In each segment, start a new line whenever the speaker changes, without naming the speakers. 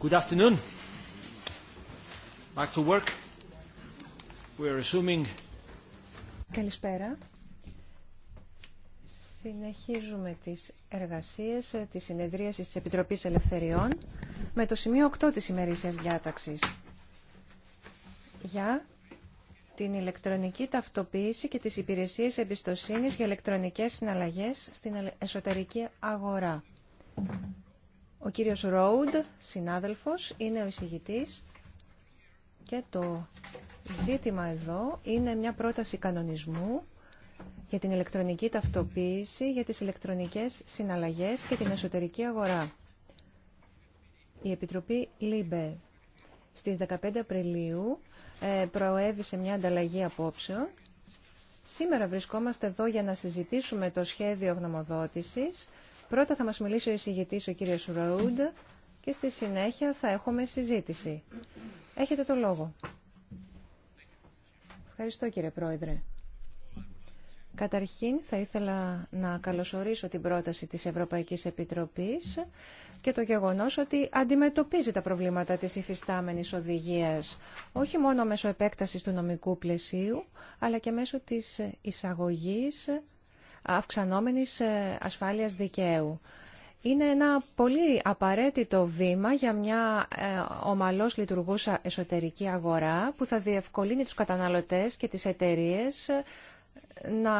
Good afternoon. Back to work. are resuming.
Καλησπέρα. Συνεχίζουμε τις εργασίες ε, της συνεδρίασης της Επιτροπής Ελευθεριών με το σημείο 8 της ημερήσιας διάταξης για την ηλεκτρονική ταυτοποίηση και τις υπηρεσίες εμπιστοσύνης για ηλεκτρονικές συναλλαγές στην εσωτερική αγορά. Ο κύριος Ρόουντ, συνάδελφος, είναι ο εισηγητής και το ζήτημα εδώ είναι μια πρόταση κανονισμού για την ηλεκτρονική ταυτοποίηση, για τις ηλεκτρονικές συναλλαγές και την εσωτερική αγορά. Η Επιτροπή ΛΥΜΠΕ στις 15 Απριλίου ε, προέβησε μια ανταλλαγή απόψεων. Σήμερα βρισκόμαστε εδώ για να συζητήσουμε το σχέδιο γνωμοδότησης Πρώτα θα μας μιλήσει ο εισηγητής ο κύριος Ρόουντ και στη συνέχεια θα έχουμε συζήτηση. Έχετε το λόγο. Ευχαριστώ κύριε Πρόεδρε. Καταρχήν θα ήθελα να καλωσορίσω την πρόταση της Ευρωπαϊκής Επιτροπής και το γεγονός ότι αντιμετωπίζει τα προβλήματα της υφιστάμενης οδηγίας όχι μόνο μέσω επέκτασης του νομικού πλαισίου αλλά και μέσω της εισαγωγής αυξανόμενης ε, ασφάλειας δικαίου. Είναι ένα πολύ απαραίτητο βήμα για μια ε, ομαλώς λειτουργούσα εσωτερική αγορά που θα διευκολύνει τους καταναλωτές και τις εταιρείες ε, να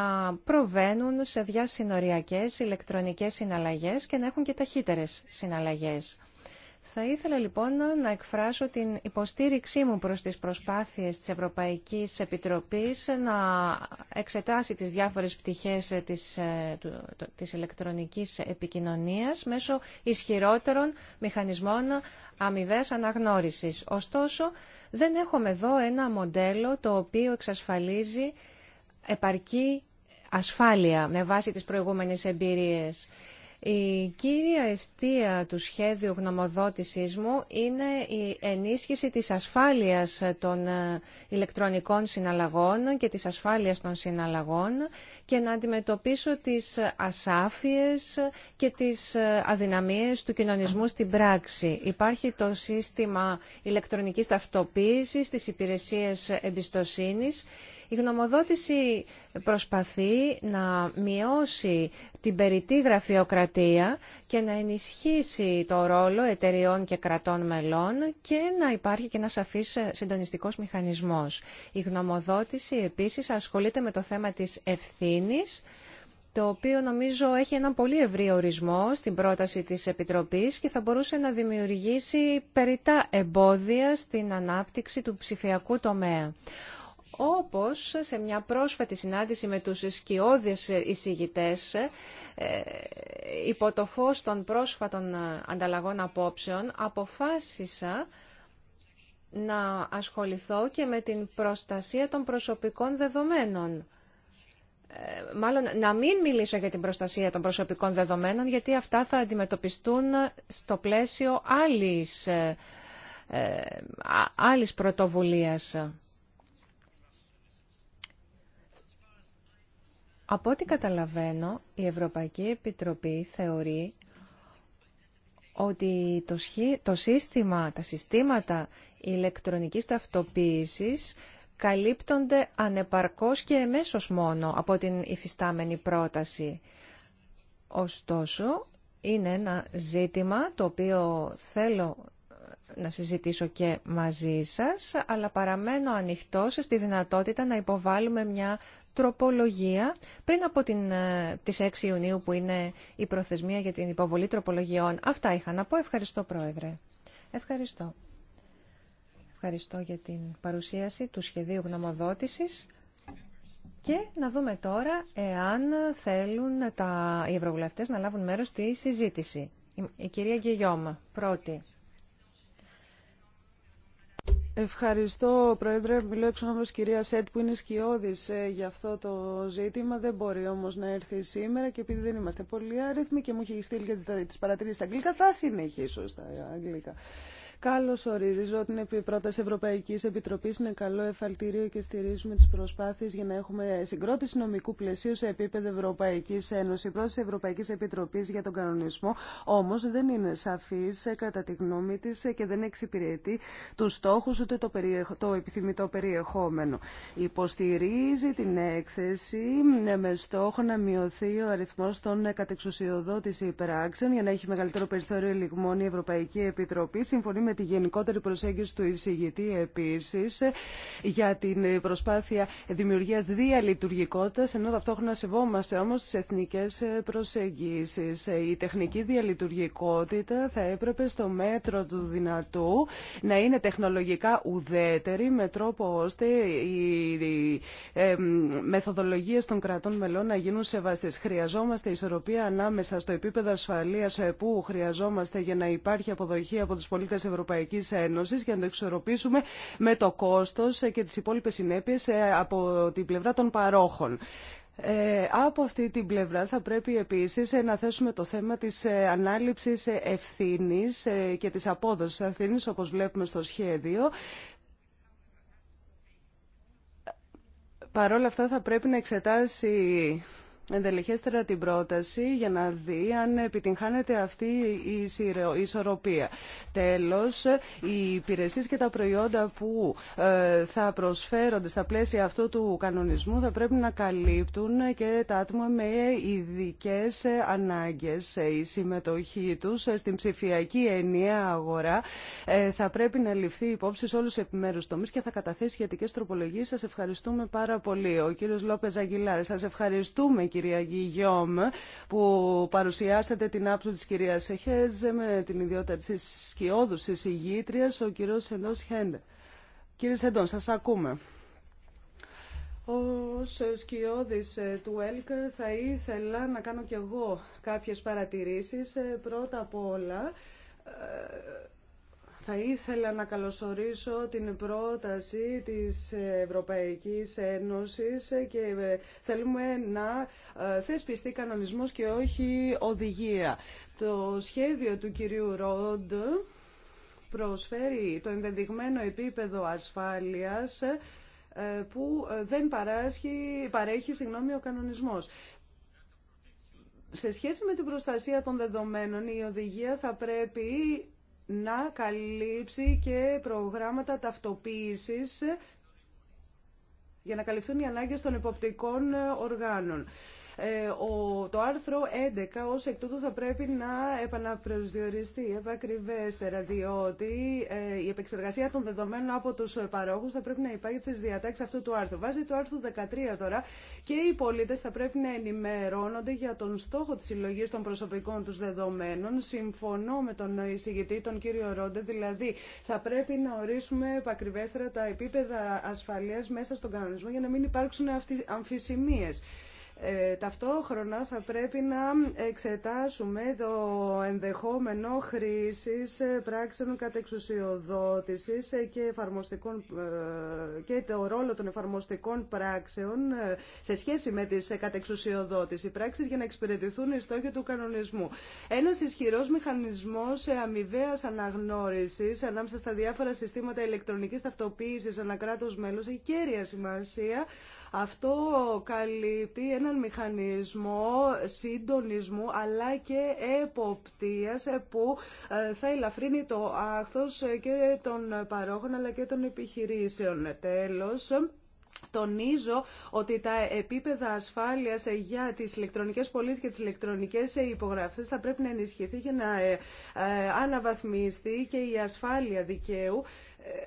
προβαίνουν σε διασυνοριακές ηλεκτρονικές συναλλαγές και να έχουν και ταχύτερες συναλλαγές. Θα ήθελα λοιπόν να εκφράσω την υποστήριξή μου προς τις προσπάθειες της Ευρωπαϊκής Επιτροπής να εξετάσει τις διάφορες πτυχές της, ε, της ηλεκτρονικής επικοινωνίας μέσω ισχυρότερων μηχανισμών αμοιβέ αναγνώρισης. Ωστόσο, δεν έχουμε εδώ ένα μοντέλο το οποίο εξασφαλίζει επαρκή ασφάλεια με βάση τις προηγούμενες εμπειρίες. Η κύρια αιστεία του σχέδιου γνωμοδότησής μου είναι η ενίσχυση της ασφάλειας των ε, ηλεκτρονικών συναλλαγών και της ασφάλειας των συναλλαγών και να αντιμετωπίσω τις ασάφειες και τις ε, αδυναμίες του κοινωνισμού στην πράξη. Υπάρχει το σύστημα ηλεκτρονικής ταυτοποίησης, τις υπηρεσίες εμπιστοσύνης η γνωμοδότηση προσπαθεί να μειώσει την περιττή γραφειοκρατία και να ενισχύσει το ρόλο εταιριών και κρατών μελών και να υπάρχει και ένα σαφής συντονιστικός μηχανισμός. Η γνωμοδότηση επίσης ασχολείται με το θέμα της ευθύνης το οποίο νομίζω έχει έναν πολύ ευρύ ορισμό στην πρόταση της Επιτροπής και θα μπορούσε να δημιουργήσει περιτά εμπόδια στην ανάπτυξη του ψηφιακού τομέα όπως σε μια πρόσφατη συνάντηση με τους σκιώδες εισηγητές ε, υπό το φως των πρόσφατων ανταλλαγών απόψεων αποφάσισα να ασχοληθώ και με την προστασία των προσωπικών δεδομένων. Ε, μάλλον να μην μιλήσω για την προστασία των προσωπικών δεδομένων γιατί αυτά θα αντιμετωπιστούν στο πλαίσιο άλλης, ε, άλλης πρωτοβουλίας. Από ό,τι καταλαβαίνω, η Ευρωπαϊκή Επιτροπή θεωρεί ότι το, το σύστημα, τα συστήματα ηλεκτρονικής ταυτοποίησης καλύπτονται ανεπαρκώς και εμέσως μόνο από την υφιστάμενη πρόταση. Ωστόσο, είναι ένα ζήτημα το οποίο θέλω να συζητήσω και μαζί σας, αλλά παραμένω ανοιχτός στη δυνατότητα να υποβάλουμε μια τροπολογία πριν από την, ε, τις 6 Ιουνίου που είναι η προθεσμία για την υποβολή τροπολογιών. Αυτά είχα να πω. Ευχαριστώ Πρόεδρε. Ευχαριστώ. Ευχαριστώ για την παρουσίαση του σχεδίου γνωμοδότησης. Και να δούμε τώρα εάν θέλουν τα... οι ευρωβουλευτές να λάβουν μέρος στη συζήτηση.
Η κυρία Γκυγιώμα, πρώτη. Ευχαριστώ, Πρόεδρε. Μιλώ εξ ονόματος κυρία Σέτ που είναι σκιώδης ε, για αυτό το ζήτημα. Δεν μπορεί όμως να έρθει σήμερα και επειδή δεν είμαστε πολύ άριθμοι και μου έχει στείλει και τις παρατηρήσεις στα αγγλικά, θα συνεχίσω στα αγγλικά. Καλώς ορίζω την πρόταση Ευρωπαϊκής Επιτροπής είναι καλό εφαλτήριο και στηρίζουμε τις προσπάθειες για να έχουμε συγκρότηση νομικού πλαισίου σε επίπεδο Ευρωπαϊκής Ένωση, Η πρόταση Ευρωπαϊκή Επιτροπή για τον κανονισμό όμως δεν είναι σαφής κατά τη γνώμη της και δεν εξυπηρετεί τους στόχους ούτε το, επιθυμητό περιεχόμενο. Υποστηρίζει την έκθεση ε, με στόχο να μειωθεί ο αριθμός των κατεξουσιοδότηση υπεράξεων για να έχει μεγαλύτερο περιθώριο λιγμών η Ευρωπαϊκή Επιτροπή με τη γενικότερη προσέγγιση του εισηγητή επίση, για την προσπάθεια δημιουργία διαλειτουργικότητας, ενώ ταυτόχρονα σεβόμαστε όμω τι εθνικέ προσεγγίσεις. Η τεχνική διαλειτουργικότητα θα έπρεπε στο μέτρο του δυνατού να είναι τεχνολογικά ουδέτερη με τρόπο ώστε οι μεθοδολογίες των κρατών μελών να γίνουν σεβαστές. Χρειαζόμαστε ισορροπία ανάμεσα στο επίπεδο ασφαλείας που χρειαζόμαστε για να υπάρχει αποδοχή από τους πολίτες Ευρωπαϊκή ευρωπαϊκή Ένωση για να το εξορροπήσουμε με το κόστος και τις υπόλοιπε συνέπειε ε, από την πλευρά των παρόχων. Ε, από αυτή την πλευρά θα πρέπει επίσης ε, να θέσουμε το θέμα της ανάληψης ευθύνης και της απόδοσης ευθύνης όπως βλέπουμε στο σχέδιο. Παρ' όλα αυτά θα πρέπει να εξετάσει εντελεχέστερα την πρόταση για να δει αν επιτυγχάνεται αυτή η ισορροπία. Τέλος, οι υπηρεσίες και τα προϊόντα που ε, θα προσφέρονται στα πλαίσια αυτού του κανονισμού θα πρέπει να καλύπτουν και τα άτομα με ειδικέ ανάγκες. Η συμμετοχή τους στην ψηφιακή ενιαία αγορά ε, θα πρέπει να ληφθεί υπόψη σε όλους τους επιμέρους τομείς και θα καταθέσει σχετικές τροπολογίες. Σας ευχαριστούμε πάρα πολύ. Ο κύριος Λόπε Αγγιλάρη, σας ευχαριστούμε κυρία Γιγιόμ που παρουσιάσατε την άψο της κυρίας σεχέζε με την ιδιότητα της σκιώδους της ηγήτριας, ο κύριος Σεντός Χέντε. Κύριε Σεντών, σας ακούμε. Ως σκιώδης του ΕΛΚ θα ήθελα να κάνω κι εγώ κάποιες παρατηρήσεις. Πρώτα απ' όλα, θα ήθελα να καλωσορίσω την πρόταση της Ευρωπαϊκής Ένωσης και ε, θέλουμε να ε, θεσπιστεί κανονισμός και όχι οδηγία. Το σχέδιο του κυρίου Ρόντ προσφέρει το ενδεδειγμένο επίπεδο ασφάλειας ε, που δεν παράσχει, παρέχει συγγνώμη, ο κανονισμός. Σε σχέση με την προστασία των δεδομένων, η οδηγία θα πρέπει να καλύψει και προγράμματα ταυτοποίησης για να καλυφθούν οι ανάγκες των υποπτικών οργάνων. Ε, το άρθρο 11 ως εκ τούτου θα πρέπει να επαναπροσδιοριστεί επακριβέστερα, διότι ε, η επεξεργασία των δεδομένων από τους παρόχους θα πρέπει να υπάρχει στις διατάξεις αυτού του άρθρου. Βάζει το άρθρο 13 τώρα και οι πολίτες θα πρέπει να ενημερώνονται για τον στόχο της συλλογή των προσωπικών τους δεδομένων. Συμφωνώ με τον εισηγητή, τον κύριο Ρόντε, δηλαδή θα πρέπει να ορίσουμε επακριβέστερα τα επίπεδα ασφαλείας μέσα στον κανονισμό για να μην υπάρξουν αμφισημίες. Ε, ταυτόχρονα θα πρέπει να εξετάσουμε το ενδεχόμενο χρήσης ε, πράξεων κατεξουσιοδότησης ε, και, εφαρμοστικών, και το ρόλο των εφαρμοστικών πράξεων σε σχέση με τις κατεξουσιοδότηση πράξεις για να εξυπηρετηθούν οι στόχοι του κανονισμού. Ένας ισχυρός μηχανισμός αμοιβαίας αναγνώρισης ανάμεσα στα διάφορα συστήματα ηλεκτρονικής ταυτοποίησης ανακράτως μέλος έχει κέρια σημασία αυτό καλύπτει έναν μηχανισμό συντονισμού αλλά και εποπτείας ε, που ε, θα ελαφρύνει το άχθος ε, και των παρόχων αλλά και των επιχειρήσεων. Τέλος, Τονίζω ότι τα επίπεδα ασφάλειας για τις ηλεκτρονικές πωλήσεις και τις ηλεκτρονικές υπογραφές θα πρέπει να ενισχυθεί για να αναβαθμιστεί και η ασφάλεια δικαίου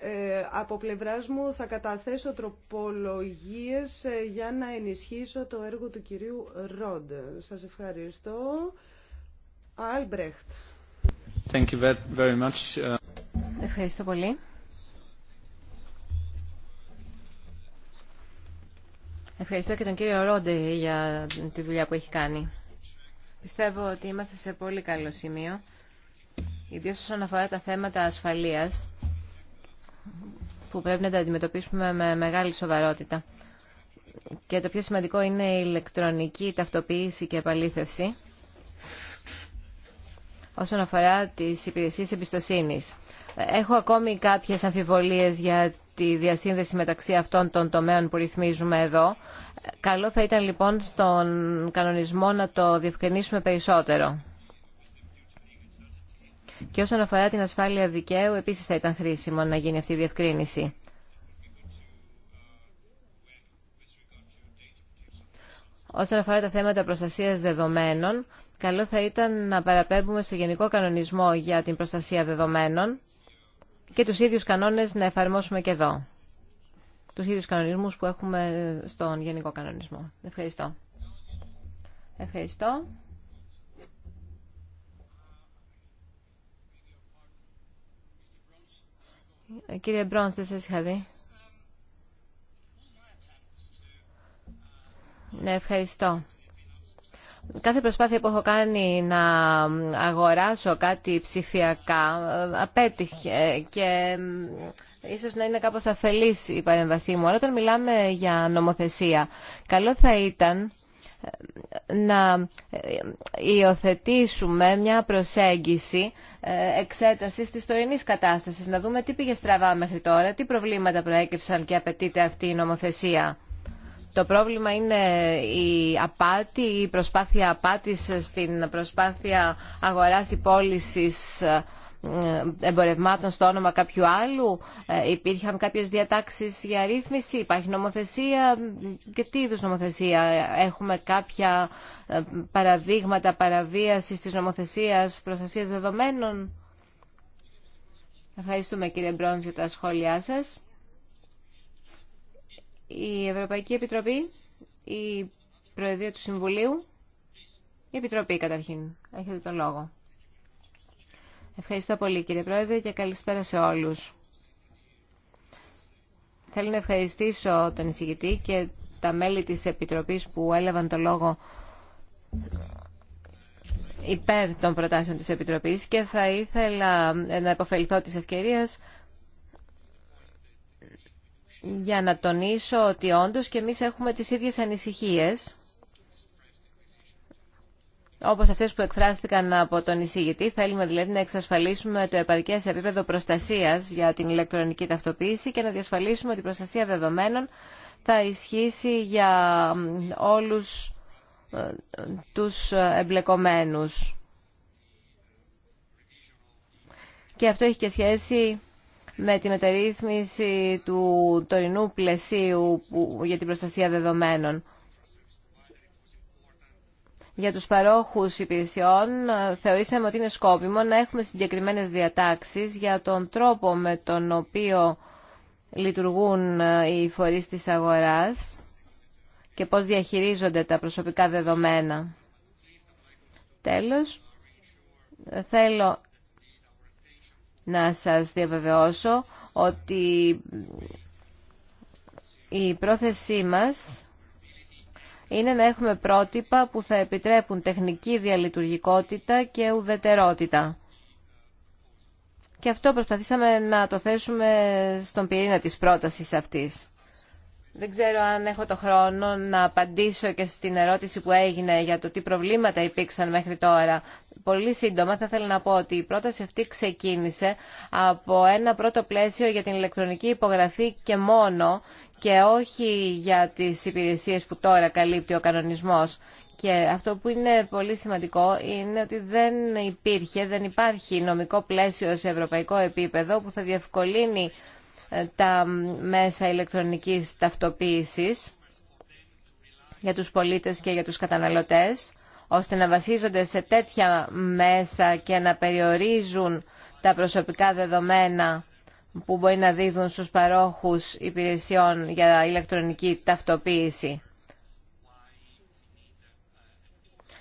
ε, ε, από πλευράς μου θα καταθέσω τροπολογίες ε, για να ενισχύσω το έργο του κυρίου Ρόντ. Σας ευχαριστώ. Άλμπρεχτ. Thank you very
Ευχαριστώ πολύ. Ευχαριστώ και τον κύριο Ρόντε για τη δουλειά που έχει κάνει. Πιστεύω ότι είμαστε σε πολύ καλό σημείο, ιδίως όσον αφορά τα θέματα ασφαλείας που πρέπει να τα αντιμετωπίσουμε με μεγάλη σοβαρότητα. Και το πιο σημαντικό είναι η ηλεκτρονική ταυτοποίηση και επαλήθευση όσον αφορά τις υπηρεσίες εμπιστοσύνης. Έχω ακόμη κάποιες αμφιβολίες για τη διασύνδεση μεταξύ αυτών των τομέων που ρυθμίζουμε εδώ. Καλό θα ήταν λοιπόν στον κανονισμό να το διευκρινίσουμε περισσότερο. Και όσον αφορά την ασφάλεια δικαίου, επίσης θα ήταν χρήσιμο να γίνει αυτή η διευκρίνηση. Όσον αφορά τα θέματα προστασίας δεδομένων, καλό θα ήταν να παραπέμπουμε στο Γενικό Κανονισμό για την προστασία δεδομένων και τους ίδιους κανόνες να εφαρμόσουμε και εδώ. Τους ίδιους κανονισμούς που έχουμε στον Γενικό Κανονισμό. Ευχαριστώ. Κύριε Μπρόνς, δεν σας είχα δει. Ναι, ευχαριστώ. Κάθε προσπάθεια που έχω κάνει να αγοράσω κάτι ψηφιακά ε, απέτυχε και ίσως να είναι κάπως αφελής η παρέμβασή μου. όταν μιλάμε για νομοθεσία, καλό θα ήταν να υιοθετήσουμε μια προσέγγιση ε, εξέτασης της τωρινής κατάστασης, να δούμε τι πήγε στραβά μέχρι τώρα, τι προβλήματα προέκυψαν και απαιτείται αυτή η νομοθεσία. Το πρόβλημα είναι η απάτη, η προσπάθεια απάτης στην προσπάθεια αγοράς ή ε, εμπορευμάτων στο όνομα κάποιου άλλου. Ε, υπήρχαν κάποιες διατάξεις για ρύθμιση, υπάρχει νομοθεσία και τι είδους νομοθεσία. Έχουμε κάποια ε, παραδείγματα παραβίασης της νομοθεσίας προστασίας δεδομένων. Ευχαριστούμε κύριε Μπρόνς για τα σχόλιά σας. Η Ευρωπαϊκή Επιτροπή, η Προεδρία του Συμβουλίου, η Επιτροπή καταρχήν. Έχετε τον λόγο. Ευχαριστώ πολύ κύριε Πρόεδρε και καλησπέρα σε όλους. Θέλω να ευχαριστήσω τον εισηγητή και τα μέλη της Επιτροπής που έλαβαν το λόγο υπέρ των προτάσεων της Επιτροπής και θα ήθελα να υποφεληθώ της ευκαιρίας για να τονίσω ότι όντως και εμείς έχουμε τις ίδιες ανησυχίες όπως αυτές που εκφράστηκαν από τον εισηγητή. Θέλουμε δηλαδή να εξασφαλίσουμε το επαρκές επίπεδο προστασίας για την ηλεκτρονική ταυτοποίηση και να διασφαλίσουμε ότι η προστασία δεδομένων θα ισχύσει για όλους ε, τους εμπλεκομένους. Και αυτό έχει και σχέση με τη μεταρρύθμιση του τωρινού πλαισίου για την προστασία δεδομένων για τους παρόχους υπηρεσιών ε, θεωρήσαμε ότι είναι σκόπιμο να έχουμε συγκεκριμένες διατάξεις για τον τρόπο με τον οποίο λειτουργούν ε, οι φορείς της αγοράς και πώς διαχειρίζονται τα προσωπικά δεδομένα. Τέλος, ε, θέλω να σας διαβεβαιώσω ότι η πρόθεσή μας είναι να έχουμε πρότυπα που θα επιτρέπουν τεχνική διαλειτουργικότητα και ουδετερότητα. Και αυτό προσπαθήσαμε να το θέσουμε στον πυρήνα της πρότασης αυτής. Δεν ξέρω αν έχω το χρόνο να απαντήσω και στην ερώτηση που έγινε για το τι προβλήματα υπήρξαν μέχρι τώρα. Πολύ σύντομα θα ήθελα να πω ότι η πρόταση αυτή ξεκίνησε από ένα πρώτο πλαίσιο για την ηλεκτρονική υπογραφή και μόνο και όχι για τις υπηρεσίες που τώρα καλύπτει ο κανονισμός. Και αυτό που είναι πολύ σημαντικό είναι ότι δεν υπήρχε, δεν υπάρχει νομικό πλαίσιο σε ευρωπαϊκό επίπεδο που θα διευκολύνει ε, τα μέσα ηλεκτρονικής ταυτοποίησης για τους πολίτες και για τους καταναλωτές, ώστε να βασίζονται σε τέτοια μέσα και να περιορίζουν τα προσωπικά δεδομένα που μπορεί να δίδουν στους παρόχους υπηρεσιών για ηλεκτρονική ταυτοποίηση.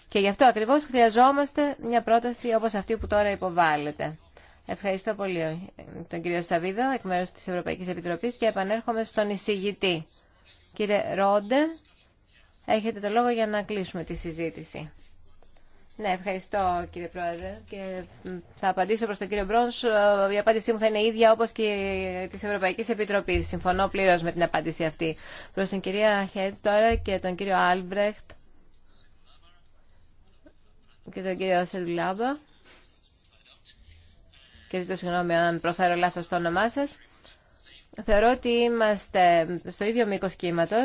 Και γι' αυτό ακριβώς χρειαζόμαστε μια πρόταση όπως αυτή που τώρα υποβάλλεται. Ευχαριστώ πολύ ε, τον κύριο Σαβίδα, εκ μέρους της Ευρωπαϊκής Επιτροπής και επανέρχομαι στον εισηγητή. Κύριε Ρόντε, έχετε το λόγο για να κλείσουμε τη συζήτηση. Ναι, ευχαριστώ κύριε Πρόεδρε και θα απαντήσω προ τον κύριο Μπρόνς. Ε, η απάντησή μου θα είναι ίδια όπω και τη Ευρωπαϊκή Επιτροπή. Συμφωνώ πλήρω με την απάντηση αυτή. Προ την κυρία Χέτ τώρα και τον κύριο Άλμπρεχτ και τον κύριο Σελβιλάμπα. Και ζητώ συγγνώμη αν προφέρω λάθος το όνομά σα. Θεωρώ ότι είμαστε στο ίδιο μήκο κύματο.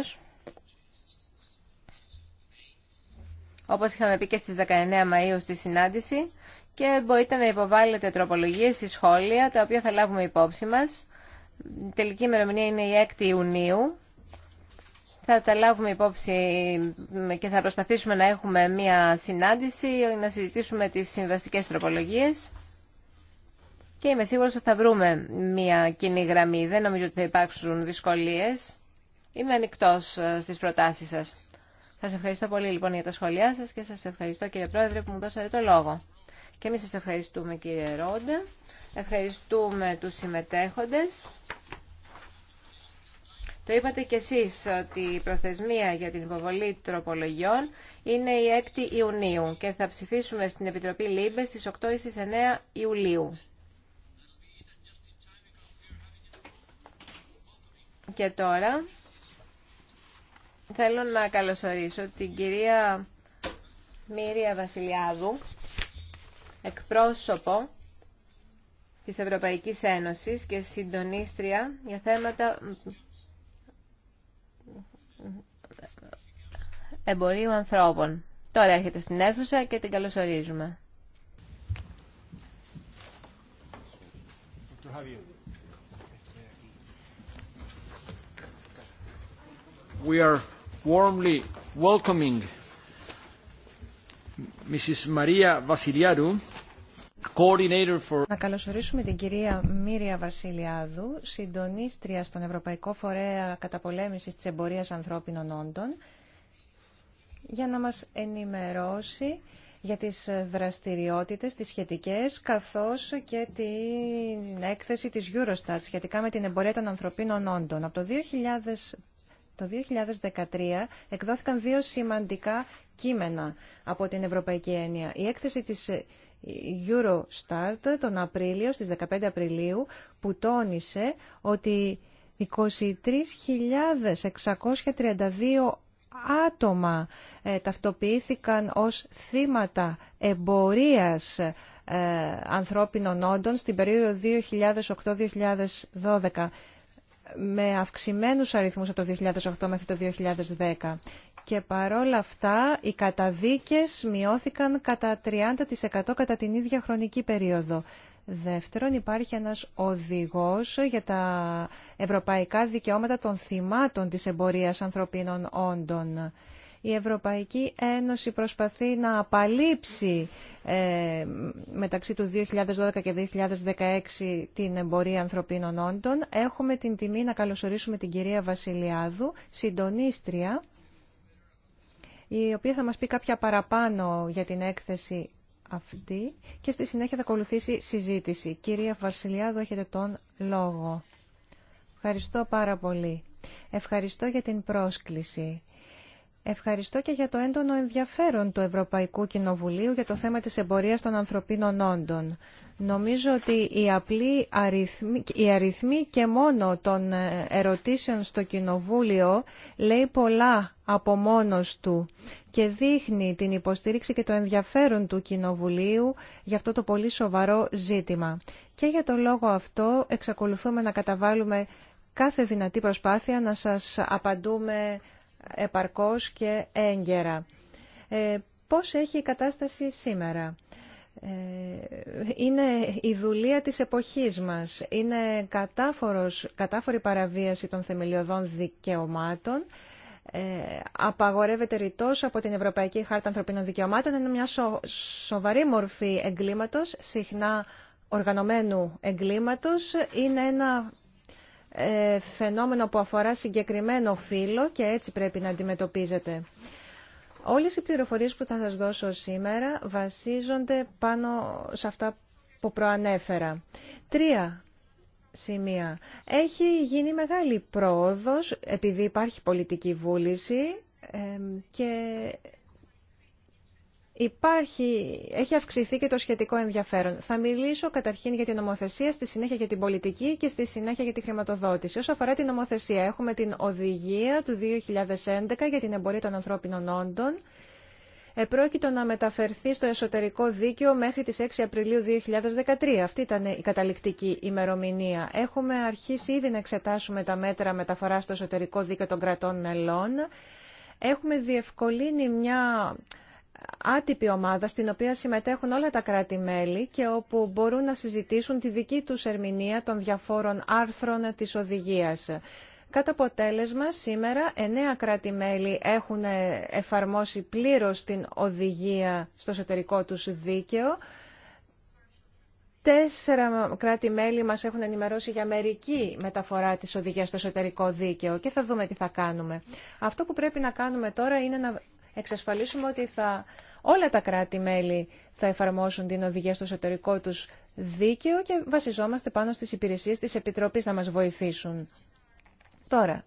όπως είχαμε πει και στις 19 Μαΐου στη συνάντηση και μπορείτε να υποβάλλετε τροπολογίες ή σχόλια τα οποία θα λάβουμε υπόψη μας. Η τελική ημερομηνία είναι η 6η Ιουνίου. Θα τα λάβουμε υπόψη και θα προσπαθήσουμε να έχουμε μία συνάντηση να συζητήσουμε τις συμβαστικές τροπολογίες και είμαι σίγουρο ότι θα βρούμε μία κοινή γραμμή. Δεν νομίζω ότι θα υπάρξουν δυσκολίες. Είμαι ανοιχτό ε, στις προτάσεις σας. Σας ευχαριστώ πολύ λοιπόν για τα σχόλιά σας και σας ευχαριστώ κύριε Πρόεδρε που μου δώσατε το λόγο. Και εμείς σας ευχαριστούμε κύριε Ρόντα, ευχαριστούμε τους συμμετέχοντες. Το είπατε κι εσείς ότι η προθεσμία για την υποβολή τροπολογιών είναι η 6η Ιουνίου και θα ψηφίσουμε στην Επιτροπή ΛΥΜΠΕ στις 8 ή στις 9 Ιουλίου. Και τώρα Θέλω να καλωσορίσω την κυρία Μύρια Βασιλιάδου, εκπρόσωπο της Ευρωπαϊκής Ένωσης και συντονίστρια για θέματα εμπορίου ανθρώπων. Τώρα έρχεται στην αίθουσα και την καλωσορίζουμε.
We να καλωσορίσουμε την κυρία Μύρια Βασιλιάδου, συντονίστρια στον Ευρωπαϊκό Φορέα Καταπολέμησης της Εμπορίας Ανθρώπινων Όντων, για να μας ενημερώσει για τις δραστηριότητες, τις σχετικές, καθώς και την έκθεση της Eurostat σχετικά με την εμπορία των ανθρωπίνων όντων. Από το το 2013 εκδόθηκαν δύο σημαντικά κείμενα από την Ευρωπαϊκή Έννοια. Η έκθεση της Eurostart τον Απρίλιο, στις 15 Απριλίου, που τόνισε ότι 23.632 άτομα ε, ταυτοποιήθηκαν ως θύματα εμπορίας ε, ανθρώπινων όντων στην περίοδο 2008-2012 με αυξημένους αριθμούς από το 2008 μέχρι το 2010 και παρόλα αυτά οι καταδίκες μειώθηκαν κατά 30% κατά την ίδια χρονική περίοδο. Δεύτερον, υπάρχει ένας οδηγός για τα ευρωπαϊκά δικαιώματα των θυμάτων της εμπορίας ανθρωπίνων όντων. Η Ευρωπαϊκή Ένωση προσπαθεί να απαλείψει ε, μεταξύ του 2012 και 2016 την εμπορία ανθρωπίνων όντων. Έχουμε την τιμή να καλωσορίσουμε την κυρία Βασιλιάδου, συντονίστρια, η οποία θα μας πει κάποια παραπάνω για την έκθεση αυτή και στη συνέχεια θα ακολουθήσει συζήτηση. Κυρία Βασιλιάδου, έχετε τον λόγο. Ευχαριστώ πάρα πολύ. Ευχαριστώ για την πρόσκληση. Ευχαριστώ και για το έντονο ενδιαφέρον του Ευρωπαϊκού Κοινοβουλίου για το θέμα της εμπορίας των ανθρωπίνων όντων. Νομίζω ότι η απλή αριθμή και μόνο των ε, ερωτήσεων στο Κοινοβούλιο λέει πολλά από μόνος του και δείχνει την υποστήριξη και το ενδιαφέρον του Κοινοβουλίου για αυτό το πολύ σοβαρό ζήτημα. Και για τον λόγο αυτό εξακολουθούμε να καταβάλουμε κάθε δυνατή προσπάθεια να σας απαντούμε επαρκώς και έγκαιρα. Ε, πώς έχει η κατάσταση σήμερα. Ε, είναι η δουλεία της εποχής μας. Είναι κατάφορος, κατάφορη παραβίαση των θεμελιωδών δικαιωμάτων. Ε, απαγορεύεται ρητός από την Ευρωπαϊκή Χάρτα Ανθρωπίνων Δικαιωμάτων. Είναι μια σοβαρή μορφή εγκλήματος, συχνά οργανωμένου εγκλήματος. Είναι ένα ε, φαινόμενο που αφορά συγκεκριμένο φύλλο και έτσι πρέπει να αντιμετωπίζετε. Όλες οι πληροφορίες που θα σας δώσω σήμερα βασίζονται πάνω σε αυτά που προανέφερα. Τρία σημεία. Έχει γίνει μεγάλη πρόοδος επειδή υπάρχει πολιτική βούληση ε, και Υπάρχει, έχει αυξηθεί και το σχετικό ενδιαφέρον. Θα μιλήσω καταρχήν για την νομοθεσία, στη συνέχεια για την πολιτική και στη συνέχεια για τη χρηματοδότηση. Όσο αφορά την νομοθεσία, έχουμε την οδηγία του 2011 για την εμπορία των ανθρώπινων όντων. Επρόκειτο να μεταφερθεί στο εσωτερικό δίκαιο μέχρι τις 6 Απριλίου 2013. Αυτή ήταν η καταληκτική ημερομηνία. Έχουμε αρχίσει ήδη να εξετάσουμε τα μέτρα μεταφοράς στο εσωτερικό δίκαιο των κρατών μελών. Έχουμε διευκολύνει μια άτυπη ομάδα στην οποία συμμετέχουν όλα τα κράτη-μέλη και όπου μπορούν να συζητήσουν τη δική τους ερμηνεία των διαφόρων άρθρων της οδηγίας. Κατά αποτέλεσμα, σήμερα εννέα κράτη-μέλη έχουν εφαρμόσει πλήρως την οδηγία στο εσωτερικό τους δίκαιο. Τέσσερα κράτη-μέλη μας έχουν ενημερώσει για μερική μεταφορά της οδηγίας στο εσωτερικό δίκαιο και θα δούμε τι θα κάνουμε. Αυτό που πρέπει να κάνουμε τώρα είναι να εξασφαλίσουμε ότι θα, όλα τα κράτη-μέλη θα εφαρμόσουν την οδηγία στο εσωτερικό τους δίκαιο και βασιζόμαστε πάνω στις υπηρεσίες της Επιτροπής να μας βοηθήσουν. Τώρα,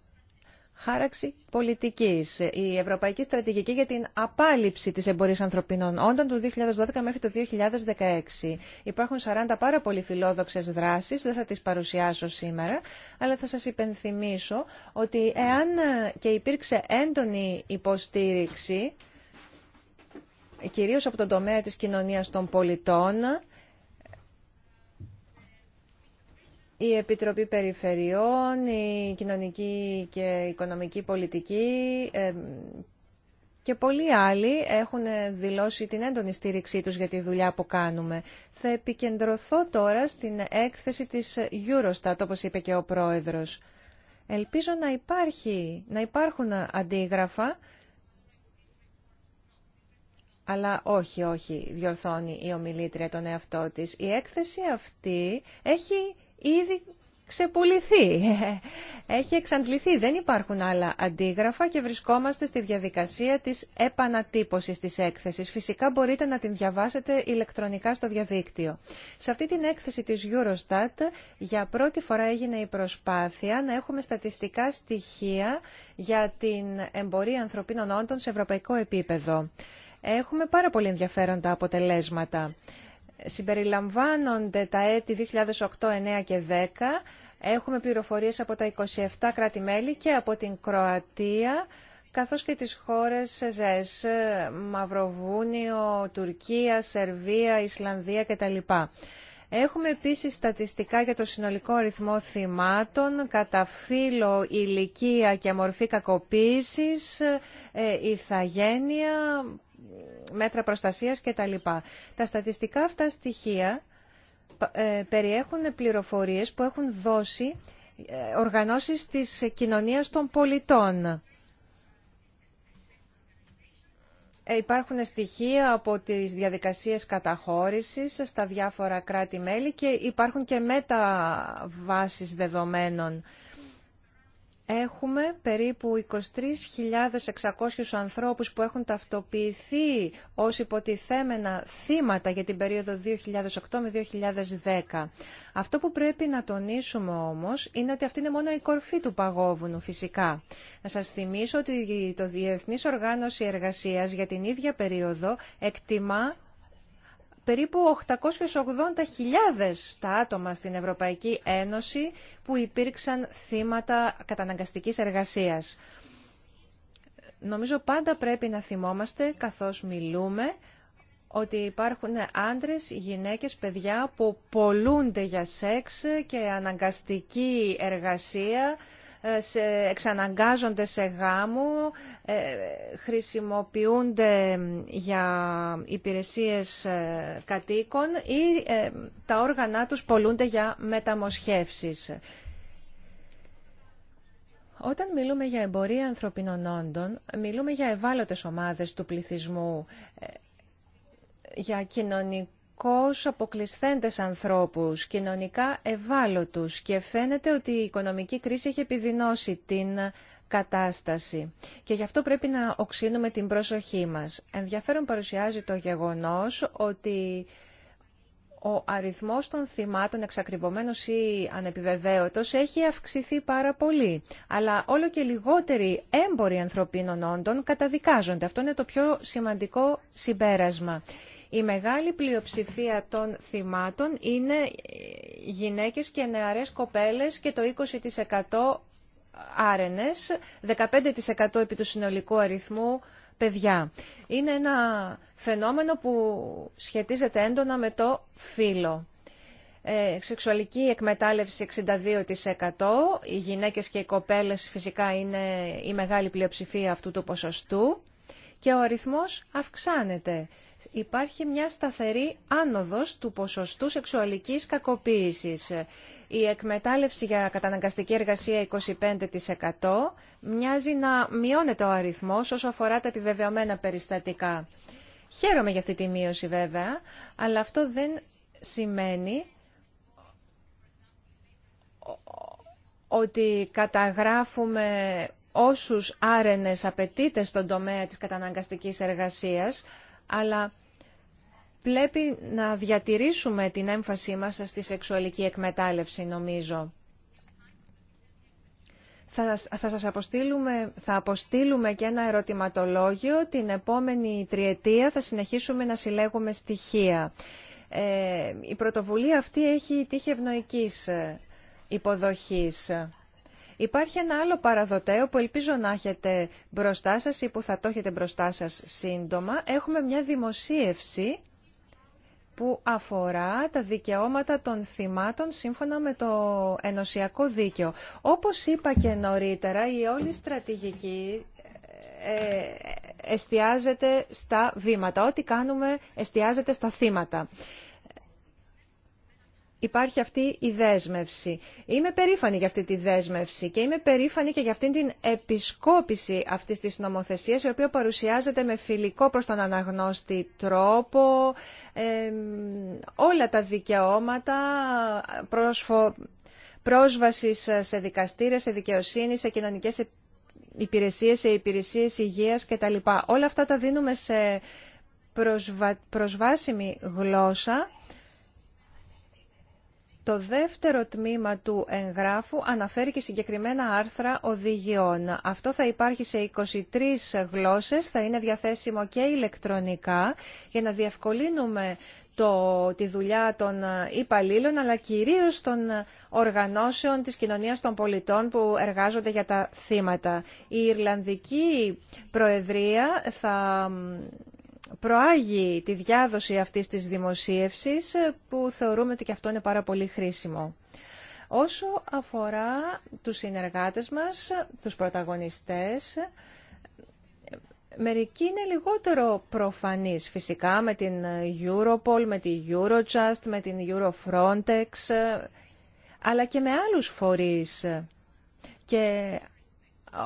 χάραξη πολιτική. Η Ευρωπαϊκή Στρατηγική για την απάλληψη της εμπορίας ανθρωπίνων όντων του 2012 μέχρι το 2016. Υπάρχουν 40 πάρα πολύ φιλόδοξε δράσεις, δεν θα τις παρουσιάσω σήμερα, αλλά θα σας υπενθυμίσω ότι εάν και υπήρξε έντονη υποστήριξη, κυρίως από τον τομέα της κοινωνίας των πολιτών, η Επιτροπή Περιφερειών, η Κοινωνική και Οικονομική Πολιτική και πολλοί άλλοι έχουν δηλώσει την έντονη στήριξή τους για τη δουλειά που κάνουμε. Θα επικεντρωθώ τώρα στην έκθεση της Eurostat, όπως είπε και ο Πρόεδρος. Ελπίζω να, υπάρχει, να υπάρχουν αντίγραφα, αλλά όχι, όχι, διορθώνει η ομιλήτρια τον εαυτό της. Η έκθεση αυτή έχει ήδη ξεπουληθεί. Έχει εξαντληθεί. Δεν υπάρχουν άλλα αντίγραφα και βρισκόμαστε στη διαδικασία της επανατύπωσης της έκθεσης. Φυσικά μπορείτε να την διαβάσετε ηλεκτρονικά στο διαδίκτυο. Σε αυτή την έκθεση της Eurostat για πρώτη φορά έγινε η προσπάθεια να έχουμε στατιστικά στοιχεία για την εμπορία ανθρωπίνων όντων σε ευρωπαϊκό επίπεδο. Έχουμε πάρα πολύ ενδιαφέροντα αποτελέσματα συμπεριλαμβάνονται τα έτη 2008, 2009 και 10. Έχουμε πληροφορίες από τα 27 κράτη-μέλη και από την Κροατία, καθώς και τις χώρες ΣΕΖΕΣ, Μαυροβούνιο, Τουρκία, Σερβία, Ισλανδία κτλ. Έχουμε επίσης στατιστικά για το συνολικό αριθμό θυμάτων κατά φύλλο, ηλικία και μορφή κακοποίησης, ε, ηθαγένεια, μέτρα προστασίας κτλ. Τα στατιστικά αυτά στοιχεία ε, περιέχουν πληροφορίες που έχουν δώσει ε, οργανώσεις της κοινωνίας των πολιτών. Ε, υπάρχουν στοιχεία από τις διαδικασίες καταχώρησης στα διάφορα κράτη-μέλη και υπάρχουν και μεταβάσεις δεδομένων. Έχουμε περίπου 23.600 ανθρώπους που έχουν ταυτοποιηθεί ως υποτιθέμενα θύματα για την περίοδο 2008 με 2010. Αυτό που πρέπει να τονίσουμε όμως είναι ότι αυτή είναι μόνο η κορφή του παγόβουνου φυσικά. Να σας θυμίσω ότι το Διεθνής Οργάνωση Εργασίας για την ίδια περίοδο εκτιμά περίπου 880.000 τα άτομα στην Ευρωπαϊκή Ένωση που υπήρξαν θύματα καταναγκαστικής εργασίας. Νομίζω πάντα πρέπει να θυμόμαστε καθώς μιλούμε ότι υπάρχουν άντρες, γυναίκες, παιδιά που πολλούνται για σεξ και αναγκαστική εργασία ε, σε, εξαναγκάζονται σε γάμο, ε, χρησιμοποιούνται για υπηρεσίες ε, κατοίκων ή τα όργανα τους πολλούνται για μεταμοσχεύσεις. Όταν μιλούμε για εμπορία ανθρωπίνων όντων, μιλούμε για ευάλωτες ομάδες του πληθυσμού, για κοινωνικό διαρκώς αποκλεισθέντες ανθρώπους, κοινωνικά ευάλωτους και φαίνεται ότι η οικονομική κρίση έχει επιδεινώσει την κατάσταση. Και γι' αυτό πρέπει να οξύνουμε την προσοχή μας. Ενδιαφέρον παρουσιάζει το γεγονός ότι ο αριθμός των θυμάτων εξακριβωμένος ή ανεπιβεβαίωτος έχει αυξηθεί πάρα πολύ. Αλλά όλο και λιγότεροι έμποροι ανθρωπίνων όντων καταδικάζονται. Αυτό είναι το πιο σημαντικό συμπέρασμα. Η μεγάλη πλειοψηφία των θυμάτων είναι γυναίκες και νεαρές κοπέλες και το 20% άρενες, 15% επί του συνολικού αριθμού παιδιά. Είναι ένα φαινόμενο που σχετίζεται έντονα με το φύλλο. Ε, σεξουαλική εκμετάλλευση 62%. Οι γυναίκες και οι κοπέλες φυσικά είναι η μεγάλη πλειοψηφία αυτού του ποσοστού και ο αριθμός αυξάνεται. Υπάρχει μια σταθερή άνοδος του ποσοστού σεξουαλικής κακοποίησης. Η εκμετάλλευση για καταναγκαστική εργασία 25% μοιάζει να μειώνεται ο αριθμός όσο αφορά τα επιβεβαιωμένα περιστατικά. Χαίρομαι για αυτή τη μείωση βέβαια, αλλά αυτό δεν σημαίνει ότι καταγράφουμε όσους άρενες απαιτείται στον τομέα της καταναγκαστικής εργασίας, αλλά πρέπει να διατηρήσουμε την έμφασή μας στη σεξουαλική εκμετάλλευση, νομίζω. Θα, θα σας αποστείλουμε, θα αποστείλουμε και ένα ερωτηματολόγιο. Την επόμενη τριετία θα συνεχίσουμε να συλλέγουμε στοιχεία. Ε, η πρωτοβουλία αυτή έχει τύχη ευνοϊκής ε, υποδοχής. Υπάρχει ένα άλλο παραδοτέο που ελπίζω να έχετε μπροστά σας ή που θα το έχετε μπροστά σας σύντομα. Έχουμε μια δημοσίευση που αφορά τα δικαιώματα των θυμάτων σύμφωνα με το ενωσιακό δίκαιο. Όπως είπα και νωρίτερα, η όλη στρατηγική ε, εστιάζεται στα βήματα. Ό,τι κάνουμε εστιάζεται στα θύματα υπάρχει αυτή η δέσμευση. Είμαι περήφανη για αυτή τη δέσμευση και είμαι περήφανη και για αυτή την επισκόπηση αυτής της νομοθεσίας, η οποία παρουσιάζεται με φιλικό προς τον αναγνώστη τρόπο, όλα τα δικαιώματα, πρόσφο, πρόσβαση σε δικαστήρες, σε δικαιοσύνη, σε κοινωνικές υπηρεσίες, σε υπηρεσίες υγείας κτλ. Όλα αυτά τα δίνουμε σε προσβάσιμη γλώσσα το δεύτερο τμήμα του εγγράφου αναφέρει και συγκεκριμένα άρθρα οδηγιών. Αυτό θα υπάρχει σε 23 γλώσσες, θα είναι διαθέσιμο και ηλεκτρονικά για να διευκολύνουμε το, τη δουλειά των υπαλλήλων αλλά κυρίως των οργανώσεων της κοινωνίας των πολιτών που εργάζονται για τα θύματα. Η Ιρλανδική Προεδρία θα προάγει τη διάδοση αυτής της δημοσίευσης ε, που θεωρούμε ότι και αυτό είναι πάρα πολύ χρήσιμο. Όσο αφορά τους συνεργάτες μας, τους πρωταγωνιστές, ε, μερικοί είναι λιγότερο προφανείς φυσικά με την ε, Europol, με την Eurojust, με την Eurofrontex, αλλά και με άλλους φορείς. Και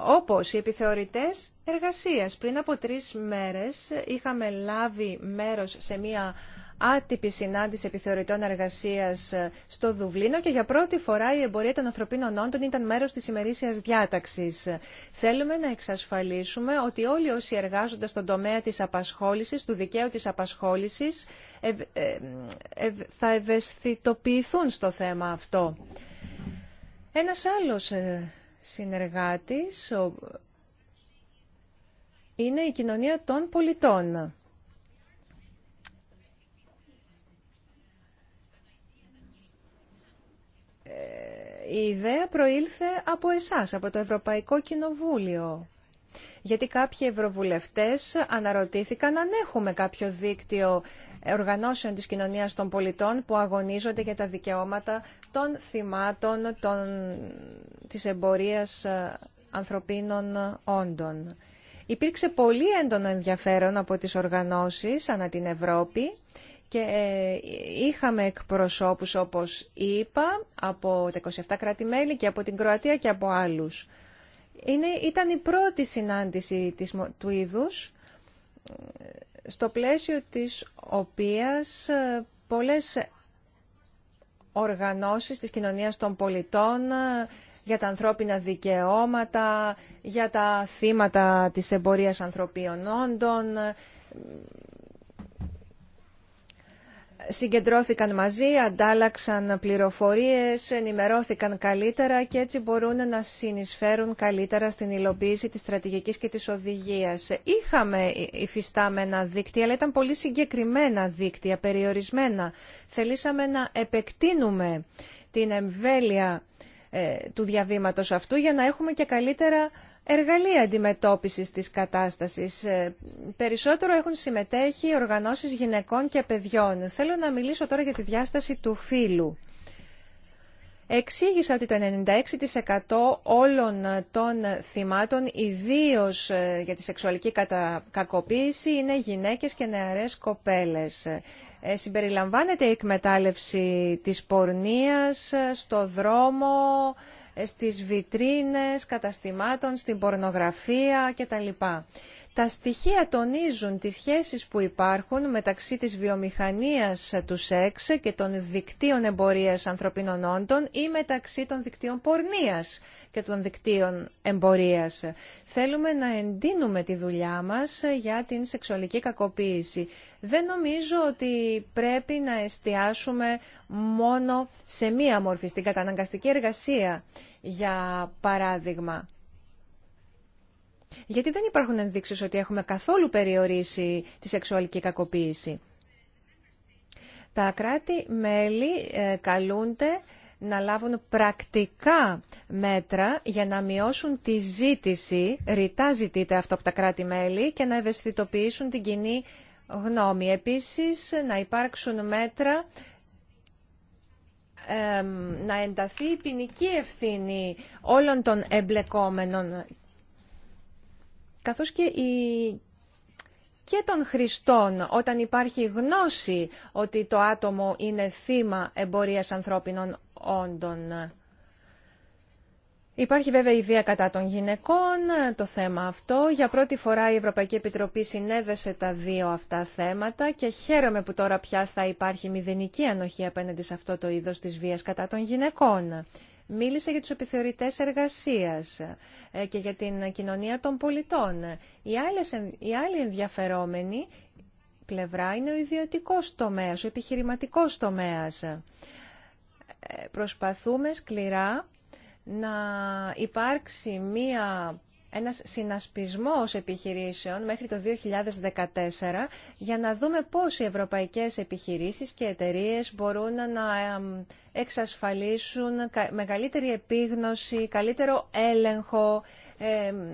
όπως οι επιθεωρητές εργασίας. Πριν από τρεις μέρες είχαμε λάβει μέρος σε μία άτυπη συνάντηση επιθεωρητών εργασίας στο Δουβλίνο και για πρώτη φορά η εμπορία των ανθρωπίνων όντων ήταν μέρος της ημερήσιας διάταξης. Θέλουμε να εξασφαλίσουμε ότι όλοι όσοι εργάζονται στον τομέα της απασχόλησης, του δικαίου της απασχόλησης, ε, θα ευαισθητοποιηθούν στο θέμα αυτό. Ένας άλλος ε, συνεργάτης είναι η κοινωνία των πολιτών. Ε, η ιδέα προήλθε από εσάς, από το Ευρωπαϊκό Κοινοβούλιο. Γιατί κάποιοι ευρωβουλευτές αναρωτήθηκαν αν έχουμε κάποιο δίκτυο οργανώσεων της κοινωνίας των πολιτών που αγωνίζονται για τα δικαιώματα των θυμάτων των... της εμπορίας ε, ανθρωπίνων όντων. Υπήρξε πολύ έντονο ενδιαφέρον από τις οργανώσεις ανά την Ευρώπη και ε, είχαμε εκπροσώπους όπως είπα από τα 27 κράτη-μέλη και από την Κροατία και από άλλους. Είναι, ήταν η πρώτη συνάντηση του είδους, στο πλαίσιο της οποίας ε, πολλές οργανώσεις της κοινωνίας των πολιτών ε, για τα ανθρώπινα δικαιώματα, για τα θύματα της εμπορίας ανθρωπίων όντων, συγκεντρώθηκαν μαζί, αντάλλαξαν πληροφορίες, ενημερώθηκαν καλύτερα και έτσι μπορούν να συνεισφέρουν καλύτερα στην υλοποίηση της στρατηγικής και της οδηγίας. Είχαμε υφιστάμενα δίκτυα, αλλά ήταν πολύ συγκεκριμένα δίκτυα, περιορισμένα. Θελήσαμε να επεκτείνουμε την εμβέλεια ε, του διαβήματος αυτού για να έχουμε και καλύτερα εργαλεία αντιμετώπισης της κατάστασης. Ε, περισσότερο έχουν συμμετέχει οργανώσεις γυναικών και παιδιών. Θέλω να μιλήσω τώρα για τη διάσταση του φύλου. Εξήγησα ότι το 96% όλων των θυμάτων, ιδίως ε, για τη σεξουαλική κακοποίηση, είναι γυναίκες και νεαρές κοπέλες. Ε, συμπεριλαμβάνεται η εκμετάλλευση της πορνείας στο δρόμο, στις βιτρίνες καταστημάτων, στην πορνογραφία κτλ. Τα στοιχεία τονίζουν τις σχέσεις που υπάρχουν μεταξύ της βιομηχανίας του σεξ και των δικτύων εμπορίας ανθρωπίνων όντων ή μεταξύ των δικτύων πορνείας και των δικτύων εμπορίας. Θέλουμε να εντείνουμε τη δουλειά μας για την σεξουαλική κακοποίηση. Δεν νομίζω ότι πρέπει να εστιάσουμε μόνο σε μία μορφή, στην καταναγκαστική εργασία, για παράδειγμα γιατί δεν υπάρχουν ενδείξεις ότι έχουμε καθόλου περιορίσει τη σεξουαλική κακοποίηση. Τα κράτη-μέλη ε, καλούνται να λάβουν πρακτικά μέτρα για να μειώσουν τη ζήτηση, ρητά ζητείται αυτό από τα κράτη-μέλη, και να ευαισθητοποιήσουν την κοινή γνώμη. Επίσης, να υπάρξουν μέτρα να ενταθεί η ποινική ευθύνη όλων των εμπλεκόμενων καθώς και η και των χρηστών όταν υπάρχει γνώση ότι το άτομο είναι θύμα εμπορίας ανθρώπινων όντων. Υπάρχει βέβαια η βία κατά των γυναικών, το θέμα αυτό. Για πρώτη φορά η Ευρωπαϊκή Επιτροπή συνέδεσε τα δύο αυτά θέματα και χαίρομαι που τώρα πια θα υπάρχει μηδενική ανοχή απέναντι σε αυτό το είδος της βίας κατά των γυναικών. Μίλησε για τους επιθεωρητές εργασίας ε, και για την κοινωνία των πολιτών. Η άλλη ενδιαφερόμενη πλευρά είναι ο ιδιωτικός τομέας, ο επιχειρηματικός τομέας. Ε, προσπαθούμε σκληρά να υπάρξει μία ένας συνασπισμός επιχειρήσεων μέχρι το 2014 για να δούμε πώς οι ευρωπαϊκές επιχειρήσεις και εταιρείες μπορούν να εξασφαλίσουν μεγαλύτερη επίγνωση, καλύτερο έλεγχο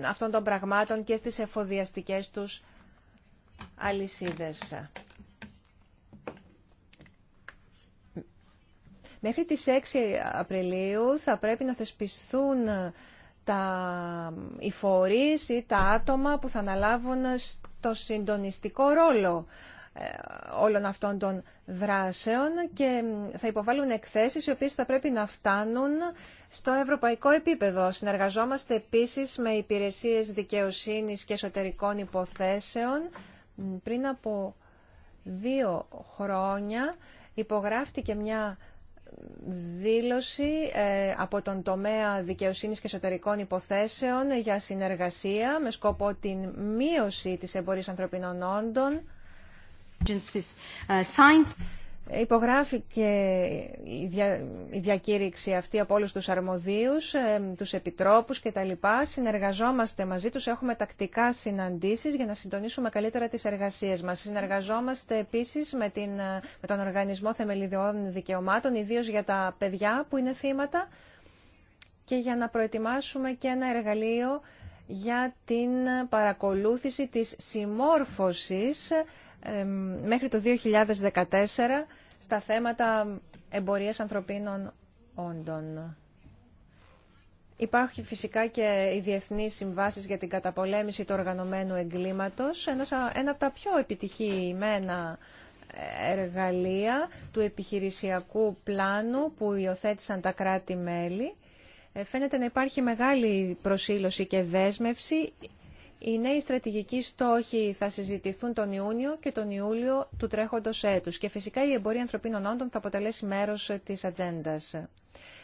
αυτών των πραγμάτων και στις εφοδιαστικές τους αλυσίδες. Μέχρι τις 6 Απριλίου θα πρέπει να θεσπιστούν τα, οι ή τα άτομα που θα αναλάβουν το συντονιστικό ρόλο ε, όλων αυτών των δράσεων και θα υποβάλουν εκθέσεις οι οποίες θα πρέπει να φτάνουν στο ευρωπαϊκό επίπεδο. Συνεργαζόμαστε επίσης με υπηρεσίες δικαιοσύνης και εσωτερικών υποθέσεων. Πριν από δύο χρόνια υπογράφτηκε μια δήλωση ε, από τον τομέα δικαιοσύνης και εσωτερικών υποθέσεων για συνεργασία με σκοπό την μείωση της εμπορίας ανθρωπινών όντων. Ε, Υπογράφηκε η διακήρυξη αυτή από όλους τους αρμοδίους, ε, τους επιτρόπους και τα λοιπά. Συνεργαζόμαστε μαζί τους, έχουμε τακτικά συναντήσεις για να συντονίσουμε καλύτερα τις εργασίες μας. Συνεργαζόμαστε επίσης με, την, ε, με τον Οργανισμό Θεμελιδιών Δικαιωμάτων, ιδίως για τα παιδιά που είναι θύματα και για να προετοιμάσουμε και ένα εργαλείο για την παρακολούθηση της συμμόρφωσης μέχρι το 2014 στα θέματα εμπορίας ανθρωπίνων όντων. Υπάρχει φυσικά και οι διεθνείς συμβάσεις για την καταπολέμηση του οργανωμένου εγκλήματος, ένα από τα πιο επιτυχημένα εργαλεία του επιχειρησιακού πλάνου που υιοθέτησαν τα κράτη-μέλη. Ε, φαίνεται να υπάρχει μεγάλη προσήλωση και δέσμευση οι νέοι στρατηγικοί στόχοι θα συζητηθούν τον Ιούνιο και τον Ιούλιο του τρέχοντος έτους και φυσικά η εμπορία ανθρωπίνων όντων θα αποτελέσει μέρος της ατζέντα.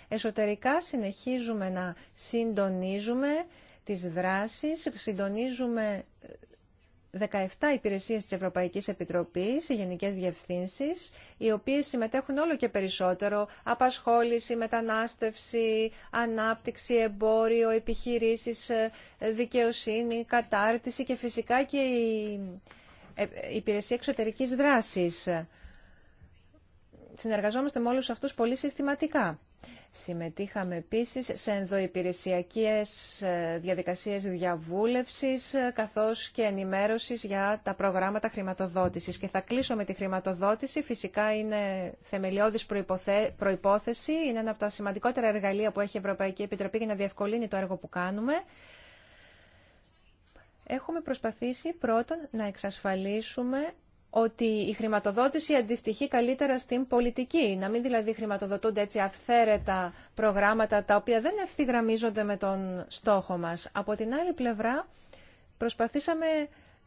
Εσωτερικά συνεχίζουμε να συντονίζουμε τις δράσεις, συντονίζουμε 17 υπηρεσίες της Ευρωπαϊκής Επιτροπής, οι γενικές διευθύνσεις, οι οποίες συμμετέχουν όλο και περισσότερο, απασχόληση, μετανάστευση, ανάπτυξη, εμπόριο, επιχειρήσεις, ε, δικαιοσύνη, κατάρτιση και φυσικά και η ε, υπηρεσία εξωτερικής δράσης. Συνεργαζόμαστε με όλους αυτούς πολύ συστηματικά. Συμμετείχαμε επίσης σε ενδοϊπηρεσιακές ε, διαδικασίες διαβούλευσης ε, καθώς και ενημέρωσης για τα προγράμματα χρηματοδότησης. Και θα κλείσω με τη χρηματοδότηση. Φυσικά είναι θεμελιώδης προϋπόθεση. Είναι ένα από τα σημαντικότερα εργαλεία που έχει η Ευρωπαϊκή Επιτροπή για να διευκολύνει το έργο που κάνουμε. Έχουμε προσπαθήσει πρώτον να εξασφαλίσουμε ότι η χρηματοδότηση αντιστοιχεί καλύτερα στην πολιτική. Να μην δηλαδή χρηματοδοτούνται έτσι αυθαίρετα προγράμματα τα οποία δεν ευθυγραμμίζονται με τον στόχο μας. Από την άλλη πλευρά προσπαθήσαμε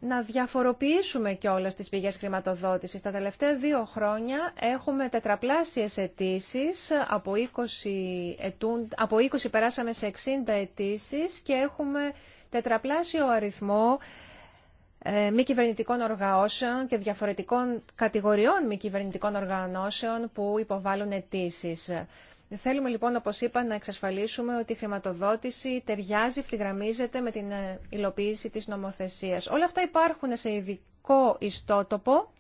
να διαφοροποιήσουμε και όλες τις πηγές χρηματοδότησης. Τα τελευταία δύο χρόνια έχουμε τετραπλάσιες αιτήσει, από 20, από 20 περάσαμε σε 60 αιτήσει και έχουμε τετραπλάσιο αριθμό ε, μη κυβερνητικών οργανώσεων και διαφορετικών κατηγοριών μη κυβερνητικών οργανώσεων που υποβάλλουν αιτήσει. Θέλουμε λοιπόν, όπω είπα, να εξασφαλίσουμε ότι η χρηματοδότηση ταιριάζει, ευθυγραμμίζεται με την ε, υλοποίηση της νομοθεσία. Όλα αυτά υπάρχουν σε ειδικό ιστότοπο.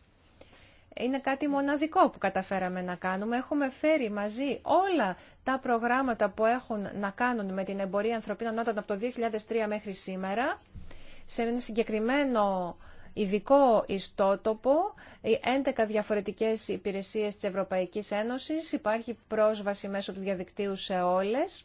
Είναι κάτι μοναδικό που καταφέραμε να κάνουμε. Έχουμε φέρει μαζί όλα τα προγράμματα που έχουν να κάνουν με την εμπορία ανθρωπίνων όταν από το 2003 μέχρι σήμερα σε ένα συγκεκριμένο ειδικό ιστότοπο, 11 διαφορετικές υπηρεσίες της Ευρωπαϊκής Ένωσης, υπάρχει πρόσβαση μέσω του διαδικτύου σε όλες.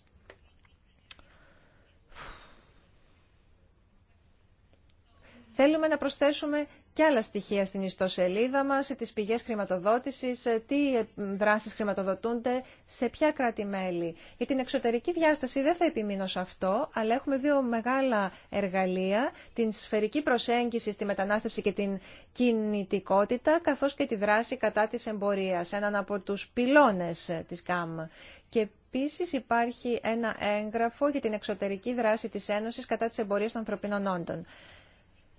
Θέλουμε να προσθέσουμε και άλλα στοιχεία στην ιστοσελίδα μας, τις πηγές χρηματοδότησης, ε, τι ε, δράσεις χρηματοδοτούνται, σε ποια κράτη-μέλη. Για την εξωτερική διάσταση δεν θα επιμείνω σε αυτό, αλλά έχουμε δύο μεγάλα εργαλεία, την σφαιρική προσέγγιση στη μετανάστευση και την κινητικότητα, καθώς και τη δράση κατά της εμπορίας, έναν από τους πυλώνες ε, της ΚΑΜ. Και Επίσης υπάρχει ένα έγγραφο για την εξωτερική δράση της Ένωσης κατά της εμπορίας των ανθρωπίνων όντων.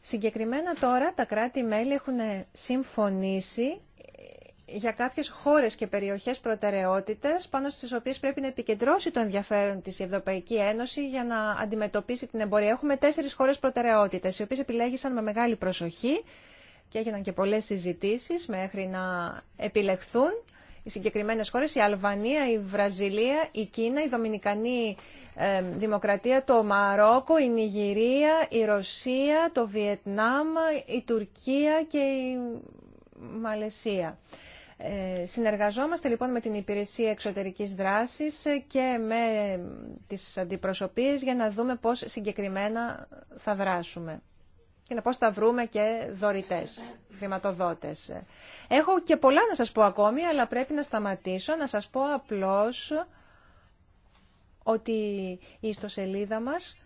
Συγκεκριμένα τώρα τα κράτη-μέλη έχουν συμφωνήσει για κάποιες χώρες και περιοχές προτεραιότητες πάνω στις οποίες πρέπει να επικεντρώσει το ενδιαφέρον της Ευρωπαϊκή Ένωση για να αντιμετωπίσει την εμπορία. Έχουμε τέσσερις χώρες προτεραιότητες, οι οποίες επιλέγησαν με μεγάλη προσοχή και έγιναν και πολλές συζητήσεις μέχρι να επιλεχθούν οι συγκεκριμένες χώρες, η Αλβανία, η Βραζιλία, η Κίνα, η Δομινικανή ε, Δημοκρατία, το Μαρόκο, η Νιγηρία, η Ρωσία, το Βιετνάμ, η Τουρκία και η Μαλαισία. Ε, συνεργαζόμαστε λοιπόν με την Υπηρεσία Εξωτερικής Δράσης ε, και με τις αντιπροσωπείες για να δούμε πώς συγκεκριμένα θα δράσουμε και να πώς θα βρούμε και δωρητές, χρηματοδότε. Έχω και πολλά να σας πω ακόμη, αλλά πρέπει να σταματήσω, να σας πω απλώς ότι η ιστοσελίδα μας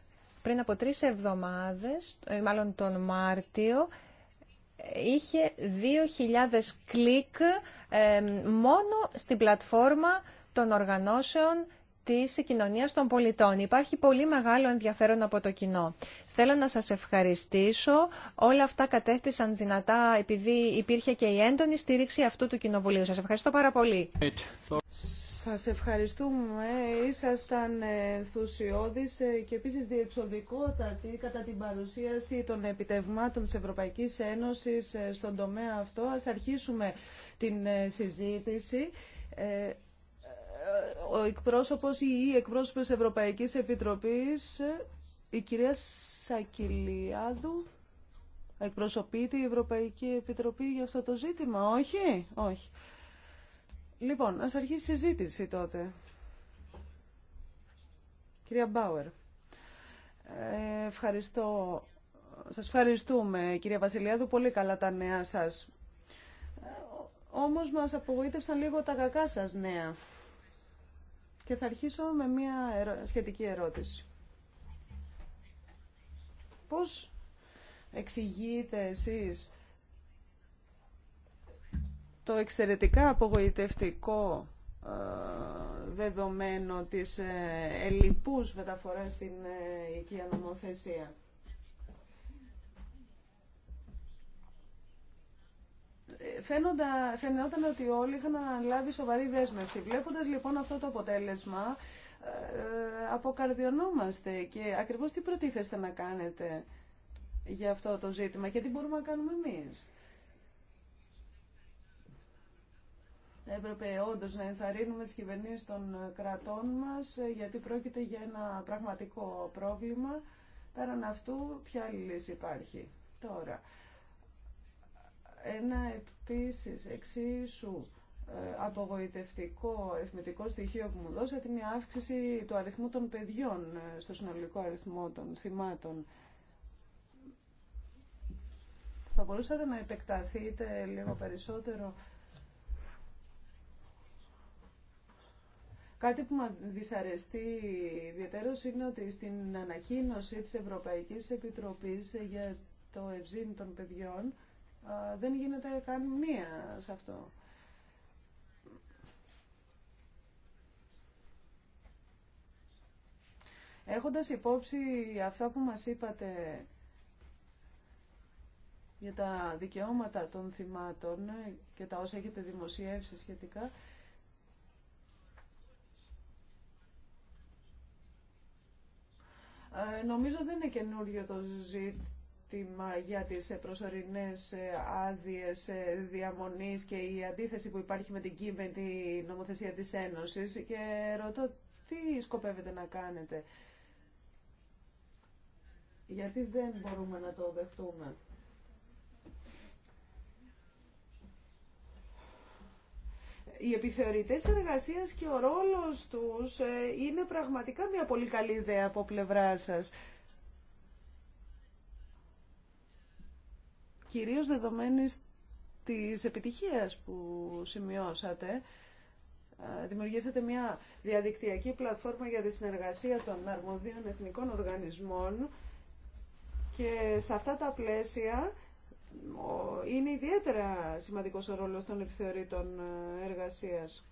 πριν από τρεις εβδομάδες, ε, μάλλον τον Μάρτιο, είχε 2.000 κλικ ε, μόνο στην πλατφόρμα των οργανώσεων της κοινωνίας των πολιτών. Υπάρχει πολύ μεγάλο ενδιαφέρον από το κοινό. Θέλω να σας ευχαριστήσω. Όλα αυτά κατέστησαν δυνατά επειδή υπήρχε και η έντονη στήριξη αυτού του κοινοβουλίου. Σας ευχαριστώ πάρα πολύ.
Σας ευχαριστούμε. Ήσασταν ενθουσιώδης και επίσης διεξοδικότατη κατά την παρουσίαση των επιτευγμάτων της Ευρωπαϊκής Ένωσης στον τομέα αυτό. Ας αρχίσουμε την συζήτηση. Ε, ο εκπρόσωπος ή η εκπρόσωπος Ευρωπαϊκής Επιτροπής, η κυρία Σακυλιάδου, εκπροσωπείται η Ευρωπαϊκή Επιτροπή για αυτό το ζήτημα, όχι, όχι. Λοιπόν, ας αρχίσει η συζήτηση τότε. Κυρία Μπάουερ, ε, ευχαριστώ. Σας ευχαριστούμε, κυρία Βασιλιάδου, πολύ καλά τα νέα σας. Ε, όμως μας απογοήτευσαν λίγο τα κακά σας νέα. Και θα αρχίσω με μια σχετική ερώτηση. Πώς εξηγείτε εσείς το εξαιρετικά απογοητευτικό ε, δεδομένο της ε, ελλειπούς μεταφοράς στην ε, οικία νομοθεσία. φαινόταν ότι όλοι είχαν λάβει σοβαρή δέσμευση. Βλέποντας λοιπόν αυτό το αποτέλεσμα, ε, αποκαρδιωνόμαστε και ακριβώς τι προτίθεστε να κάνετε για αυτό το ζήτημα και τι μπορούμε να κάνουμε εμείς. Έπρεπε όντω να ενθαρρύνουμε τις κυβερνήσεις των κρατών μας ε, γιατί πρόκειται για ένα πραγματικό πρόβλημα. Πέραν αυτού, ποια άλλη λύση υπάρχει τώρα. Ένα επίσης εξίσου ε, απογοητευτικό αριθμητικό στοιχείο που μου δώσατε είναι η αύξηση του αριθμού των παιδιών ε, στο συνολικό αριθμό των θυμάτων. Θα μπορούσατε να επεκταθείτε λίγο περισσότερο. Κάτι που με δυσαρεστεί ιδιαίτερως είναι ότι στην ανακοίνωση της Ευρωπαϊκής Επιτροπής για το ευζήν των παιδιών δεν γίνεται καν μία σε αυτό. Έχοντας υπόψη αυτά που μας είπατε για τα δικαιώματα των θυμάτων και τα όσα έχετε δημοσιεύσει σχετικά, ε, νομίζω δεν είναι καινούριο το ζήτημα για τις ε, προσωρινές ε, άδειες ε, διαμονής και η αντίθεση που υπάρχει με την κείμενη νομοθεσία της Ένωσης και ρωτώ τι σκοπεύετε να κάνετε. Γιατί δεν μπορούμε να το δεχτούμε. οι επιθεωρητές εργασίας και ο ρόλος τους είναι πραγματικά μια πολύ καλή ιδέα από πλευρά σας. κυρίως δεδομένης της επιτυχίας που σημειώσατε, δημιουργήσατε μια διαδικτυακή πλατφόρμα για τη συνεργασία των αρμοδίων εθνικών οργανισμών και σε αυτά τα πλαίσια είναι ιδιαίτερα σημαντικός ο ρόλος των επιθεωρήτων εργασίας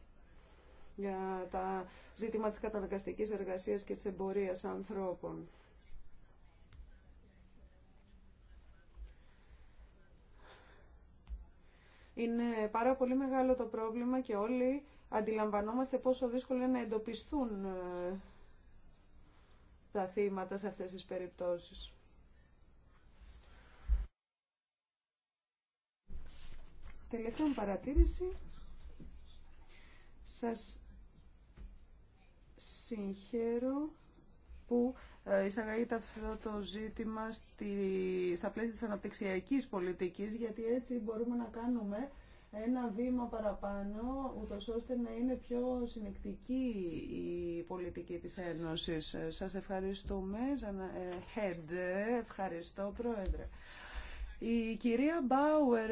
για τα ζήτημα της καταναγκαστικής εργασίας και της εμπορίας ανθρώπων. Είναι πάρα πολύ μεγάλο το πρόβλημα και όλοι αντιλαμβανόμαστε πόσο δύσκολο είναι να εντοπιστούν ε, τα θύματα σε αυτές τις περιπτώσεις. Τελευταία παρατήρηση. Σας συγχαίρω που ε, εισαγαγείται αυτό το ζήτημα στη, στα πλαίσια της αναπτυξιακής πολιτικής, γιατί έτσι μπορούμε να κάνουμε ένα βήμα παραπάνω, ούτω ώστε να είναι πιο συνεκτική η πολιτική της Ένωσης. Ε, σας ευχαριστούμε. Ε, Head, ευχαριστώ Πρόεδρε. Η κυρία Μπάουερ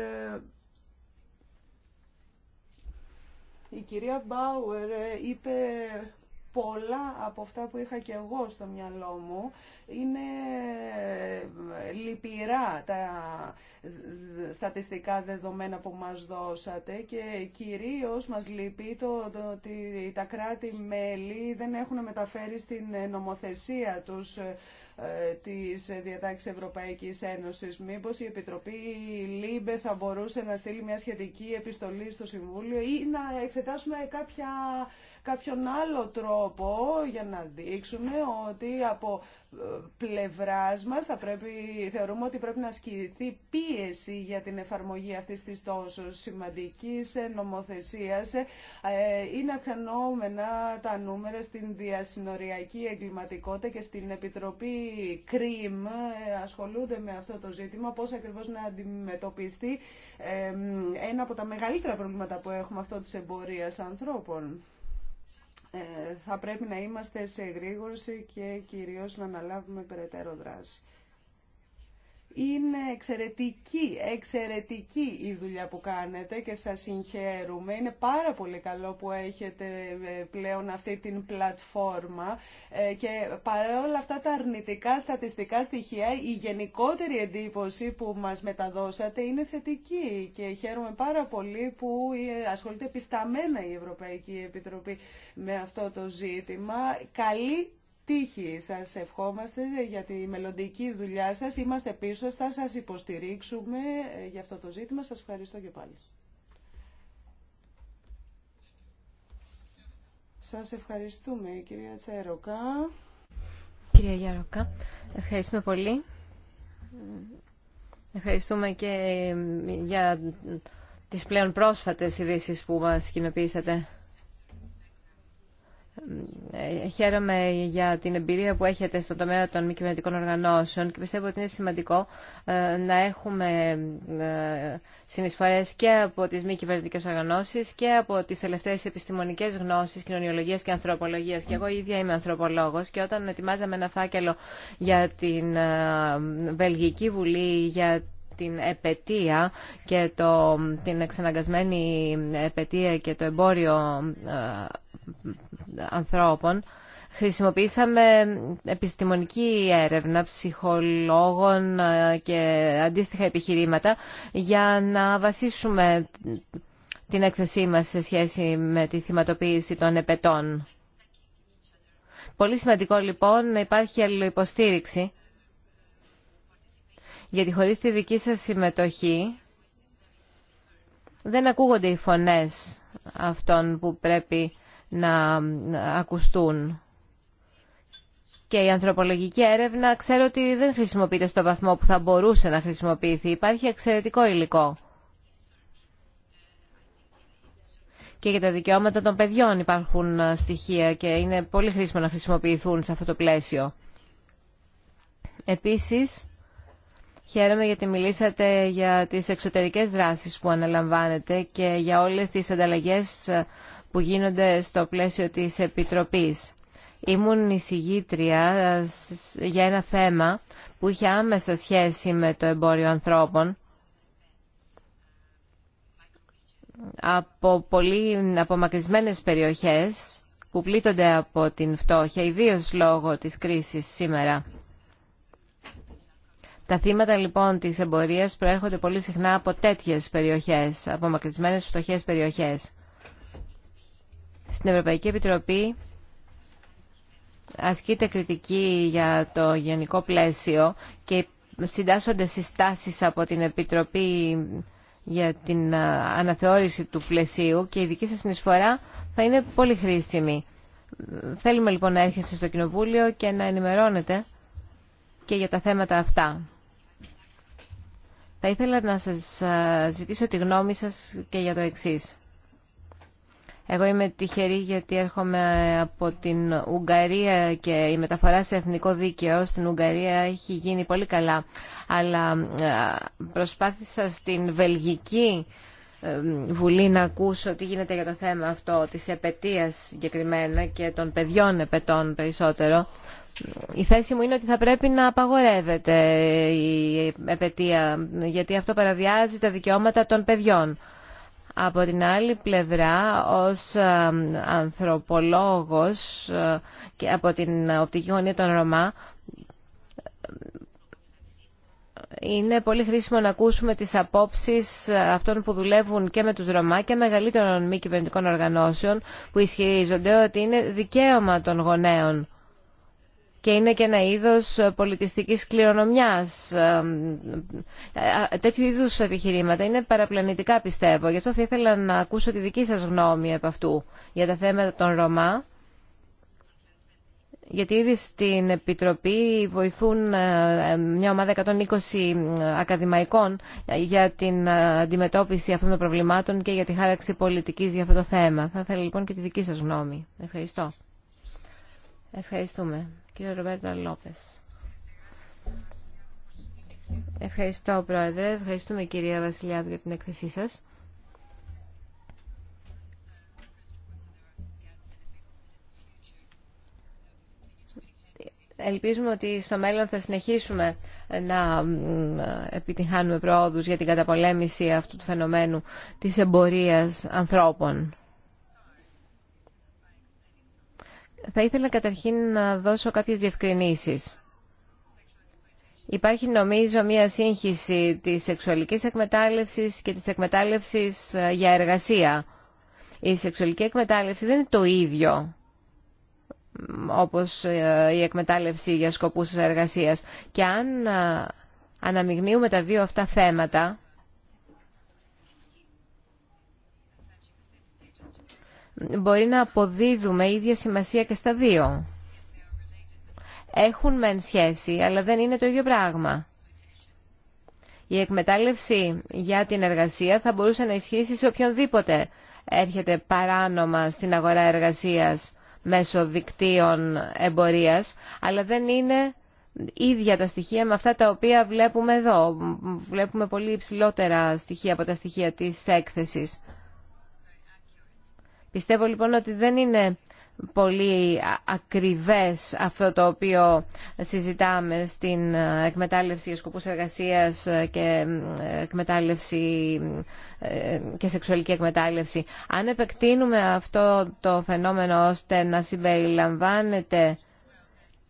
η κυρία Μπάουερ είπε πολλά από αυτά που είχα και εγώ στο μυαλό μου. Είναι ε, λυπηρά τα ε, στατιστικά δεδομένα που μας δώσατε και κυρίως μας λείπει το, το ότι τα κράτη-μέλη δεν έχουν μεταφέρει στην ε, νομοθεσία τους της Διατάξης Ευρωπαϊκής Ένωσης. Μήπως η Επιτροπή ΛΥΜΠΕ θα μπορούσε να στείλει μια σχετική επιστολή στο Συμβούλιο ή να εξετάσουμε κάποια κάποιον άλλο τρόπο για να δείξουμε ότι από ε, πλευράς μας θα πρέπει, θεωρούμε ότι πρέπει να ασκηθεί πίεση για την εφαρμογή αυτής της τόσο σημαντικής ε, νομοθεσίας. Ε, είναι αυξανόμενα τα νούμερα στην διασυνοριακή εγκληματικότητα και στην Επιτροπή ΚΡΙΜ ασχολούνται με αυτό το ζήτημα, πώς ακριβώς να αντιμετωπιστεί ένα από τα μεγαλύτερα προβλήματα που έχουμε αυτό της εμπορίας ανθρώπων. Ε, θα πρέπει να είμαστε σε εγρήγορση και κυρίως να αναλάβουμε περαιτέρω δράση. Είναι εξαιρετική, εξαιρετική η δουλειά που κάνετε και σας συγχαίρουμε. Είναι πάρα πολύ καλό που έχετε ε, πλέον αυτή την πλατφόρμα ε, και παρόλα αυτά τα αρνητικά στατιστικά στοιχεία, η γενικότερη εντύπωση που μας μεταδώσατε είναι θετική και χαίρομαι πάρα πολύ που ε, ασχολείται πισταμένα η Ευρωπαϊκή Επιτροπή με αυτό το ζήτημα. Καλή τύχη σας ευχόμαστε για τη μελλοντική δουλειά σας. Είμαστε πίσω, θα σας υποστηρίξουμε ε, για αυτό το ζήτημα. Σας ευχαριστώ και πάλι. Σας ευχαριστούμε κυρία Τσέροκά. Κυρία Γιάροκά,
ευχαριστούμε πολύ. Ευχαριστούμε και ε, για τις πλέον πρόσφατες ειδήσει που μας κοινοποίησατε. Ε, χαίρομαι για την εμπειρία που έχετε στον τομέα των μη κυβερνητικών οργανώσεων και πιστεύω ότι είναι σημαντικό ε, να έχουμε ε, συνεισφορές και από τις μη κυβερνητικέ οργανώσεις και από τις τελευταίες επιστημονικές γνώσεις κοινωνιολογίας και ανθρωπολογίας. Και εγώ ίδια είμαι ανθρωπολόγος και όταν ετοιμάζαμε ένα φάκελο για την Βελγική Βουλή, για την επαιτία και το, την εξαναγκασμένη επαιτία και το εμπόριο ανθρώπων, χρησιμοποίησαμε επιστημονική έρευνα ψυχολόγων ε, και αντίστοιχα επιχειρήματα για να βασίσουμε την έκθεσή μας σε σχέση με τη θυματοποίηση των επετών. Πολύ σημαντικό λοιπόν να υπάρχει αλληλοϊποστήριξη γιατί χωρίς τη δική σας συμμετοχή δεν ακούγονται οι φωνές αυτών που πρέπει να ακουστούν. Και η ανθρωπολογική έρευνα ξέρω ότι δεν χρησιμοποιείται στο βαθμό που θα μπορούσε να χρησιμοποιηθεί. Υπάρχει εξαιρετικό υλικό. Και για τα δικαιώματα των παιδιών υπάρχουν ε, στοιχεία και είναι πολύ χρήσιμο να χρησιμοποιηθούν σε αυτό το πλαίσιο. Επίσης, Χαίρομαι γιατί μιλήσατε για τις εξωτερικές δράσεις που αναλαμβάνετε και για όλες τις ανταλλαγές ε, που γίνονται στο πλαίσιο της Επιτροπής. Ήμουν εισηγήτρια για ένα θέμα που είχε άμεσα σχέση με το εμπόριο ανθρώπων από πολύ απομακρυσμένες περιοχές που πλήττονται από την φτώχεια, ιδίως λόγω της κρίσης σήμερα. Τα θύματα λοιπόν της εμπορίας προέρχονται πολύ συχνά από τέτοιες περιοχές, από μακρισμένες φτωχές περιοχές. Στην Ευρωπαϊκή Επιτροπή ασκείται κριτική για το γενικό πλαίσιο και συντάσσονται συστάσεις από την Επιτροπή για την αναθεώρηση του πλαισίου και η δική σας συνεισφορά θα είναι πολύ χρήσιμη. Θέλουμε λοιπόν να έρχεστε στο Κοινοβούλιο και να ενημερώνετε και για τα θέματα αυτά. Θα ήθελα να σας ζητήσω τη γνώμη σας και για το εξής. Εγώ είμαι τυχερή γιατί έρχομαι από την Ουγγαρία και η μεταφορά σε εθνικό δίκαιο στην Ουγγαρία έχει γίνει πολύ καλά. Αλλά ε, προσπάθησα στην Βελγική ε, Βουλή να ακούσω τι γίνεται για το θέμα αυτό της επαιτίας συγκεκριμένα και των παιδιών επαιτών περισσότερο. Η θέση μου είναι ότι θα πρέπει να απαγορεύεται η επαιτία γιατί αυτό παραβιάζει τα δικαιώματα των παιδιών. Από την άλλη πλευρά, ως ε, ανθρωπολόγος ε, και από την οπτική γωνία των Ρωμά, είναι πολύ χρήσιμο να ακούσουμε τις απόψεις ε, αυτών που δουλεύουν και με τους Ρωμά και μεγαλύτερων μη κυβερνητικών οργανώσεων που ισχυρίζονται ότι είναι δικαίωμα των γονέων και είναι και ένα είδος πολιτιστικής κληρονομιάς. Τέτοιου είδους επιχειρήματα είναι παραπλανητικά πιστεύω. Γι' αυτό θα ήθελα να ακούσω τη δική σας γνώμη από αυτού για τα θέματα των Ρωμά. Γιατί ήδη στην Επιτροπή βοηθούν ε, μια ομάδα 120 ε, ακαδημαϊκών για την ε, αντιμετώπιση αυτών των προβλημάτων και για τη χάραξη πολιτικής για αυτό το θέμα. Θα ήθελα λοιπόν και τη δική σας γνώμη. Ευχαριστώ. Ευχαριστούμε. Κύριε Ρομπέρτα Λόπες. Ευχαριστώ, Πρόεδρε. Ευχαριστούμε, κυρία Βασιλιάδου, για την έκθεσή σας. Ελπίζουμε ότι στο μέλλον θα συνεχίσουμε να επιτυχάνουμε πρόοδους για την καταπολέμηση αυτού του φαινομένου της εμπορίας ανθρώπων. Θα ήθελα καταρχήν να δώσω κάποιες διευκρινήσεις. Υπάρχει νομίζω μία σύγχυση της σεξουαλικής εκμετάλλευσης και της εκμετάλλευσης ε, για εργασία. Η σεξουαλική εκμετάλλευση δεν είναι το ίδιο όπως ε, η εκμετάλλευση για σκοπούς εργασίας. Και αν ε, αναμειγνύουμε τα δύο αυτά θέματα, μπορεί να αποδίδουμε ίδια σημασία και στα δύο. Έχουν μεν σχέση, αλλά δεν είναι το ίδιο πράγμα. Η εκμετάλλευση για την εργασία θα μπορούσε να ισχύσει σε οποιονδήποτε έρχεται παράνομα στην αγορά εργασίας μέσω δικτύων εμπορίας, αλλά δεν είναι ίδια τα στοιχεία με αυτά τα οποία βλέπουμε εδώ. Βλέπουμε πολύ υψηλότερα στοιχεία από τα στοιχεία της έκθεσης. Πιστεύω λοιπόν ότι δεν είναι πολύ ακριβές αυτό το οποίο συζητάμε στην ε, εκμετάλλευση για σκοπούς εργασίας ε, και ε, εκμετάλλευση και σεξουαλική εκμετάλλευση. Αν επεκτείνουμε αυτό το φαινόμενο ώστε να συμπεριλαμβάνεται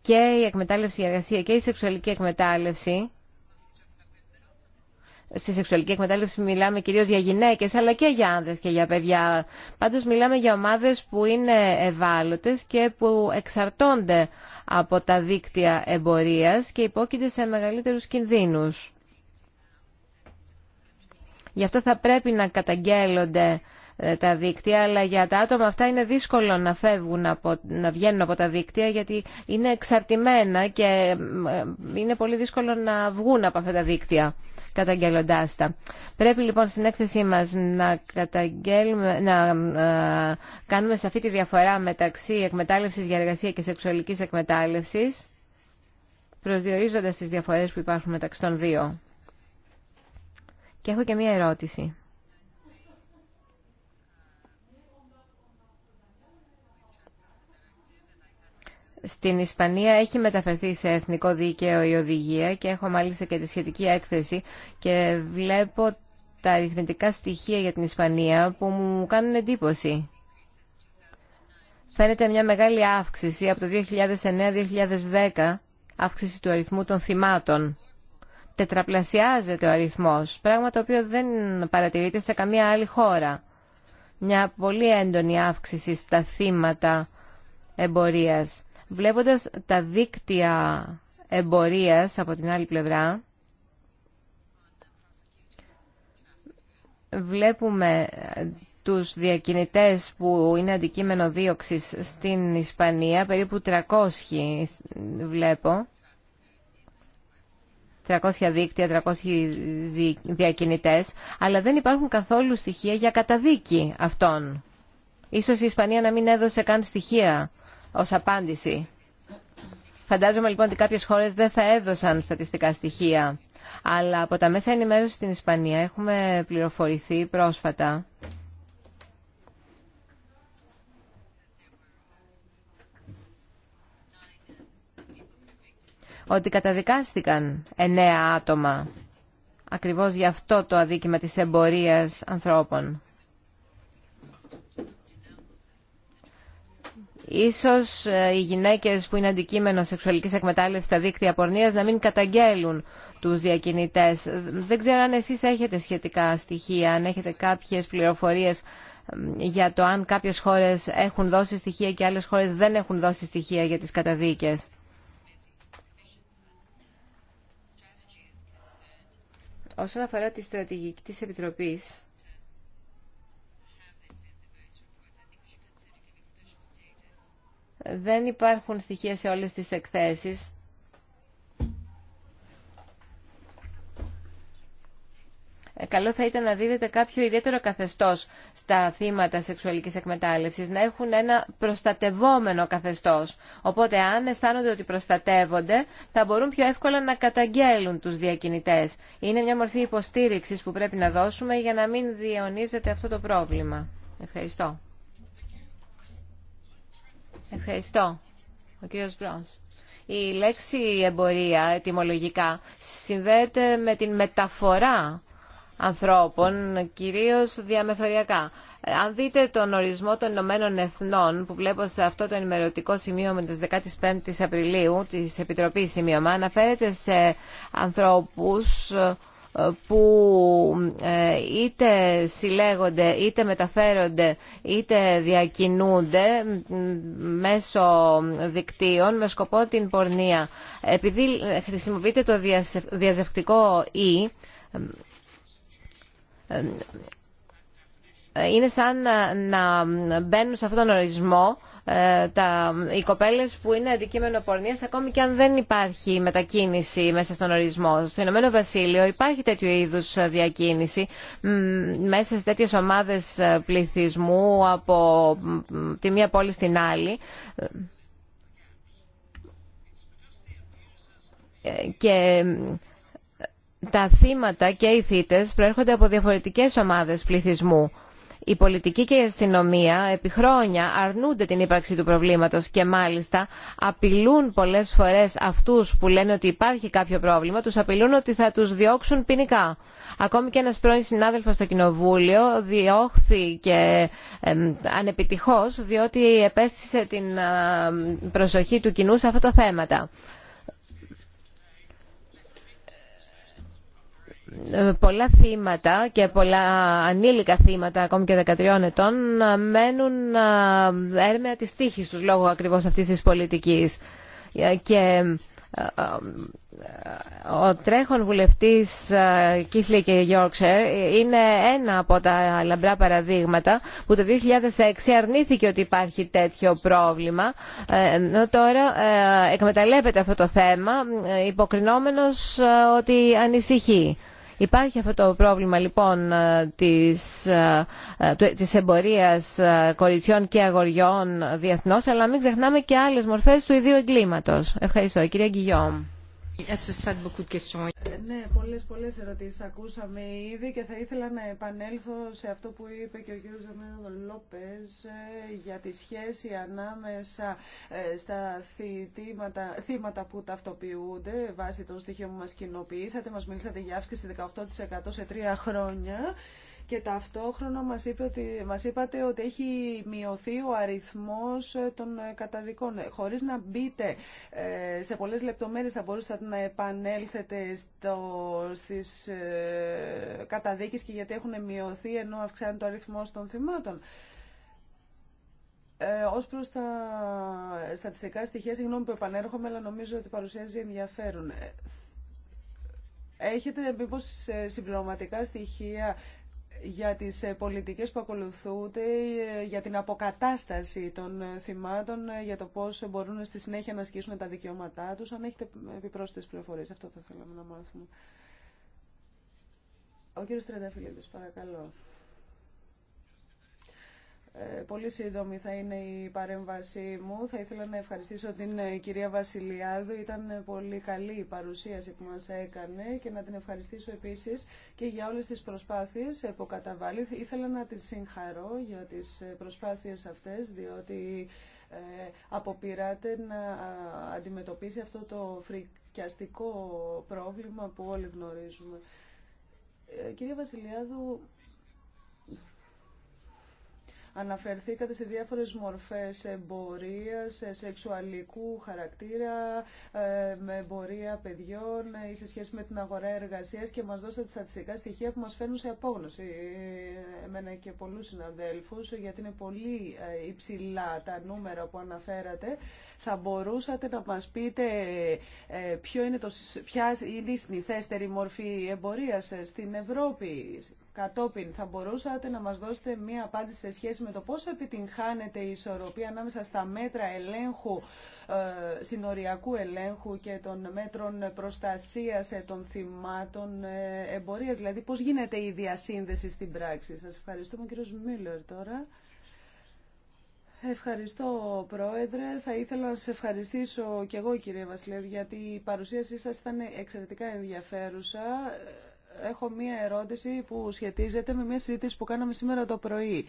και η εκμετάλλευση για εργασία και η σεξουαλική εκμετάλλευση στη σεξουαλική εκμετάλλευση μιλάμε κυρίως για γυναίκες αλλά και για άνδρες και για παιδιά. Πάντως μιλάμε για ομάδες που είναι ευάλωτες και που εξαρτώνται από τα δίκτυα εμπορίας και υπόκειται σε μεγαλύτερους κινδύνους. Γι' αυτό θα πρέπει να καταγγέλλονται ε, τα δίκτυα, αλλά για τα άτομα αυτά είναι δύσκολο να φεύγουν, να βγαίνουν από τα δίκτυα, γιατί είναι εξαρτημένα και ε, ε, είναι πολύ δύσκολο να βγουν από αυτά τα δίκτυα καταγγέλλοντά τα. Πρέπει λοιπόν στην έκθεσή μας να, καταγγέλουμε, να ε, κάνουμε σαφή τη διαφορά μεταξύ εκμετάλλευσης για εργασία και σεξουαλική εκμετάλλευσης, προσδιορίζοντα τι διαφορές που υπάρχουν μεταξύ των δύο. Και έχω και μία ερώτηση. Στην Ισπανία έχει μεταφερθεί σε εθνικό δίκαιο η οδηγία και έχω μάλιστα και τη σχετική έκθεση και βλέπω τα αριθμητικά στοιχεία για την Ισπανία που μου κάνουν εντύπωση. Φαίνεται μια μεγάλη αύξηση από το 2009-2010, αύξηση του αριθμού των θυμάτων. Τετραπλασιάζεται ο αριθμός, πράγμα το οποίο δεν παρατηρείται σε καμία άλλη χώρα. Μια πολύ έντονη αύξηση στα θύματα εμπορίας. Βλέποντας τα δίκτυα εμπορίας από την άλλη πλευρά, βλέπουμε ε, τους διακινητές που είναι αντικείμενο δίωξης στην Ισπανία, περίπου 300 ε, βλέπω. 300 δίκτυα, 300 διακινητές, αλλά δεν υπάρχουν καθόλου στοιχεία για καταδίκη αυτών. Ίσως η Ισπανία να μην έδωσε καν στοιχεία ως απάντηση. Φαντάζομαι λοιπόν ότι κάποιες χώρες δεν θα έδωσαν στατιστικά στοιχεία. Αλλά από τα μέσα ενημέρωση στην Ισπανία έχουμε πληροφορηθεί πρόσφατα ότι καταδικάστηκαν εννέα άτομα ακριβώς για αυτό το αδίκημα της εμπορίας ανθρώπων. Ίσως ε, οι γυναίκες που είναι αντικείμενο σεξουαλικής εκμετάλλευσης στα δίκτυα πορνείας να μην καταγγέλουν τους διακινητές. Δεν ξέρω αν εσείς έχετε σχετικά στοιχεία, αν έχετε κάποιες πληροφορίες για το αν κάποιες χώρες έχουν δώσει στοιχεία και άλλες χώρες δεν έχουν δώσει στοιχεία για τις καταδίκες. Όσον αφορά τη στρατηγική της Επιτροπής, Δεν υπάρχουν στοιχεία σε όλες τις εκθέσεις. Ε, καλό θα ήταν να δίδεται κάποιο ιδιαίτερο καθεστώς στα θύματα σεξουαλικής εκμετάλλευσης, να έχουν ένα προστατευόμενο καθεστώς. Οπότε αν αισθάνονται ότι προστατεύονται, θα μπορούν πιο εύκολα να καταγγέλουν τους διακινητές. Είναι μια μορφή υποστήριξης που πρέπει να δώσουμε για να μην διαιωνίζεται αυτό το πρόβλημα. Ευχαριστώ. Ευχαριστώ. Ο κύριος Μπρόνς. Η λέξη εμπορία ετοιμολογικά συνδέεται με την μεταφορά ανθρώπων, κυρίως διαμεθοριακά. Αν δείτε τον ορισμό των Ηνωμένων Εθνών που βλέπω σε αυτό το ενημερωτικό σημείο με τις 15 Απριλίου της Επιτροπής Σημείωμα αναφέρεται σε ανθρώπους που ε, είτε συλλέγονται, είτε μεταφέρονται, είτε διακινούνται μέσω δικτύων με σκοπό την πορνεία. Επειδή ε, χρησιμοποιείται το διαζευτικό «ή», ε, είναι σαν να μπαίνουν σε αυτόν τον ορισμό ε, τα, οι κοπέλες που είναι αντικείμενο πορνείας ακόμη και αν δεν υπάρχει μετακίνηση μέσα στον ορισμό. Στο Ηνωμένο Βασίλειο υπάρχει τέτοιου είδους διακίνηση μέσα σε τέτοιες ομάδες ε, πληθυσμού από τη μία πόλη στην άλλη. Ε, και τα θύματα και οι θύτες προέρχονται από διαφορετικές ομάδες πληθυσμού. Η πολιτική και η αστυνομία επί χρόνια αρνούνται την ύπαρξη του προβλήματος και μάλιστα απειλούν πολλές φορές αυτούς που λένε ότι υπάρχει κάποιο πρόβλημα, τους απειλούν ότι θα τους διώξουν ποινικά. Ακόμη και ένας πρώην συνάδελφος στο Κοινοβούλιο διώχθηκε ανεπιτυχώς διότι επέστησε την προσοχή του κοινού σε αυτά τα θέματα. πολλά θύματα και πολλά ανήλικα θύματα ακόμη και 13 ετών μένουν έρμεα της τύχης τους λόγω ακριβώς αυτής της πολιτικής. Και ο τρέχον βουλευτής Κίθλι και Γιόρξερ είναι ένα από τα λαμπρά παραδείγματα που το 2006 αρνήθηκε ότι υπάρχει τέτοιο πρόβλημα. Ε, τώρα ε, εκμεταλλεύεται αυτό το θέμα ε, υποκρινόμενος ότι ανησυχεί. Υπάρχει αυτό το πρόβλημα λοιπόν ε, της, ε, ε, της εμπορίας κοριτσιών και αγοριών διεθνώς, αλλά μην ξεχνάμε και άλλες μορφές του ιδίου εγκλήματος. Ευχαριστώ. Κυρία Γκυγιόμ.
Ε, ναι, πολλές, πολλές ερωτήσεις ακούσαμε ήδη και θα ήθελα να επανέλθω σε αυτό που είπε και ο κύριος Δεμένο Λόπες ε, για τη σχέση ανάμεσα ε, στα θύματα, θύματα που ταυτοποιούνται βάσει των στοιχείων που μας κοινοποιήσατε. Μας μιλήσατε για αύξηση 18% σε τρία χρόνια και ταυτόχρονα μας, είπε ότι, μας είπατε ότι έχει μειωθεί ο αριθμός ε, των ε, καταδικών. Ε, χωρίς να μπείτε σε πολλές λεπτομέρειες θα μπορούσατε να επανέλθετε στο, στις καταδίκες και γιατί έχουν μειωθεί ενώ αυξάνεται το αριθμό των θυμάτων. Ε, Ω προ τα στατιστικά στοιχεία, συγγνώμη που επανέρχομαι, αλλά νομίζω ότι παρουσιάζει ενδιαφέρον. Έχετε μήπω συμπληρωματικά στοιχεία για τις ε, πολιτικές που ακολουθούνται, ε, για την αποκατάσταση των ε, θυμάτων, για το πώς μπορούν στη συνέχεια να ασκήσουν τα δικαιώματά τους. Αν έχετε επιπρόσθετες πληροφορίες, αυτό θα θέλαμε να μάθουμε. Ο κύριος Τρενταφυλλίδης, παρακαλώ. Ε, πολύ σύντομη θα είναι η παρέμβασή μου. Θα ήθελα να ευχαριστήσω την ε, κυρία Βασιλιάδου. Ήταν ε, πολύ καλή η παρουσίαση που μας έκανε και να την ευχαριστήσω επίσης και για όλες τις προσπάθειες που καταβάλει. Ήθελα να τη συγχαρώ για τις προσπάθειες αυτές, διότι αποπειράται να αντιμετωπίσει αυτό το φρικιαστικό πρόβλημα που όλοι γνωρίζουμε. Κυρία Βασιλιάδου, Αναφερθήκατε σε διάφορες μορφές εμπορίας, σεξουαλικού χαρακτήρα, ε, με εμπορία παιδιών ή σε σχέση με την αγορά εργασίας και μας δώσατε στατιστικά στοιχεία που μας φέρνουν σε απόγνωση ε, εμένα και πολλούς συναδέλφους γιατί είναι πολύ ε, υψηλά τα νούμερα που αναφέρατε. Θα μπορούσατε να μας πείτε ποιο είναι το, ποια είναι η συνηθέστερη μορφή εμπορίας στην Ευρώπη Κατόπιν, θα μπορούσατε να μας δώσετε μία απάντηση σε σχέση με το πόσο επιτυγχάνεται η ισορροπία ανάμεσα στα μέτρα ελέγχου, ε, συνοριακού ελέγχου και των μέτρων προστασίας ε, των θυμάτων ε, εμπορίας. Δηλαδή, πώς γίνεται η διασύνδεση στην πράξη. Σας ευχαριστούμε, κύριος Μίλλερ, τώρα. Ευχαριστώ Πρόεδρε. Θα ήθελα να σας ευχαριστήσω και εγώ κύριε Βασιλεύ γιατί η παρουσίασή σας ήταν εξαιρετικά ενδιαφέρουσα έχω μία ερώτηση που σχετίζεται με μία συζήτηση που κάναμε σήμερα το πρωί.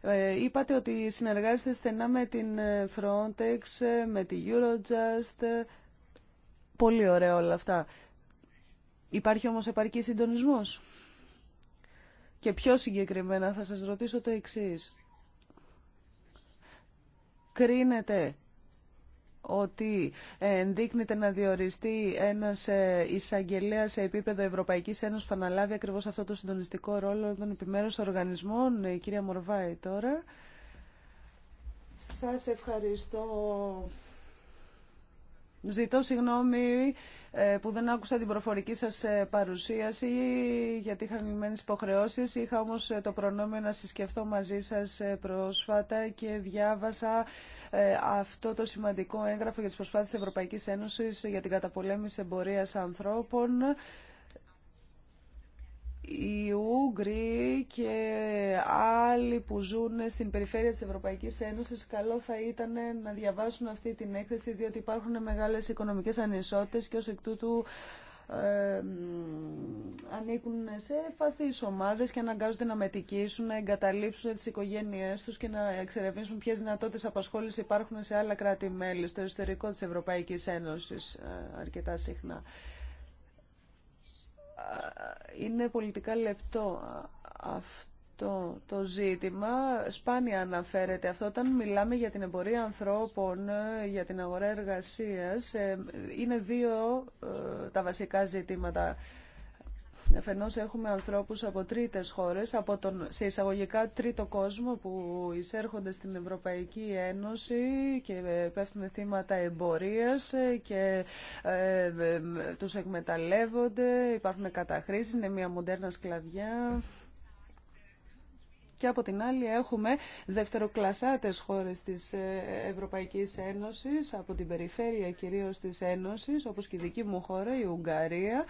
Ε, είπατε ότι συνεργάζεστε στενά με την ε, Frontex, ε, με τη Eurojust. Πολύ ωραία όλα αυτά. Υπάρχει όμως επαρκή συντονισμός. Και πιο συγκεκριμένα θα σας ρωτήσω το εξής. Κρίνετε ότι ενδείκνεται να διοριστεί ένας ε, εισαγγελέα σε επίπεδο Ευρωπαϊκής Ένωσης που θα αναλάβει ακριβώς αυτό το συντονιστικό ρόλο των επιμέρους οργανισμών. Η ε, κυρία Μορβάη τώρα. Σας ευχαριστώ Ζητώ συγγνώμη ε, που δεν άκουσα την προφορική σας ε, παρουσίαση γιατί είχα λυμμένες υποχρεώσεις. Είχα όμως ε, το προνόμιο να συσκεφτώ μαζί σας πρόσφατα και διάβασα αυτό το σημαντικό έγγραφο για τις προσπάθειες Ευρωπαϊκής Ένωσης για την καταπολέμηση εμπορίας ανθρώπων οι Ούγγροι και άλλοι που ζουν στην περιφέρεια της Ευρωπαϊκής Ένωσης καλό θα ήταν να διαβάσουν αυτή την έκθεση διότι υπάρχουν μεγάλες οικονομικές ανισότητες και ως εκ τούτου ε, ανήκουν σε επαθείς ομάδες και αναγκάζονται να μετικήσουν, να εγκαταλείψουν τις οικογένειές τους και να εξερευνήσουν ποιες δυνατότητες απασχόληση υπάρχουν σε άλλα κράτη-μέλη, στο εσωτερικό της Ευρωπαϊκής Ένωσης ε, αρκετά συχνά είναι πολιτικά λεπτό αυτό το ζήτημα. Σπάνια αναφέρεται αυτό. Όταν μιλάμε για την εμπορία ανθρώπων, ε, για την αγορά εργασίας, ε, είναι δύο ε, τα βασικά ζητήματα Εφενός έχουμε ανθρώπους από τρίτες χώρες, από τον, σε εισαγωγικά τρίτο κόσμο που εισέρχονται στην Ευρωπαϊκή Ένωση και πέφτουν θύματα εμπορίας και ε, ε, τους εκμεταλλεύονται, υπάρχουν καταχρήσεις, είναι μια μοντέρνα σκλαβιά. Και από την άλλη έχουμε δευτεροκλασάτες χώρες της ε, Ευρωπαϊκής Ένωσης, από την περιφέρεια κυρίως της Ένωσης, όπως και η δική μου χώρα, η Ουγγαρία,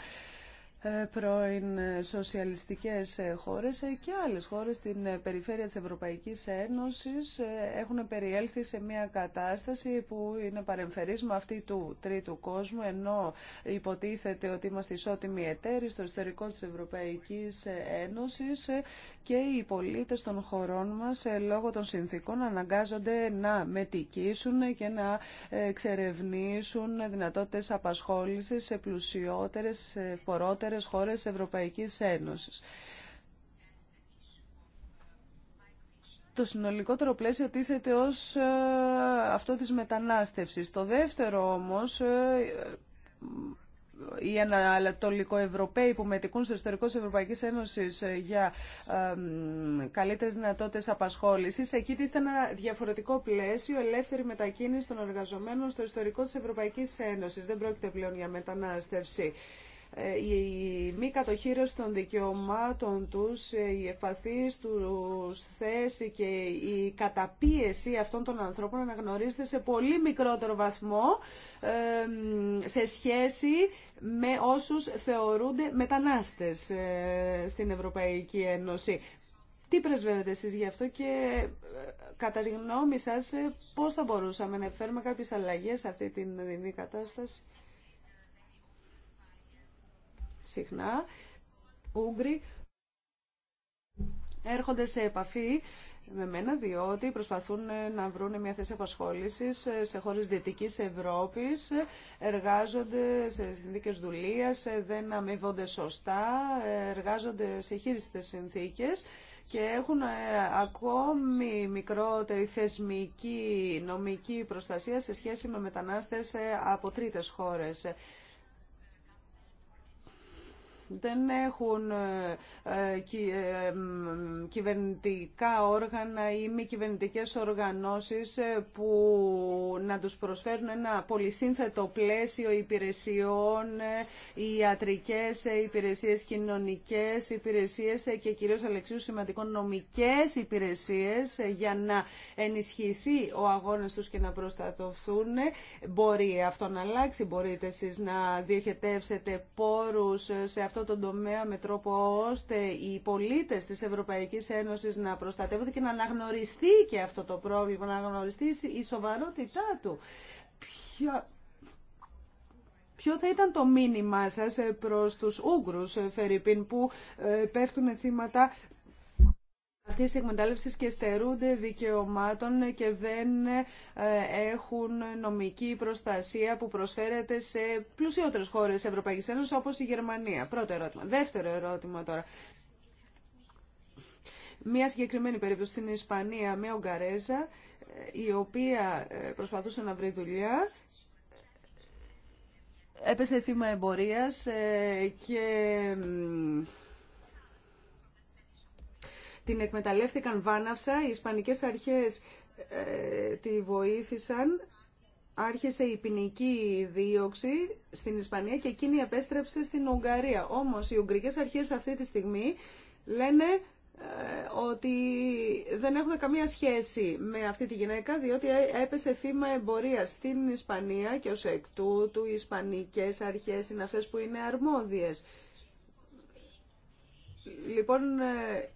ε, πρώην ε, σοσιαλιστικές ε, χώρες και άλλες χώρες στην περιφέρεια της Ευρωπαϊκής Ένωσης έχουν περιέλθει σε μια κατάσταση που είναι παρεμφερής με αυτή του τρίτου κόσμου ενώ υποτίθεται ότι είμαστε ισότιμοι εταίροι στο ιστορικό της Ευρωπαϊκής Ένωσης και οι πολίτες των χωρών μας ε, λόγω των συνθήκων αναγκάζονται να μετικήσουν και να ε, εξερευνήσουν δυνατότητες απασχόλησης σε πλουσιότερες, φορότερες χώρες της Ευρωπαϊκής Ένωσης. το συνολικότερο πλαίσιο τίθεται ως ε, αυτό της μετανάστευσης. Το δεύτερο όμως οι Ανατολικοευρωπαίοι που μετικούν στο ιστορικό τη Ευρωπαϊκής Ένωση ε, για καλύτερε δυνατότητε απασχόλησης. Εκεί τίθεται ένα διαφορετικό πλαίσιο ελεύθερη μετακίνηση των εργαζομένων στο ιστορικό τη Ευρωπαϊκής Ένωση. Δεν πρόκειται πλέον για μετανάστευση. Ε, η μη κατοχήρωση των δικαιωμάτων τους, ε, η ευπαθής του θέση και η καταπίεση αυτών των ανθρώπων αναγνωρίζεται σε πολύ μικρότερο βαθμό ε, σε σχέση με όσους θεωρούνται μετανάστες στην Ευρωπαϊκή Ένωση. Τι πρεσβεύετε εσείς γι' αυτό και κατά τη γνώμη σας πώς θα μπορούσαμε να φέρουμε κάποιες αλλαγές σε αυτή την δινή κατάσταση συχνά, Ούγγροι, έρχονται σε επαφή με μένα διότι προσπαθούν ε, να βρουν μια θέση απασχόληση ε, σε χώρες Δυτικής Ευρώπης, ε, εργάζονται σε συνθήκες δουλείας, δεν αμείβονται σωστά, εργάζονται σε χείριστες συνθήκες και έχουν ακόμη μικρότερη θεσμική νομική προστασία σε σχέση με μετανάστες από τρίτες χώρες δεν έχουν ε, ε, ε, κυβερνητικά όργανα ή μη κυβερνητικές οργανώσεις που να τους προσφέρουν ένα πολυσύνθετο πλαίσιο υπηρεσιών, ιατρικές υπηρεσίες, κοινωνικές υπηρεσίες και κυρίως αλεξίου σημαντικών νομικές υπηρεσίες για να ενισχυθεί ο αγώνας τους και να προστατωθούν. Μπορεί αυτό να αλλάξει, μπορείτε εσείς να διοχετεύσετε πόρους σε αυτό αυτό το τομέα με τρόπο ώστε οι πολίτες της Ευρωπαϊκής Ένωσης να προστατεύονται και να αναγνωριστεί και αυτό το πρόβλημα, να αναγνωριστεί η σοβαρότητά του. Ποιο... θα ήταν το μήνυμά σας προς τους Ούγγρους, ε, Φερρυπίν, που ε, πέφτουν θύματα Αυτέ οι εκμετάλλευση και στερούνται δικαιωμάτων και δεν ε, έχουν νομική προστασία που προσφέρεται σε πλουσιότερες χώρες Ευρωπαϊκής Ένωσης όπως η Γερμανία. Πρώτο ερώτημα. Δεύτερο ερώτημα τώρα. Μία συγκεκριμένη περίπτωση στην Ισπανία, μια συγκεκριμενη περιπτωση στην ισπανια μια ογκαρέζα, ε, η οποία ε, προσπαθούσε να βρει δουλειά έπεσε θύμα εμπορίας και την εκμεταλλεύτηκαν βάναυσα, οι Ισπανικές αρχές ε, τη βοήθησαν, άρχισε η ποινική δίωξη στην Ισπανία και εκείνη επέστρεψε στην Ουγγαρία. Όμως οι Ουγγρικές αρχές αυτή τη στιγμή λένε ε, ότι δεν έχουν καμία σχέση με αυτή τη γυναίκα διότι έπεσε θύμα εμπορία στην Ισπανία και ως εκ τούτου οι Ισπανικές αρχές είναι αυτές που είναι αρμόδιες. Λοιπόν, ε,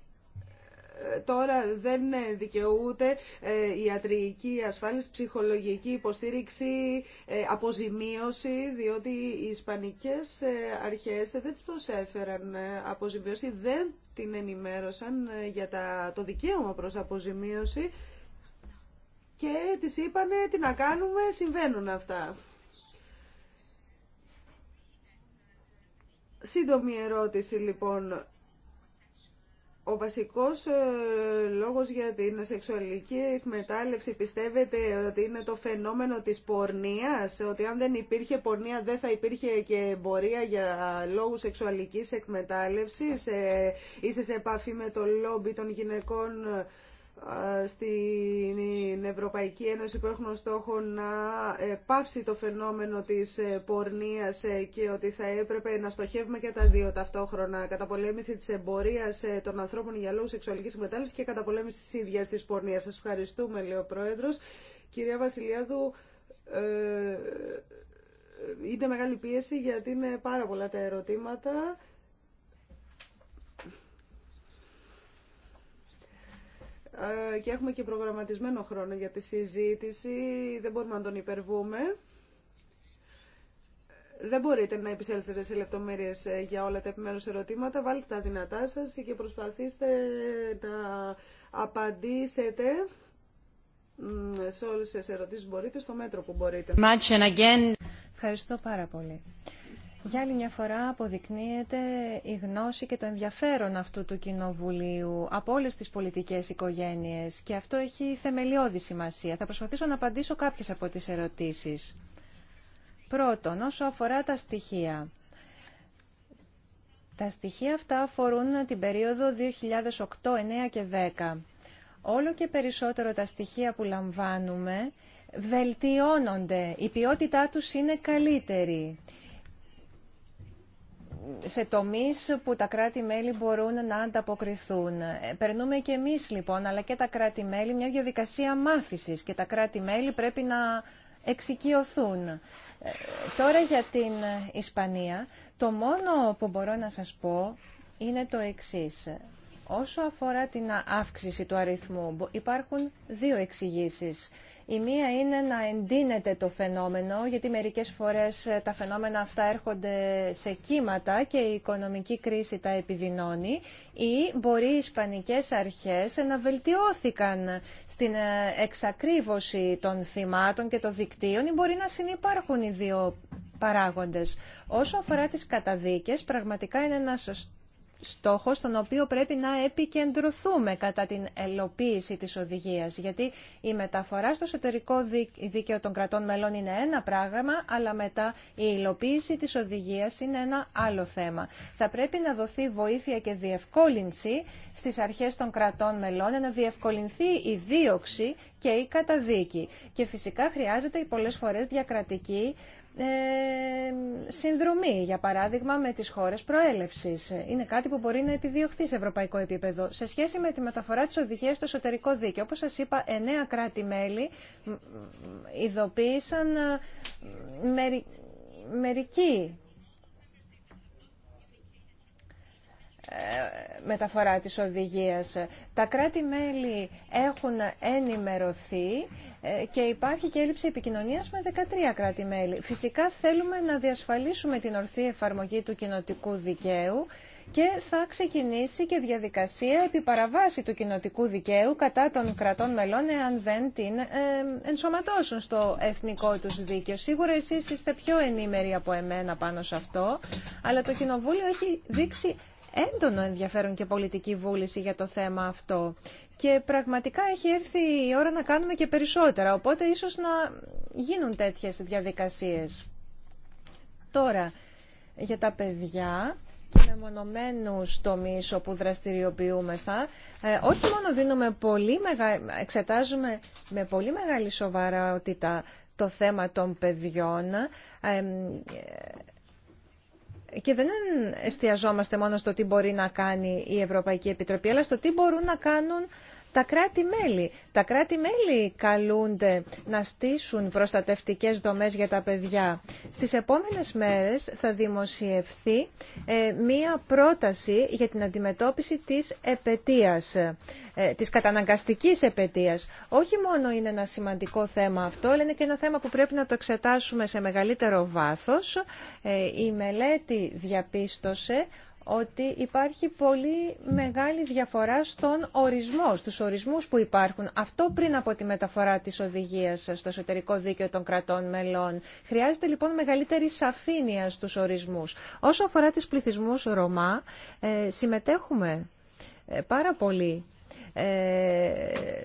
τώρα δεν δικαιούται ε, ιατρική ασφάλιση, ψυχολογική υποστήριξη, ε, αποζημίωση, διότι οι ισπανικές ε, αρχές δεν τις προσέφεραν αποζημίωση, δεν την ενημέρωσαν για το δικαίωμα προς αποζημίωση και τις είπανε τι να κάνουμε, συμβαίνουν αυτά. Σύντομη ερώτηση λοιπόν ο βασικός ε, λόγος για την σεξουαλική εκμετάλλευση πιστεύετε ότι είναι το φαινόμενο της πορνείας, ότι αν δεν υπήρχε πορνεία δεν θα υπήρχε και εμπορία για λόγους σεξουαλικής εκμετάλλευσης. Ε, είστε σε επαφή με το λόμπι των γυναικών στην Ευρωπαϊκή Ένωση που έχουν στόχο να πάψει το φαινόμενο της πορνείας και ότι θα έπρεπε να στοχεύουμε και τα δύο ταυτόχρονα καταπολέμηση της εμπορίας των ανθρώπων για λόγους σεξουαλικής εκμετάλλευσης και καταπολέμηση της ίδιας της πορνείας. Σας ευχαριστούμε, λέει ο Πρόεδρος. Κυρία Βασιλιάδου, είναι μεγάλη πίεση γιατί είναι πάρα πολλά τα ερωτήματα. Ε, και έχουμε και προγραμματισμένο χρόνο για τη συζήτηση, δεν μπορούμε να τον υπερβούμε. Δεν μπορείτε να επισέλθετε σε λεπτομέρειες ε, για όλα τα επιμέρους ερωτήματα. Βάλτε τα δυνατά σας και προσπαθήστε να απαντήσετε σε όλες τις ερωτήσεις μπορείτε, στο μέτρο που μπορείτε.
again. Ευχαριστώ πάρα πολύ. Για άλλη μια φορά αποδεικνύεται η γνώση και το ενδιαφέρον αυτού του Κοινοβουλίου από όλε τι πολιτικέ οικογένειε και αυτό έχει θεμελιώδη σημασία. Θα προσπαθήσω να απαντήσω κάποιε από τι ερωτήσει. Πρώτον, όσο αφορά τα στοιχεία. Τα στοιχεία αυτά αφορούν την περίοδο 2008, 9 και 10. Όλο και περισσότερο τα στοιχεία που λαμβάνουμε βελτιώνονται. Η ποιότητά τους είναι καλύτερη σε τομείς που τα κράτη-μέλη μπορούν να ανταποκριθούν. Ε, περνούμε και εμείς λοιπόν, αλλά και τα κράτη-μέλη, μια διαδικασία μάθησης και τα κράτη-μέλη πρέπει να εξοικειωθούν. Ε, τώρα για την Ισπανία, το μόνο που μπορώ να σας πω είναι το εξής. Όσο αφορά την αύξηση του αριθμού, υπάρχουν δύο εξηγήσεις. Η μία είναι να εντείνεται το φαινόμενο, γιατί μερικές φορές ε, τα φαινόμενα αυτά έρχονται σε κύματα και η οικονομική κρίση τα επιδεινώνει ή μπορεί οι ισπανικές αρχές να βελτιώθηκαν στην ε, εξακρίβωση των θυμάτων και των δικτύων ή μπορεί να συνεπάρχουν οι δύο παράγοντες. Όσο αφορά τις καταδίκες, πραγματικά είναι ένας στόχο στον οποίο πρέπει να επικεντρωθούμε κατά την ελοποίηση της οδηγίας. Γιατί η μεταφορά στο εσωτερικό δίκαιο των κρατών μελών είναι ένα πράγμα, αλλά μετά η υλοποίηση της οδηγίας είναι ένα άλλο θέμα. Θα πρέπει να δοθεί βοήθεια και διευκόλυνση στις αρχές των κρατών μελών, να διευκολυνθεί η δίωξη και η καταδίκη. Και φυσικά χρειάζεται πολλές φορές διακρατική ε, συνδρομή, για παράδειγμα με τις χώρες προέλευσης. Είναι κάτι που μπορεί να επιδιωχθεί σε ευρωπαϊκό επίπεδο. Σε σχέση με τη μεταφορά της οδηγίας στο εσωτερικό δίκαιο, όπως σας είπα, εννέα κράτη-μέλη ειδοποίησαν ε, μερικοί Ε, μεταφορά της οδηγίας. Τα κράτη-μέλη έχουν ενημερωθεί ε, και υπάρχει και έλλειψη επικοινωνίας με 13 κράτη-μέλη. Φυσικά θέλουμε να διασφαλίσουμε την ορθή εφαρμογή του κοινοτικού δικαίου και θα ξεκινήσει και διαδικασία επί του κοινοτικού δικαίου κατά των κρατών μελών εάν δεν την ε, ενσωματώσουν στο εθνικό τους δίκαιο. Σίγουρα εσείς είστε πιο ενήμεροι από εμένα πάνω σε αυτό, αλλά το Κοινοβούλιο έχει δείξει έντονο ενδιαφέρον και πολιτική βούληση για το θέμα αυτό. Και πραγματικά έχει έρθει η ώρα να κάνουμε και περισσότερα, οπότε ίσως να γίνουν τέτοιες διαδικασίες. Τώρα, για τα παιδιά και μονομένους τομείς όπου δραστηριοποιούμεθα, ε, όχι μόνο δίνουμε πολύ μεγα... εξετάζουμε με πολύ μεγάλη σοβαρότητα το θέμα των παιδιών, ε, και δεν εστιαζόμαστε μόνο στο τι μπορεί να κάνει η Ευρωπαϊκή Επιτροπή, αλλά στο τι μπορούν να κάνουν τα κράτη-μέλη. Τα κράτη-μέλη καλούνται να στήσουν προστατευτικές δομές για τα παιδιά. Στις επόμενες μέρες θα δημοσιευθεί ε, μία πρόταση για την αντιμετώπιση της επαιτίας, ε, της καταναγκαστικής επαιτίας. Όχι μόνο είναι ένα σημαντικό θέμα αυτό, αλλά είναι και ένα θέμα που πρέπει να το εξετάσουμε σε μεγαλύτερο βάθος. Ε, η μελέτη διαπίστωσε ότι υπάρχει πολύ μεγάλη διαφορά στον ορισμό, στους ορισμούς που υπάρχουν. Αυτό πριν από τη μεταφορά της οδηγίας στο εσωτερικό δίκαιο των κρατών μελών. Χρειάζεται λοιπόν μεγαλύτερη σαφήνεια στους ορισμούς. Όσο αφορά τις πληθυσμούς Ρωμά, ε, συμμετέχουμε ε, πάρα πολύ ε,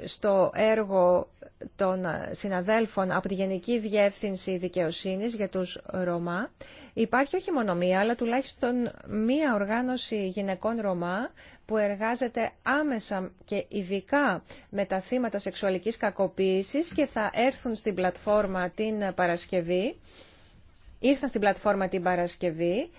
στο έργο των συναδέλφων από τη Γενική Διεύθυνση Δικαιοσύνης για τους Ρωμά Υπάρχει όχι μόνο μία, αλλά τουλάχιστον μία οργάνωση γυναικών Ρωμά που εργάζεται άμεσα και ειδικά με τα θύματα σεξουαλικής κακοποίησης και θα έρθουν στην πλατφόρμα την Παρασκευή. Ήρθαν στην πλατφόρμα την Παρασκευή.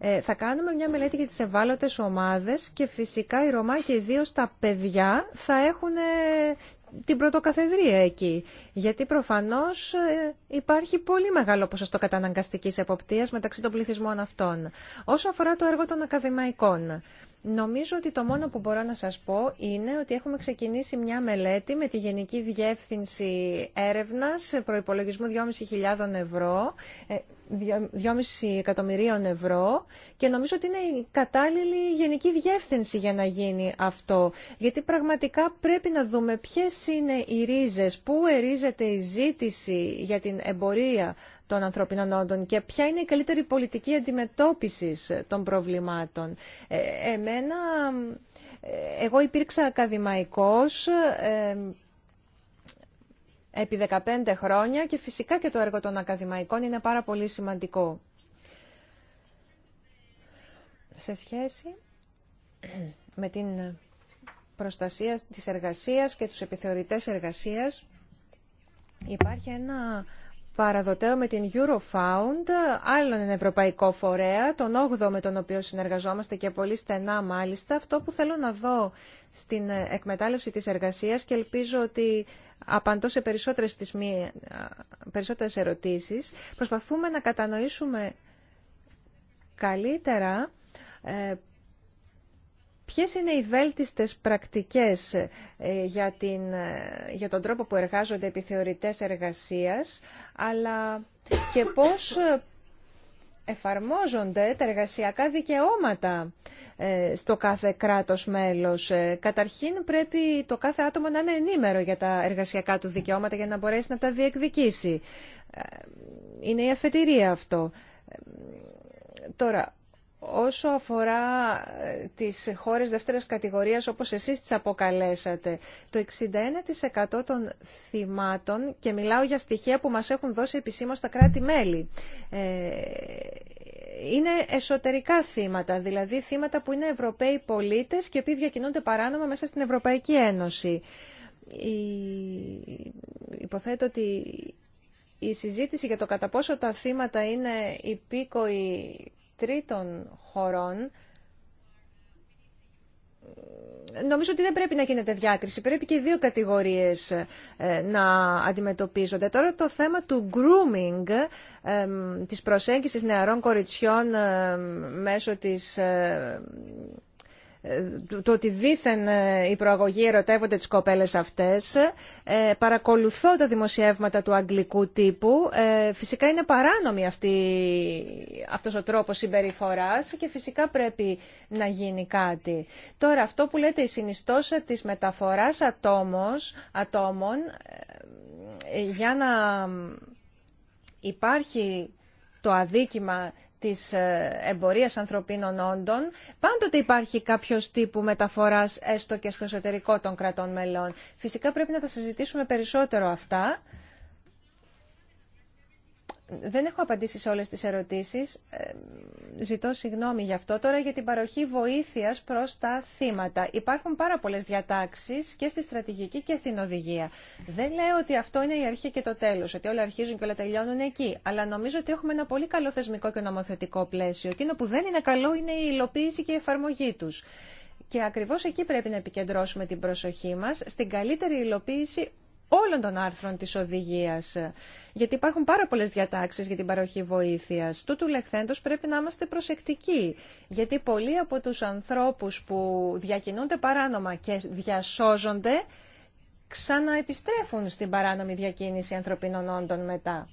Ε, θα κάνουμε μια μελέτη για τις ευάλωτες ομάδες και φυσικά οι Ρωμά και ιδίω τα παιδιά θα έχουν ε, την πρωτοκαθεδρία εκεί. Γιατί προφανώς ε, υπάρχει πολύ μεγάλο ποσοστό καταναγκαστικής εποπτείας μεταξύ των πληθυσμών αυτών. Όσο αφορά το έργο των ακαδημαϊκών, Νομίζω ότι το μόνο που μπορώ να σας πω είναι ότι έχουμε ξεκινήσει μια μελέτη με τη Γενική Διεύθυνση Έρευνας προϋπολογισμού 2.500 ευρώ, 2,5 ε, εκατομμυρίων ευρώ και νομίζω ότι είναι η κατάλληλη γενική διεύθυνση για να γίνει αυτό. Γιατί πραγματικά πρέπει να δούμε ποιες είναι οι ρίζες, πού ερίζεται η ζήτηση για την εμπορία των ανθρωπίνων όντων και ποια είναι η καλύτερη πολιτική αντιμετώπισης των προβλημάτων. Ε, εμένα, ε, εγώ υπήρξα ακαδημαϊκός ε, επί 15 χρόνια και φυσικά και το έργο των ακαδημαϊκών είναι πάρα πολύ σημαντικό. Σε σχέση με την προστασία της εργασίας και τους επιθεωρητές εργασίας υπάρχει ένα παραδοτέω με την Eurofound, άλλον ευρωπαϊκό φορέα, τον 8ο με τον οποίο συνεργαζόμαστε και πολύ στενά μάλιστα. Αυτό που θέλω να δω στην εκμετάλλευση της εργασίας και ελπίζω ότι απαντώ σε περισσότερες, τις μη, περισσότερες ερωτήσεις. Προσπαθούμε να κατανοήσουμε καλύτερα ε, Ποιες είναι οι βέλτιστες πρακτικές ε, για, την, ε, για τον τρόπο που εργάζονται επιθεωρητές εργασίας, αλλά και πώς ε, εφαρμόζονται τα εργασιακά δικαιώματα στο κάθε κράτος μέλος. Καταρχήν πρέπει το κάθε άτομο να είναι ενήμερο για τα εργασιακά του δικαιώματα για να μπορέσει να τα διεκδικήσει. Είναι η αφετηρία αυτό. Τώρα, Όσο αφορά ε, τις χώρες δεύτερης κατηγορίας, όπως εσείς τις αποκαλέσατε, το 61% των θυμάτων, και μιλάω για στοιχεία που μας έχουν δώσει επισήμως τα κράτη-μέλη, ε, είναι εσωτερικά θύματα, δηλαδή θύματα που είναι Ευρωπαίοι πολίτες και επειδή διακινούνται παράνομα μέσα στην Ευρωπαϊκή Ένωση. Υποθέτω ότι η συζήτηση για το κατά πόσο τα θύματα είναι υπήκοοι τρίτων χωρών, νομίζω ότι δεν πρέπει να γίνεται διάκριση. Πρέπει και δύο κατηγορίες ε, να αντιμετωπίζονται. Τώρα το θέμα του grooming, της προσέγγισης νεαρών κοριτσιών μέσω της ε, το ότι δήθεν ε, οι προαγωγοί ερωτεύονται τις κοπέλες αυτές. Ε, παρακολουθώ τα δημοσιεύματα του αγγλικού τύπου. Ε, φυσικά είναι παράνομη αυτή, αυτός ο τρόπος συμπεριφοράς και φυσικά πρέπει να γίνει κάτι. Τώρα αυτό που λέτε η συνιστόσα της μεταφοράς ατόμος, ατόμων για να υπάρχει το αδίκημα της ε, εμπορίας ανθρωπίνων όντων, πάντοτε υπάρχει κάποιος τύπου μεταφοράς έστω και στο εσωτερικό των κρατών μελών. Φυσικά πρέπει να τα συζητήσουμε περισσότερο αυτά δεν έχω απαντήσει σε όλες τις ερωτήσεις. Ε, ζητώ συγγνώμη γι' αυτό. Τώρα για την παροχή βοήθειας προς τα θύματα. Υπάρχουν πάρα πολλές διατάξεις και στη στρατηγική και στην οδηγία. Δεν λέω ότι αυτό είναι η αρχή και το τέλος, ότι όλα αρχίζουν και όλα τελειώνουν εκεί. Αλλά νομίζω ότι έχουμε ένα πολύ καλό θεσμικό και νομοθετικό πλαίσιο. Εκείνο που δεν είναι καλό είναι η υλοποίηση και η εφαρμογή τους. Και ακριβώς εκεί πρέπει να επικεντρώσουμε την προσοχή μας, στην καλύτερη υλοποίηση όλων των άρθρων της οδηγίας, γιατί υπάρχουν πάρα πολλές διατάξεις για την παροχή βοήθειας. Τούτου λεχθέντος πρέπει να είμαστε προσεκτικοί, γιατί πολλοί από τους ανθρώπους που διακινούνται παράνομα και διασώζονται, ξαναεπιστρέφουν στην παράνομη διακίνηση ανθρωπίνων όντων μετά.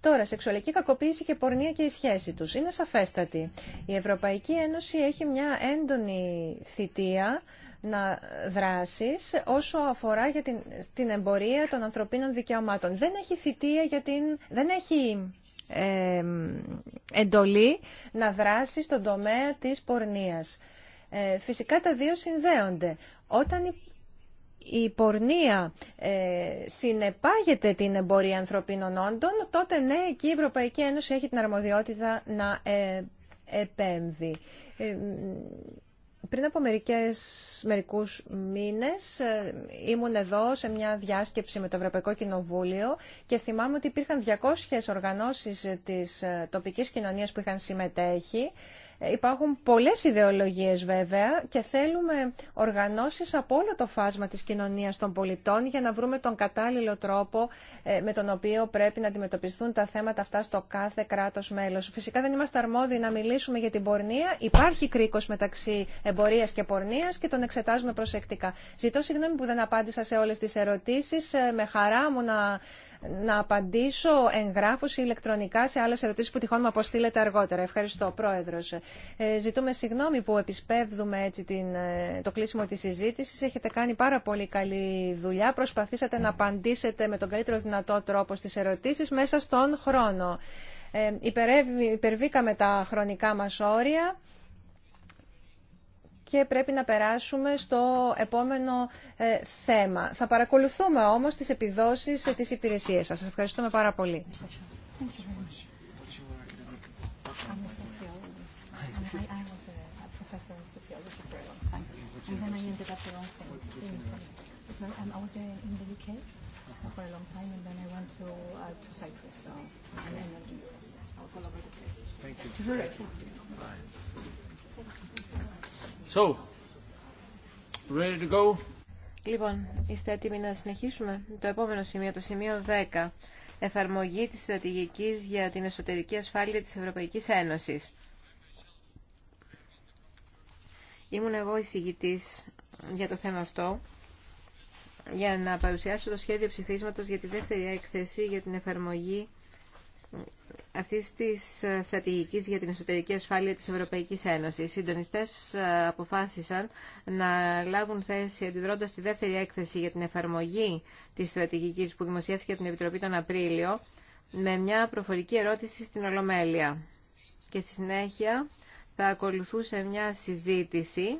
Τώρα, σεξουαλική κακοποίηση και πορνεία και η σχέση τους. Είναι σαφέστατη. Η Ευρωπαϊκή Ένωση έχει μια έντονη θητεία να δράσεις όσο αφορά για την, την εμπορία των ανθρωπίνων δικαιωμάτων. Δεν έχει θητεία για την... Δεν έχει εντολή να δράσει στον τομέα της πορνείας. Ε, φυσικά τα δύο συνδέονται. Όταν η, η πορνεία ε, συνεπάγεται την εμπορία ανθρωπίνων όντων, τότε ναι, εκεί η Ευρωπαϊκή Ένωση έχει την αρμοδιότητα να ε, επέμβει. Ε, πριν από μερικές, μερικούς μήνες ε, ήμουν εδώ σε μια διάσκεψη με το Ευρωπαϊκό Κοινοβούλιο και θυμάμαι ότι υπήρχαν 200 οργανώσεις της ε, τοπικής κοινωνίας που είχαν συμμετέχει Υπάρχουν πολλές ιδεολογίες βέβαια και θέλουμε οργανώσεις από όλο το φάσμα της κοινωνίας των πολιτών για να βρούμε τον κατάλληλο τρόπο ε, με τον οποίο πρέπει να αντιμετωπιστούν τα θέματα αυτά στο κάθε κράτος μέλος. Φυσικά δεν είμαστε αρμόδιοι να μιλήσουμε για την πορνεία. Υπάρχει κρίκος μεταξύ εμπορίας και πορνείας και τον εξετάζουμε προσεκτικά. Ζητώ συγγνώμη που δεν απάντησα σε όλες τις ερωτήσεις. Ε, με χαρά μου να να απαντήσω εγγράφω ή ηλεκτρονικά σε άλλες ερωτήσει που τυχόν μου αποστείλετε αργότερα. Ευχαριστώ, Πρόεδρος. Ε, ζητούμε συγγνώμη που επισπεύδουμε έτσι την, ε, το κλείσιμο της συζήτηση, Έχετε κάνει πάρα πολύ καλή δουλειά. Προσπαθήσατε να απαντήσετε με τον καλύτερο δυνατό τρόπο στις ερωτήσεις μέσα στον χρόνο. Ε, υπερβήκαμε τα χρονικά μας όρια και πρέπει να περάσουμε στο επόμενο ε, θέμα. Θα παρακολουθούμε όμως τις επιδόσεις της υπηρεσίες σας. Σας ευχαριστούμε πάρα πολύ
ready to go. Λοιπόν, είστε έτοιμοι να συνεχίσουμε. Το επόμενο σημείο, το σημείο 10. Εφαρμογή της στρατηγικής για την εσωτερική ασφάλεια της Ευρωπαϊκής Ένωσης. Ήμουν εγώ εισηγητής για το θέμα αυτό για να παρουσιάσω το σχέδιο ψηφίσματος για τη δεύτερη έκθεση για την εφαρμογή αυτή τη ε, στρατηγική για την εσωτερική ασφάλεια τη Ευρωπαϊκή Ένωση. Οι συντονιστέ ε, αποφάσισαν να λάβουν θέση αντιδρώντα τη δεύτερη έκθεση για την εφαρμογή τη στρατηγική που δημοσιεύθηκε από την Επιτροπή τον Απρίλιο με μια προφορική ερώτηση στην Ολομέλεια. Και στη συνέχεια θα ακολουθούσε μια συζήτηση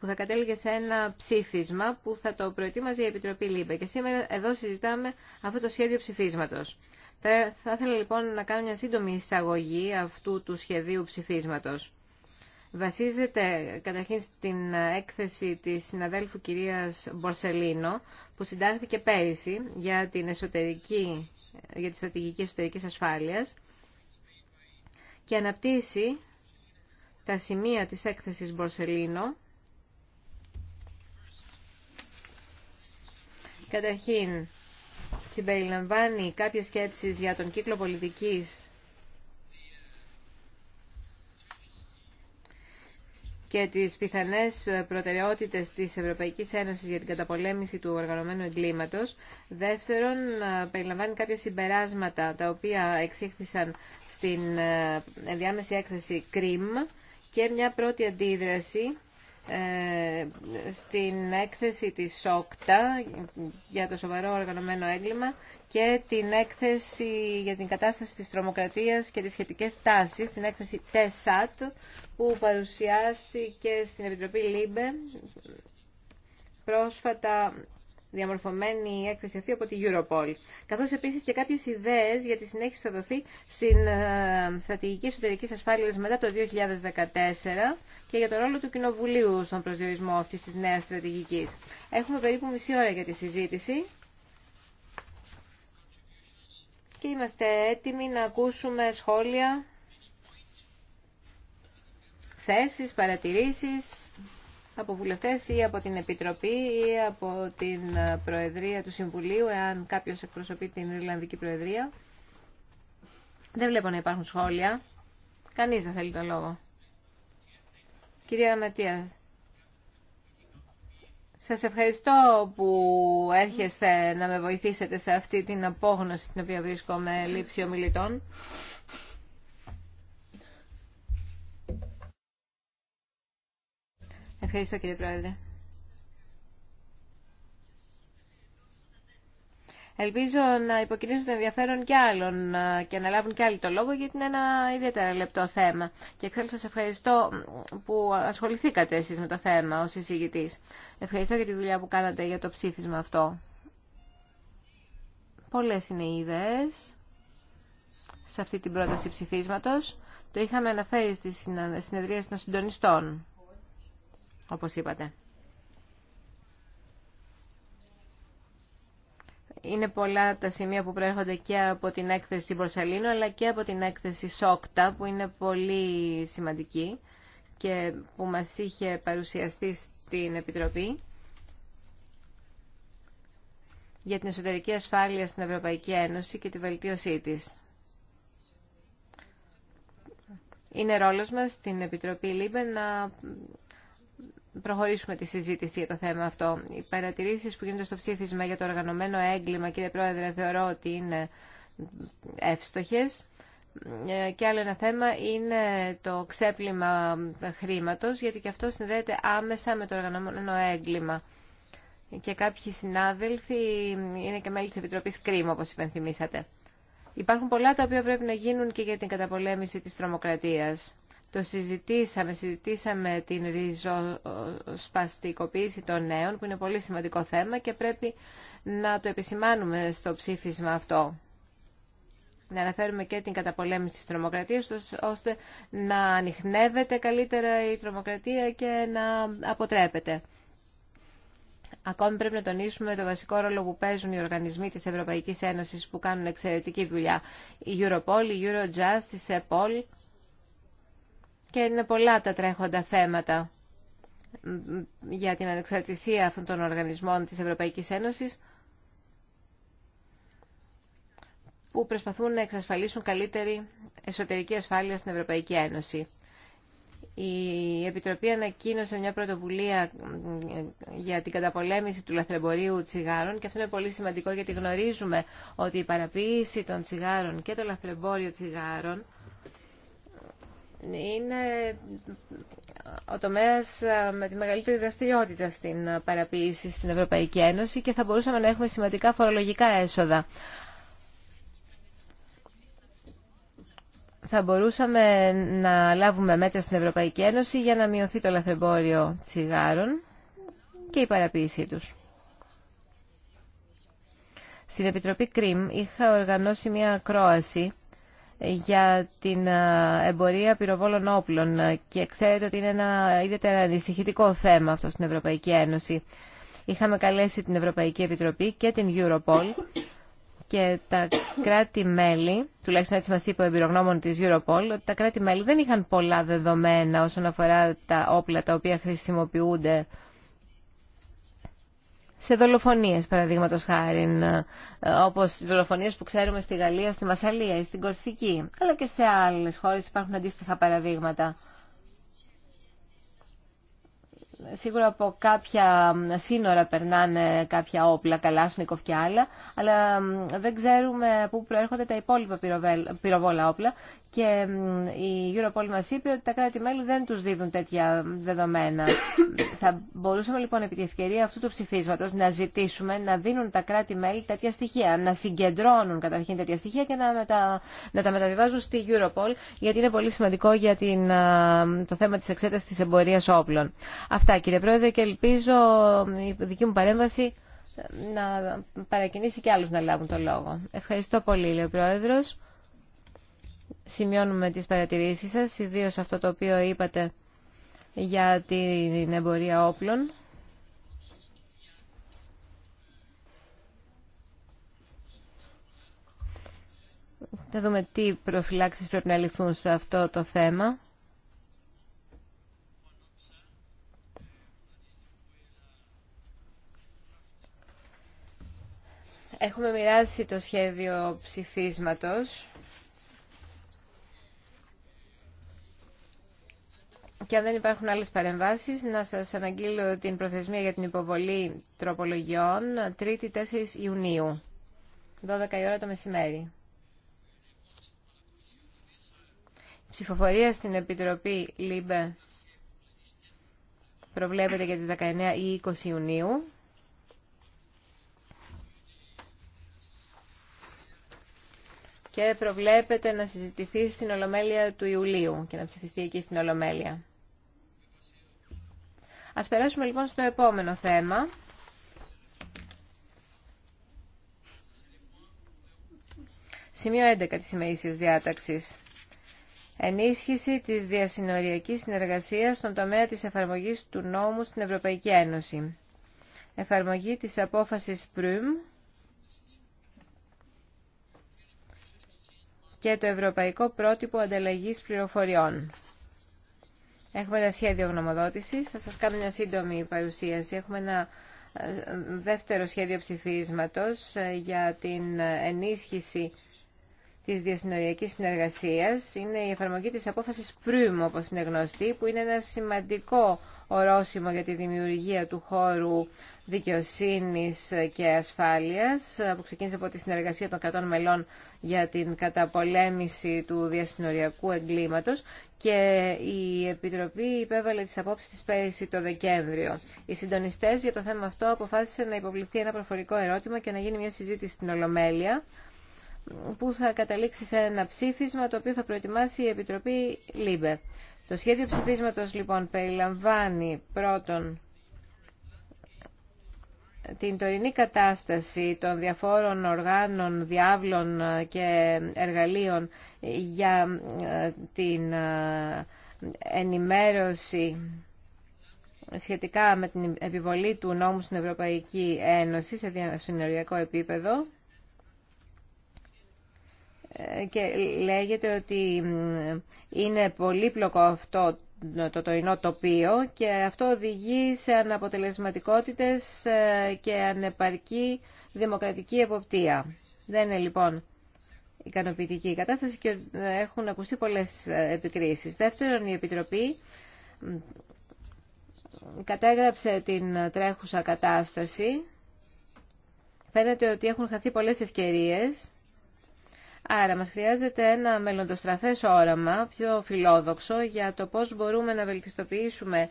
που θα κατέληγε σε ένα ψήφισμα που θα το προετοίμαζε η Επιτροπή ΛΥΜΠΕ. Και σήμερα εδώ συζητάμε αυτό το σχέδιο ψηφίσματος. Θα ήθελα λοιπόν να κάνω μια σύντομη εισαγωγή αυτού του σχεδίου ψηφίσματος. Βασίζεται καταρχήν στην έκθεση της συναδέλφου κυρίας Μπορσελίνο που συντάχθηκε πέρυσι για, την εσωτερική, για τη στρατηγική εσωτερική ασφάλειας και αναπτύσσει τα σημεία της έκθεσης Μπορσελίνο Καταρχήν, συμπεριλαμβάνει κάποιες σκέψεις για τον κύκλο πολιτικής και τις πιθανές προτεραιότητες της Ευρωπαϊκής Ένωσης για την καταπολέμηση του οργανωμένου εγκλήματος. Δεύτερον, ε, περιλαμβάνει κάποια συμπεράσματα τα οποία εξήχθησαν στην ε, διάμεση έκθεση ΚΡΙΜ και μια πρώτη αντίδραση ε, στην έκθεση της ΟΚΤΑ για το σοβαρό οργανωμένο έγκλημα και την έκθεση για την κατάσταση της τρομοκρατίας και τις σχετικές τάσεις, την έκθεση ΤΕΣΑΤ που παρουσιάστηκε στην Επιτροπή ΛΥΜΠΕ πρόσφατα διαμορφωμένη η έκθεση αυτή από τη Europol. Καθώς επίσης και κάποιες ιδέες για τη συνέχιση που θα δοθεί στην ε, στρατηγική εσωτερική ασφάλειας μετά το 2014 και για τον ρόλο του Κοινοβουλίου στον προσδιορισμό αυτής της νέας στρατηγικής. Έχουμε περίπου μισή ώρα για τη συζήτηση και είμαστε έτοιμοι να ακούσουμε σχόλια, θέσεις, παρατηρήσεις από βουλευτές ή από την Επιτροπή ή από την Προεδρία του Συμβουλίου, εάν κάποιος εκπροσωπεί την Ιρλανδική Προεδρία. Δεν βλέπω να υπάρχουν σχόλια. Κανείς δεν θέλει το λόγο. Κυρία Ματία, σας ευχαριστώ που έρχεστε να με βοηθήσετε σε αυτή την απόγνωση στην οποία βρίσκομαι λήψη ομιλητών. Ευχαριστώ κύριε Πρόεδρε. Ελπίζω να υποκινήσουν το ενδιαφέρον και άλλων και να λάβουν και άλλοι το λόγο γιατί είναι ένα ιδιαίτερα λεπτό θέμα. Και εξάλλου σας ευχαριστώ που ασχοληθήκατε εσείς με το θέμα ως εισηγητής. Ευχαριστώ για τη δουλειά που κάνατε για το ψήφισμα αυτό. Πολλές είναι οι ιδέες σε αυτή την πρόταση ψηφίσματος. Το είχαμε αναφέρει στις συνεδρίες των συντονιστών όπως είπατε. Είναι πολλά τα σημεία που προέρχονται και από την έκθεση Μπορσαλίνου αλλά και από την έκθεση Σόκτα που είναι πολύ σημαντική και που μας είχε παρουσιαστεί στην Επιτροπή για την εσωτερική ασφάλεια στην Ευρωπαϊκή Ένωση και τη βελτίωσή της. Είναι ρόλος μας στην Επιτροπή ΛΥΜΠΕ να προχωρήσουμε τη συζήτηση για το θέμα αυτό. Οι παρατηρήσει που γίνονται στο ψήφισμα για το οργανωμένο έγκλημα, κύριε Πρόεδρε, θεωρώ ότι είναι εύστοχε. Ε, και άλλο ένα θέμα είναι το ξέπλυμα χρήματος, γιατί και αυτό συνδέεται άμεσα με το οργανωμένο έγκλημα. Και κάποιοι συνάδελφοι είναι και μέλη της Επιτροπής Κρίμου, όπως υπενθυμίσατε. Υπάρχουν πολλά τα οποία πρέπει να γίνουν και για την καταπολέμηση της τρομοκρατίας. Το συζητήσαμε, συζητήσαμε την ριζοσπαστικοποίηση των νέων, που είναι πολύ σημαντικό θέμα και πρέπει να το επισημάνουμε στο ψήφισμα αυτό. Να αναφέρουμε και την καταπολέμηση της τρομοκρατίας, ώστε να ανοιχνεύεται καλύτερα η τρομοκρατία και να αποτρέπεται. Ακόμη πρέπει να τονίσουμε το βασικό ρόλο που παίζουν οι οργανισμοί της Ευρωπαϊκής Ένωσης που κάνουν εξαιρετική δουλειά. Η Europol, η Eurojust, η CEPOL και είναι πολλά τα τρέχοντα θέματα για την ανεξαρτησία αυτών των οργανισμών της Ευρωπαϊκής Ένωσης που προσπαθούν να εξασφαλίσουν καλύτερη εσωτερική ασφάλεια στην Ευρωπαϊκή Ένωση. Η Επιτροπή ανακοίνωσε μια πρωτοβουλία για την καταπολέμηση του λαθρεμπορίου τσιγάρων και αυτό είναι πολύ σημαντικό γιατί γνωρίζουμε ότι η παραποίηση των τσιγάρων και το λαθρεμπόριο τσιγάρων είναι ο τομέας ε, με τη μεγαλύτερη δραστηριότητα στην παραποίηση στην Ευρωπαϊκή Ένωση και θα μπορούσαμε να έχουμε σημαντικά φορολογικά έσοδα. Θα μπορούσαμε να λάβουμε μέτρα στην Ευρωπαϊκή Ένωση για να μειωθεί το λαθρεμπόριο τσιγάρων και η παραποίησή τους. Στην Επιτροπή ΚΡΙΜ είχα οργανώσει μια ακρόαση για την ε, εμπορία πυροβόλων όπλων ε, και ξέρετε ότι είναι ένα ιδιαίτερα ανησυχητικό θέμα αυτό στην Ευρωπαϊκή Ένωση. Είχαμε καλέσει την Ευρωπαϊκή Επιτροπή και την Europol και τα κράτη-μέλη, τουλάχιστον έτσι μας είπε ο εμπειρογνώμων της Europol, ότι τα κράτη-μέλη δεν είχαν πολλά δεδομένα όσον αφορά τα όπλα τα οποία χρησιμοποιούνται σε δολοφονίες παραδείγματος χάρη, ε, όπως οι δολοφονίες που ξέρουμε στη Γαλλία, στη Μασαλία ή στην Κορσική, αλλά και σε άλλες χώρες υπάρχουν αντίστοιχα παραδείγματα. Σίγουρα από κάποια σύνορα περνάνε κάποια όπλα, καλάσνικοφ και άλλα, αλλά δεν ξέρουμε πού προέρχονται τα υπόλοιπα πυροβόλα όπλα και η Europol μας είπε ότι τα κράτη-μέλη δεν τους δίδουν τέτοια δεδομένα. Θα μπορούσαμε λοιπόν επί τη ευκαιρία αυτού του ψηφίσματος να ζητήσουμε να δίνουν τα κράτη-μέλη τέτοια στοιχεία, να συγκεντρώνουν καταρχήν τέτοια στοιχεία και να, μετα... να τα μεταβιβάζουν στη Europol, γιατί είναι πολύ σημαντικό για την... το θέμα της εξέτασης της εμπορίας όπλων. Αυτά κύριε Πρόεδρε και ελπίζω η δική μου παρέμβαση να παρακινήσει και άλλους να λάβουν το λόγο. Ευχαριστώ πολύ, λέει ο Πρόεδρος σημειώνουμε τις παρατηρήσεις σας, ιδίως αυτό το οποίο είπατε για την εμπορία όπλων. Θα δούμε τι προφυλάξεις πρέπει να ληφθούν σε αυτό το θέμα. Έχουμε μοιράσει το σχέδιο ψηφίσματος. Και αν δεν υπάρχουν άλλες παρεμβάσεις, να σας αναγγείλω την προθεσμία για την υποβολή τροπολογιών 3η 4 η Ιουνίου, 12 η ώρα το μεσημέρι. Ψηφοφορία στην Επιτροπή ΛΥΜΠΕ προβλέπεται για τις 19 ή 20 Ιουνίου. και προβλέπεται να συζητηθεί στην Ολομέλεια του Ιουλίου και να ψηφιστεί εκεί στην Ολομέλεια. Ας περάσουμε λοιπόν στο επόμενο θέμα. Σημείο 11 της ημερήσιας διάταξης. Ενίσχυση της διασυνοριακής συνεργασίας στον τομέα της εφαρμογής του νόμου στην Ευρωπαϊκή Ένωση. Εφαρμογή της απόφασης ΠΡΟΥΜ και το Ευρωπαϊκό Πρότυπο Ανταλλαγή Πληροφοριών. Έχουμε ένα σχέδιο γνωμοδότησης. Θα σας κάνω μια σύντομη παρουσίαση. Έχουμε ένα ε, δεύτερο σχέδιο ψηφίσματος ε, για την ενίσχυση της διασυνοριακής συνεργασίας. Είναι η εφαρμογή της απόφασης Πρύμ, όπως είναι γνωστή, που είναι ένα σημαντικό ορόσημο για τη δημιουργία του χώρου δικαιοσύνης και ασφάλειας που ξεκίνησε από τη συνεργασία των κρατών μελών για την καταπολέμηση του διασυνοριακού εγκλήματος και η Επιτροπή υπέβαλε τις απόψεις της πέρυσι το Δεκέμβριο. Οι συντονιστές για το θέμα αυτό αποφάσισαν να υποβληθεί ένα προφορικό ερώτημα και να γίνει μια συζήτηση στην Ολομέλεια που θα καταλήξει σε ένα ψήφισμα το οποίο θα προετοιμάσει η Επιτροπή ΛΥΜΠΕ. Το σχέδιο ψηφίσματος λοιπόν περιλαμβάνει πρώτον την τωρινή κατάσταση των διαφόρων οργάνων, διάβλων και εργαλείων για ε, την ε, ενημέρωση σχετικά με την επιβολή του νόμου στην Ευρωπαϊκή Ένωση σε συνοριακό επίπεδο και λέγεται ότι είναι πολύπλοκο αυτό το τωρινό τοπίο και αυτό οδηγεί σε αναποτελεσματικότητες ε, και ανεπαρκή δημοκρατική εποπτεία. Δεν είναι λοιπόν ικανοποιητική η κατάσταση και ε, έχουν ακουστεί πολλές ε, επικρίσεις. Δεύτερον, η Επιτροπή κατέγραψε την τρέχουσα κατάσταση. Φαίνεται ότι έχουν χαθεί πολλές ευκαιρίες Άρα μας χρειάζεται ένα μελλοντοστραφές όραμα, πιο φιλόδοξο, για το πώς μπορούμε να βελτιστοποιήσουμε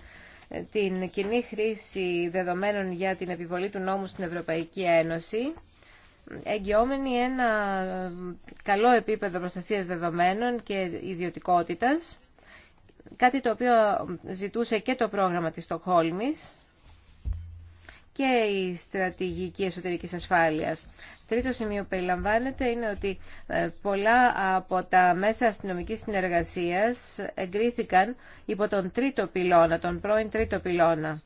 ε, την κοινή χρήση δεδομένων για την επιβολή του νόμου στην Ευρωπαϊκή Ένωση, εγγυόμενοι ένα ε, καλό επίπεδο προστασίας δεδομένων και ιδιωτικότητας, κάτι το οποίο ζητούσε και το πρόγραμμα της Στοκχόλμης, και η στρατηγική εσωτερικής ασφάλειας. Τρίτο σημείο που περιλαμβάνεται είναι ότι ε, πολλά από τα μέσα αστυνομικής συνεργασίας εγκρίθηκαν υπό τον τρίτο πυλώνα, τον πρώην τρίτο πυλώνα.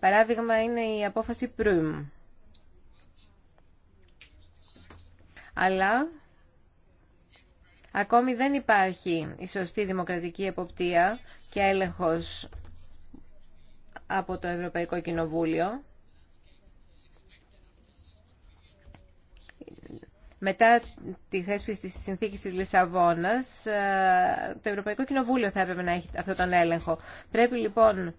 Παράδειγμα είναι η απόφαση Προύμ. Αλλά ακόμη δεν υπάρχει η σωστή δημοκρατική εποπτεία και έλεγχος από το Ευρωπαϊκό Κοινοβούλιο μετά τη θέσπιση της συνθήκης της Λισαβόνας, ε, το Ευρωπαϊκό Κοινοβούλιο θα έπρεπε να έχει αυτόν τον έλεγχο. Πρέπει λοιπόν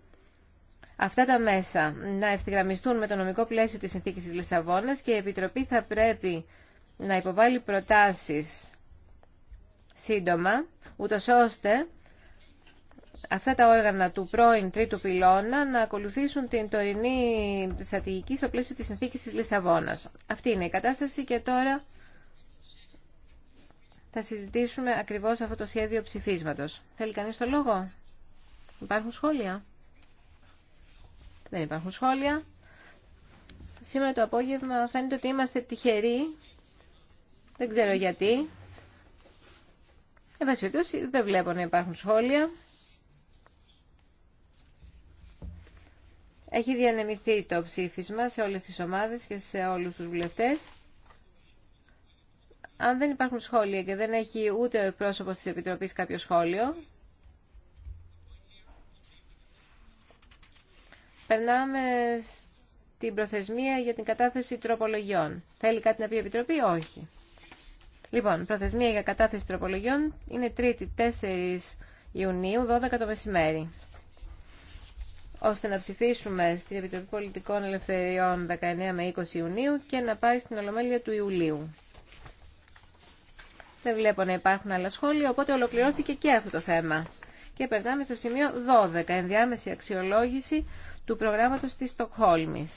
αυτά τα μέσα να ευθυγραμμιστούν με το νομικό πλαίσιο της συνθήκης της Λισαβόνας και η Επιτροπή θα πρέπει να υποβάλει προτάσεις σύντομα, ούτω ώστε αυτά τα όργανα του πρώην τρίτου πυλώνα να ακολουθήσουν την τωρινή στρατηγική στο πλαίσιο της συνθήκης της Λισαβόνας. Αυτή είναι η κατάσταση και τώρα θα συζητήσουμε ακριβώς αυτό το σχέδιο ψηφίσματος. Θέλει κανείς το λόγο? Υπάρχουν σχόλια? Δεν υπάρχουν σχόλια. Σήμερα το απόγευμα φαίνεται ότι είμαστε τυχεροί. Δεν ξέρω γιατί. Εν δεν βλέπω να υπάρχουν σχόλια. Έχει διανεμηθεί το ψήφισμα σε όλες τις ομάδες και σε όλους τους βουλευτές. Αν δεν υπάρχουν σχόλια και δεν έχει ούτε ο εκπρόσωπος της Επιτροπής κάποιο σχόλιο, περνάμε στην προθεσμία για την κατάθεση τροπολογιών. Θέλει κάτι να πει η Επιτροπή, όχι. Λοιπόν, προθεσμία για κατάθεση τροπολογιών είναι 3η 4 Ιουνίου, 12 το μεσημέρι ώστε να ψηφίσουμε στην Επιτροπή Πολιτικών Ελευθεριών 19 με 20 Ιουνίου και να πάει στην Ολομέλεια του Ιουλίου. Δεν βλέπω να υπάρχουν άλλα σχόλια, οπότε ολοκληρώθηκε και αυτό το θέμα. Και περνάμε στο σημείο 12, ενδιάμεση αξιολόγηση του προγράμματος της Στοκχόλμης.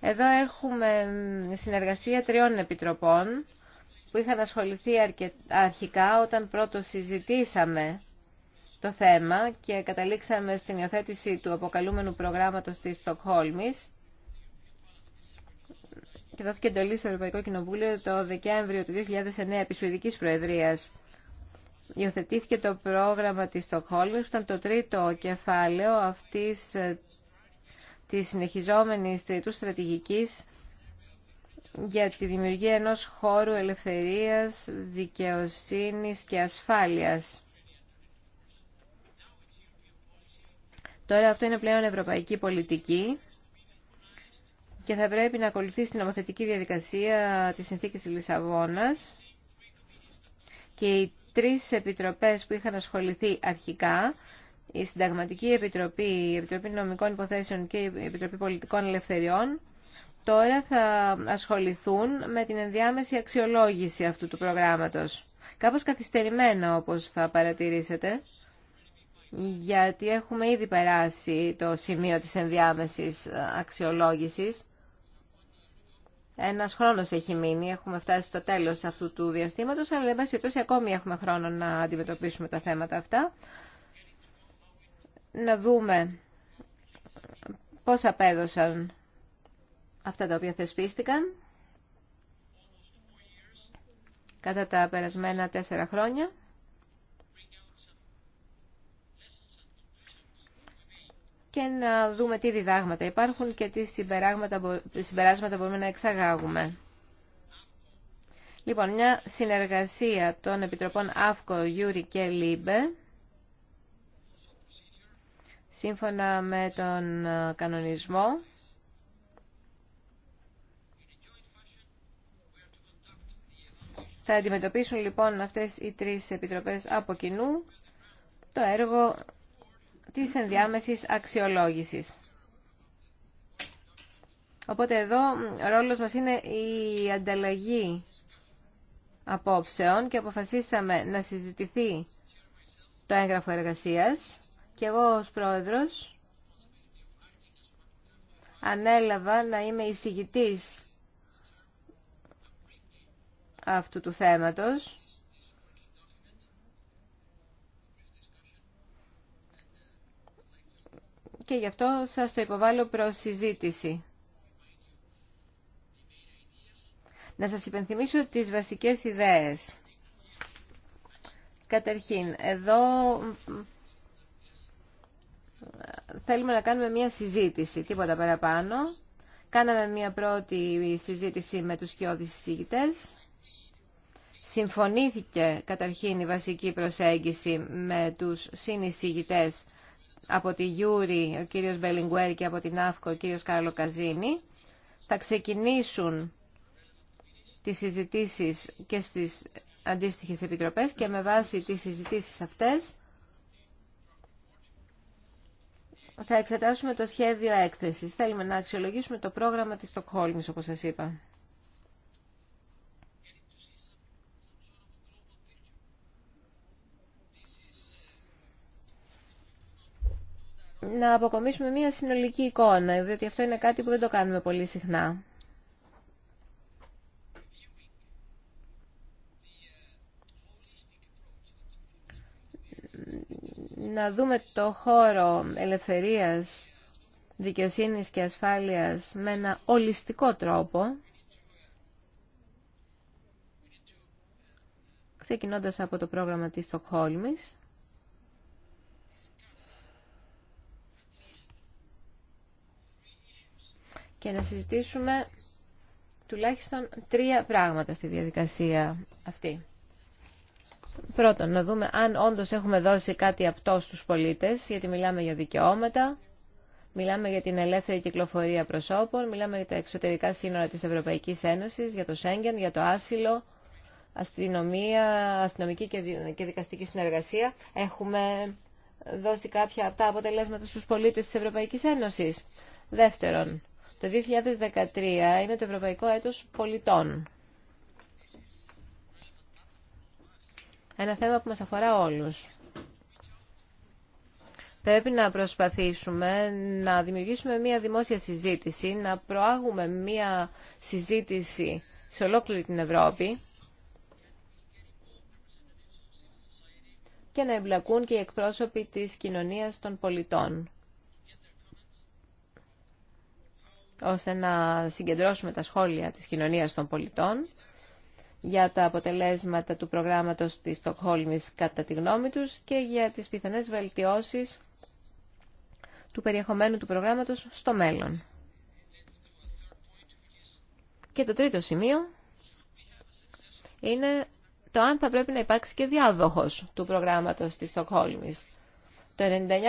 Εδώ έχουμε συνεργασία τριών επιτροπών που είχαν ασχοληθεί αρχικά όταν πρώτο συζητήσαμε το θέμα και καταλήξαμε στην υιοθέτηση του αποκαλούμενου προγράμματος της Στοκχόλμης και δόθηκε εντολή στο Ευρωπαϊκό Κοινοβούλιο το Δεκέμβριο του 2009 επί Σουηδικής Προεδρίας. Υιοθετήθηκε το πρόγραμμα της Στοκχόλμης, ήταν το τρίτο κεφάλαιο αυτής ε, της συνεχιζόμενης τριτού στρατηγικής για τη δημιουργία ενός χώρου ελευθερίας, δικαιοσύνης και ασφάλειας. Τώρα αυτό είναι πλέον ευρωπαϊκή πολιτική και θα πρέπει να ακολουθήσει την νομοθετική διαδικασία της συνθήκης της Λισαβόνας και οι τρεις επιτροπές που είχαν ασχοληθεί αρχικά, η Συνταγματική Επιτροπή, η Επιτροπή Νομικών Υποθέσεων και η Επιτροπή Πολιτικών Ελευθεριών, τώρα θα ασχοληθούν με την ενδιάμεση αξιολόγηση αυτού του προγράμματος. Κάπως καθυστερημένα, όπως θα παρατηρήσετε γιατί έχουμε ήδη περάσει το σημείο της ενδιάμεσης ε, αξιολόγησης. Ένας χρόνος έχει μείνει, έχουμε φτάσει στο τέλος αυτού του διαστήματος, αλλά εν πάση ακόμη έχουμε χρόνο να αντιμετωπίσουμε τα θέματα αυτά. Να δούμε πώς απέδωσαν αυτά τα οποία θεσπίστηκαν κατά τα περασμένα τέσσερα χρόνια. και να δούμε τι διδάγματα υπάρχουν και τι συμπεράσματα μπορούμε να εξαγάγουμε. Λοιπόν, μια συνεργασία των Επιτροπών ΑΦΚΟ, Γιούρι και ΛΥΜΠΕ σύμφωνα με τον ε, κανονισμό Θα αντιμετωπίσουν λοιπόν αυτές οι τρεις επιτροπές από κοινού το έργο της ενδιάμεσης αξιολόγησης. Οπότε εδώ ο ρόλος μας είναι η ανταλλαγή απόψεων και αποφασίσαμε να συζητηθεί το έγγραφο εργασίας και εγώ ως πρόεδρος ανέλαβα να είμαι εισηγητής αυτού του θέματος και γι' αυτό σας το υποβάλλω προς συζήτηση. Να σας υπενθυμίσω τις βασικές ιδέες. Καταρχήν, εδώ θέλουμε να κάνουμε μία συζήτηση, τίποτα παραπάνω. Κάναμε μία πρώτη συζήτηση με τους κοιόδης συζήτητες. Συμφωνήθηκε καταρχήν η βασική προσέγγιση με τους συνεισηγητές από τη Γιούρη ο κύριος Μπελιγκουέρη και από την ΑΦΚΟ ο κύριος Καρλοκαζίνη. θα ξεκινήσουν τις συζητήσεις και στις αντίστοιχες επιτροπές και με βάση τις συζητήσεις αυτές θα εξετάσουμε το σχέδιο έκθεσης. Θέλουμε να αξιολογήσουμε το πρόγραμμα της Στοκχόλμης, όπως σας είπα. να αποκομίσουμε μια συνολική εικόνα, διότι αυτό είναι κάτι που δεν το κάνουμε πολύ συχνά. Να δούμε το χώρο ελευθερίας, δικαιοσύνης και ασφάλειας με ένα ολιστικό τρόπο, ξεκινώντας από το πρόγραμμα της Στοκχόλμης. για να συζητήσουμε τουλάχιστον τρία πράγματα στη διαδικασία αυτή. Πρώτον, να δούμε αν όντως έχουμε δώσει κάτι απτό στους πολίτες, γιατί μιλάμε για δικαιώματα, μιλάμε για την ελεύθερη κυκλοφορία προσώπων, μιλάμε για τα εξωτερικά σύνορα της Ευρωπαϊκής Ένωσης, για το Σέγγεν, για το άσυλο, αστυνομία, αστυνομική και δικαστική συνεργασία. Έχουμε δώσει κάποια αυτά αποτελέσματα στους πολίτες της Ευρωπαϊκής Ένωσης. Δεύτερον, το 2013 είναι το Ευρωπαϊκό Έτος Πολιτών. Ένα θέμα που μας αφορά όλους. Πρέπει να προσπαθήσουμε να δημιουργήσουμε μία δημόσια συζήτηση, να προάγουμε μία συζήτηση σε ολόκληρη την Ευρώπη και να εμπλακούν και οι εκπρόσωποι της κοινωνίας των πολιτών. ώστε να συγκεντρώσουμε τα σχόλια της κοινωνίας των πολιτών για τα αποτελέσματα του προγράμματος της Στοκχόλμης κατά τη γνώμη τους και για τις πιθανές βελτιώσεις του περιεχομένου του προγράμματος στο μέλλον. Και το τρίτο σημείο είναι το αν θα πρέπει να υπάρξει και διάδοχος του προγράμματος της Στοκχόλμης. Το 1999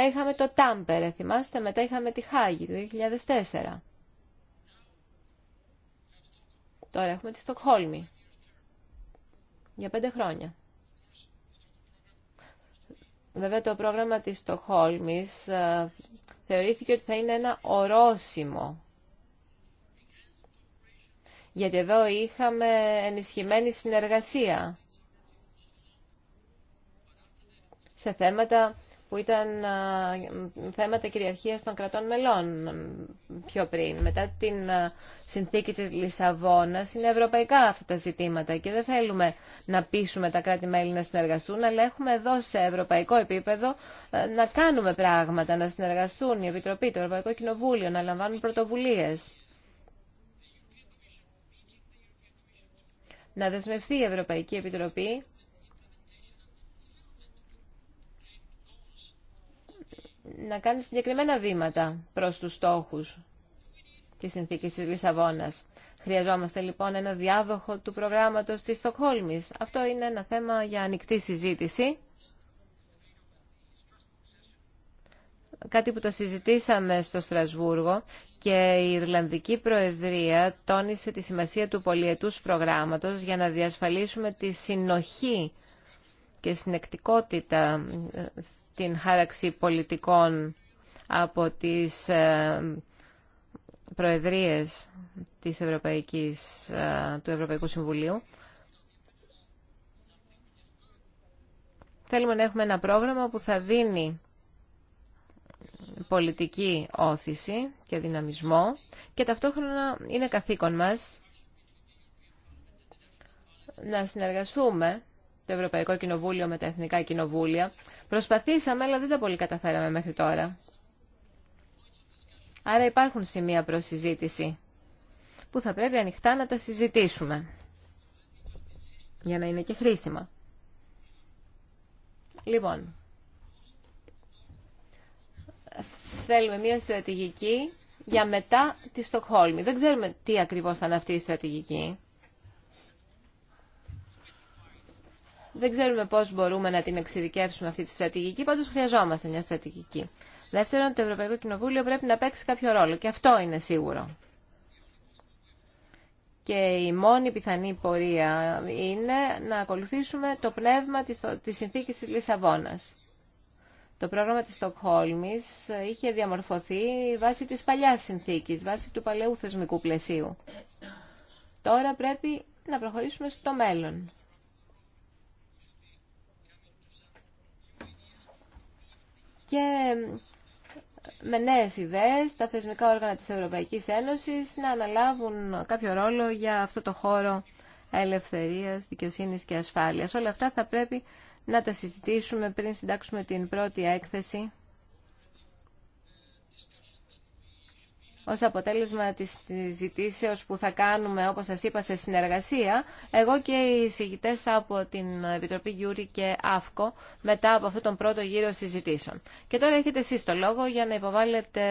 είχαμε το Τάμπερ, θυμάστε, μετά είχαμε τη Χάγη, το 2004. Τώρα έχουμε τη Στοκχόλμη. Για πέντε χρόνια. Βέβαια το πρόγραμμα της Στοχόλμης ε, θεωρήθηκε ότι θα είναι ένα ορόσημο. Γιατί εδώ είχαμε ενισχυμένη συνεργασία σε θέματα που ήταν θέματα κυριαρχίας των κρατών μελών πιο πριν. Μετά την συνθήκη της Λισαβόνας είναι ευρωπαϊκά αυτά τα ζητήματα και δεν θέλουμε να πείσουμε τα κράτη-μέλη να συνεργαστούν, αλλά έχουμε εδώ σε ευρωπαϊκό επίπεδο να κάνουμε πράγματα, να συνεργαστούν η Επιτροπή, το Ευρωπαϊκό Κοινοβούλιο, να λαμβάνουν πρωτοβουλίες. Να δεσμευτεί η Ευρωπαϊκή Επιτροπή να κάνει συγκεκριμένα βήματα προς τους στόχους της συνθήκης της Λισαβόνας. Χρειαζόμαστε λοιπόν ένα διάδοχο του προγράμματος της Στοκχόλμης. Αυτό είναι ένα θέμα για ανοιχτή συζήτηση. Κάτι που το συζητήσαμε στο Στρασβούργο και η Ιρλανδική Προεδρία τόνισε τη σημασία του πολιετούς προγράμματος για να διασφαλίσουμε τη συνοχή και συνεκτικότητα την χάραξη πολιτικών από τις ε, προεδρίες της Ευρωπαϊκής, ε, του Ευρωπαϊκού Συμβουλίου. Θέλουμε να έχουμε ένα πρόγραμμα που θα δίνει πολιτική όθηση και δυναμισμό και ταυτόχρονα είναι καθήκον μας να συνεργαστούμε το Ευρωπαϊκό Κοινοβούλιο με τα Εθνικά Κοινοβούλια. Προσπαθήσαμε, αλλά δεν τα πολύ καταφέραμε μέχρι τώρα. Άρα υπάρχουν σημεία προς συζήτηση που θα πρέπει ανοιχτά να τα συζητήσουμε για να είναι και χρήσιμα. Λοιπόν, θέλουμε μια στρατηγική για μετά τη Στοκχόλμη. Δεν ξέρουμε τι ακριβώς θα είναι αυτή η στρατηγική. Δεν ξέρουμε πώ μπορούμε να την εξειδικεύσουμε αυτή τη στρατηγική, Πάντω χρειαζόμαστε μια στρατηγική. Δεύτερον, το Ευρωπαϊκό Κοινοβούλιο πρέπει να παίξει κάποιο ρόλο και αυτό είναι σίγουρο. Και η μόνη πιθανή πορεία είναι να ακολουθήσουμε το πνεύμα της συνθήκης της Λισαβόνας. Το πρόγραμμα της Στοκχόλμης είχε διαμορφωθεί βάσει της παλιάς συνθήκης, βάσει του παλαιού θεσμικού πλαισίου. Τώρα πρέπει να προχωρήσουμε στο μέλλον. και με νέες ιδέες τα θεσμικά όργανα της Ευρωπαϊκής Ένωσης να αναλάβουν κάποιο ρόλο για αυτό το χώρο ελευθερίας, δικαιοσύνης και ασφάλειας. Όλα αυτά θα πρέπει να τα συζητήσουμε πριν συντάξουμε την πρώτη έκθεση ως αποτέλεσμα της ζητήσεως που θα κάνουμε, όπως σας είπα, σε συνεργασία, εγώ και οι συγητές από την Επιτροπή Γιούρη και ΑΦΚΟ, μετά από αυτόν τον πρώτο γύρο συζητήσεων. Και τώρα έχετε εσείς το λόγο για να υποβάλλετε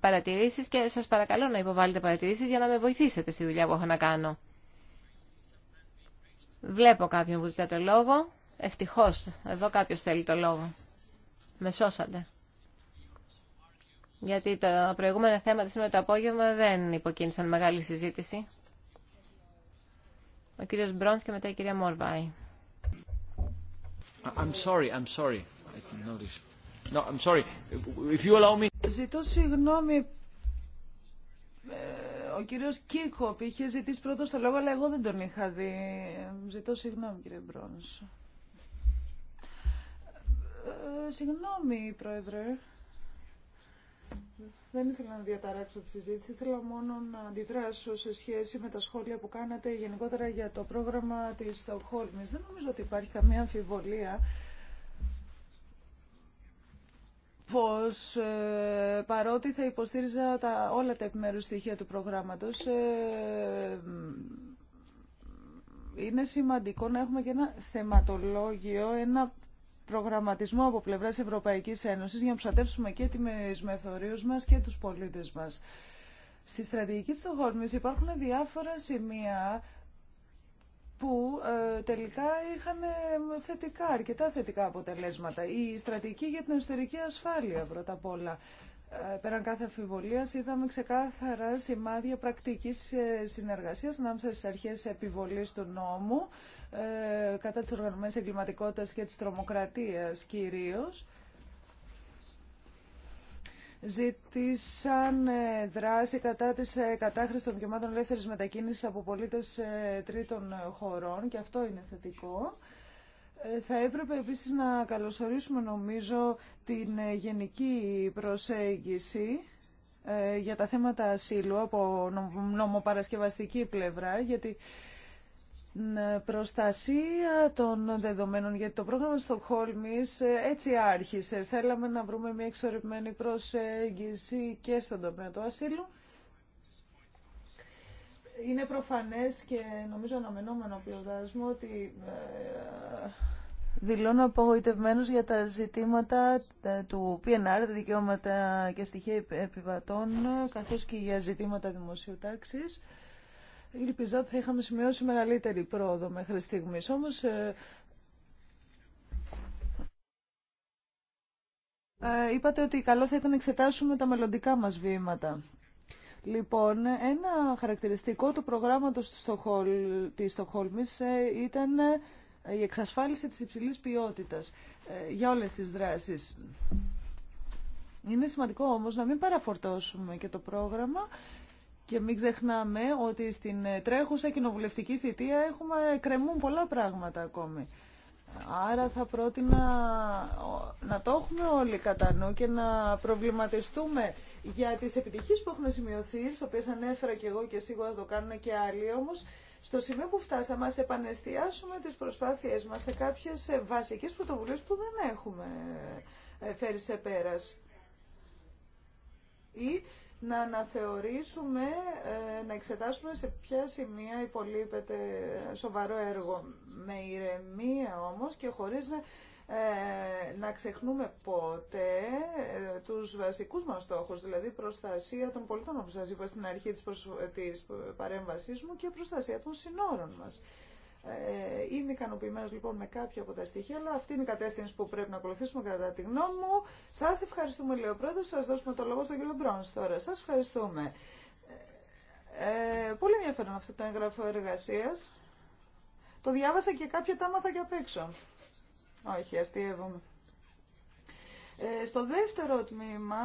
παρατηρήσεις και σας παρακαλώ να υποβάλλετε παρατηρήσεις για να με βοηθήσετε στη δουλειά που έχω να κάνω. Βλέπω κάποιον που ζητά το λόγο. Ευτυχώς, εδώ κάποιος θέλει το λόγο. Με σώσατε γιατί τα προηγούμενα θέματα σήμερα το απόγευμα δεν υποκίνησαν μεγάλη συζήτηση. Ο κύριος Μπρόνς και μετά η κυρία Μόρβαη.
I'm sorry, I'm sorry. I No, I'm sorry. If you allow me... Ζητώ συγγνώμη. Ε, ο κύριος Κίρκοπ είχε ζητήσει πρώτος το λόγο, αλλά εγώ δεν τον είχα δει. Ζητώ συγγνώμη, κύριε Μπρόνς. Ε, συγγνώμη, πρόεδρε. Δεν ήθελα να διαταράξω τη συζήτηση, ήθελα μόνο να αντιδράσω σε σχέση με τα σχόλια που κάνατε γενικότερα για το πρόγραμμα της Στοκχόλμη. Δεν νομίζω ότι υπάρχει καμία αμφιβολία πως ε, παρότι θα υποστήριζα τα, όλα τα επιμέρους στοιχεία του προγράμματος, ε, είναι σημαντικό να έχουμε και ένα θεματολόγιο, ένα προγραμματισμό από πλευράς Ευρωπαϊκής Ένωσης για να προστατεύσουμε και τις μεθορίους μας και τους πολίτες μας. Στη στρατηγική Στοχόλμη υπάρχουν διάφορα σημεία που ε, τελικά είχαν ε, θετικά, αρκετά θετικά αποτελέσματα. Η στρατηγική για την εσωτερική ασφάλεια πρώτα απ' όλα. Ε, πέραν κάθε αμφιβολία, είδαμε ξεκάθαρα σημάδια πρακτική συνεργασία ανάμεσα στι αρχέ επιβολή του νόμου ε, κατά τις οργανωμένες εγκληματικότητας και της τρομοκρατίας κυρίως ζήτησαν ε, δράση κατά της ε, κατάχρησης των δικαιωμάτων ελεύθερης μετακίνησης από πολίτες τρίτων χωρών και αυτό είναι θετικό. Θα έπρεπε επίσης να καλωσορίσουμε νομίζω την γενική προσέγγιση για τα θέματα ασύλου από νομοπαρασκευαστική πλευρά, γιατί προστασία των δεδομένων, γιατί το πρόγραμμα Στοχόλμης ε, έτσι άρχισε. Θέλαμε να βρούμε μια εξορυπμένη προσέγγιση και στον τομέα του ασύλου. Είναι προφανές και νομίζω αναμενόμενο ο μου ότι ε, δηλώνω απογοητευμένος για τα ζητήματα ε, του PNR, δικαιώματα και στοιχεία επιβατών, καθώς και για ζητήματα δημοσίου τάξης. Ελπίζω ότι θα είχαμε σημειώσει μεγαλύτερη πρόοδο μέχρι στιγμής. Όμως ε, ε, είπατε ότι καλό θα ήταν να εξετάσουμε τα μελλοντικά μας βήματα. Λοιπόν, ένα χαρακτηριστικό του προγράμματος του Στοχολ, της Στοχόλμης ε, ήταν η εξασφάλιση της υψηλής ποιότητας για όλες τις δράσεις. Είναι σημαντικό όμως να μην παραφορτώσουμε και το πρόγραμμα και μην ξεχνάμε ότι στην ε, τρέχουσα κοινοβουλευτική θητεία έχουμε ε, κρεμούν πολλά πράγματα ακόμη. Άρα θα πρότεινα να το έχουμε όλοι κατά νου και να προβληματιστούμε για τις επιτυχίες που έχουν σημειωθεί, τις οποίες ανέφερα και εγώ και σίγουρα θα το κάνουν και άλλοι όμως, στο σημείο που φτάσαμε, ας επανεστιάσουμε τις προσπάθειές μας σε κάποιες ε, βασικές πρωτοβουλίες που δεν έχουμε φέρει σε πέρας. Ή να αναθεωρήσουμε, ε, να εξετάσουμε σε ποια σημεία υπολείπεται σοβαρό έργο. Με ηρεμία όμως και χωρίς ε, να ξεχνούμε ποτέ ε, τους βασικούς μας στόχους, δηλαδή προστασία των πολιτών, όπως σας είπα στην αρχή της, προσ... της παρέμβασής μου, και προστασία των συνόρων μας. Ε, είμαι ικανοποιημένο λοιπόν με κάποια από τα στοιχεία, αλλά αυτή είναι η κατεύθυνση που πρέπει να ακολουθήσουμε κατά τη γνώμη μου. Σα ευχαριστούμε, λέει ο πρόεδρο. Σα δώσουμε το λόγο στον κύριο Μπρόν τώρα. Σα ευχαριστούμε. Ε, πολύ ενδιαφέρον αυτό το έγγραφο εργασία. Το διάβασα και κάποια τα μάθα και απ' έξω. Όχι, αστείευομαι. Ε, στο δεύτερο τμήμα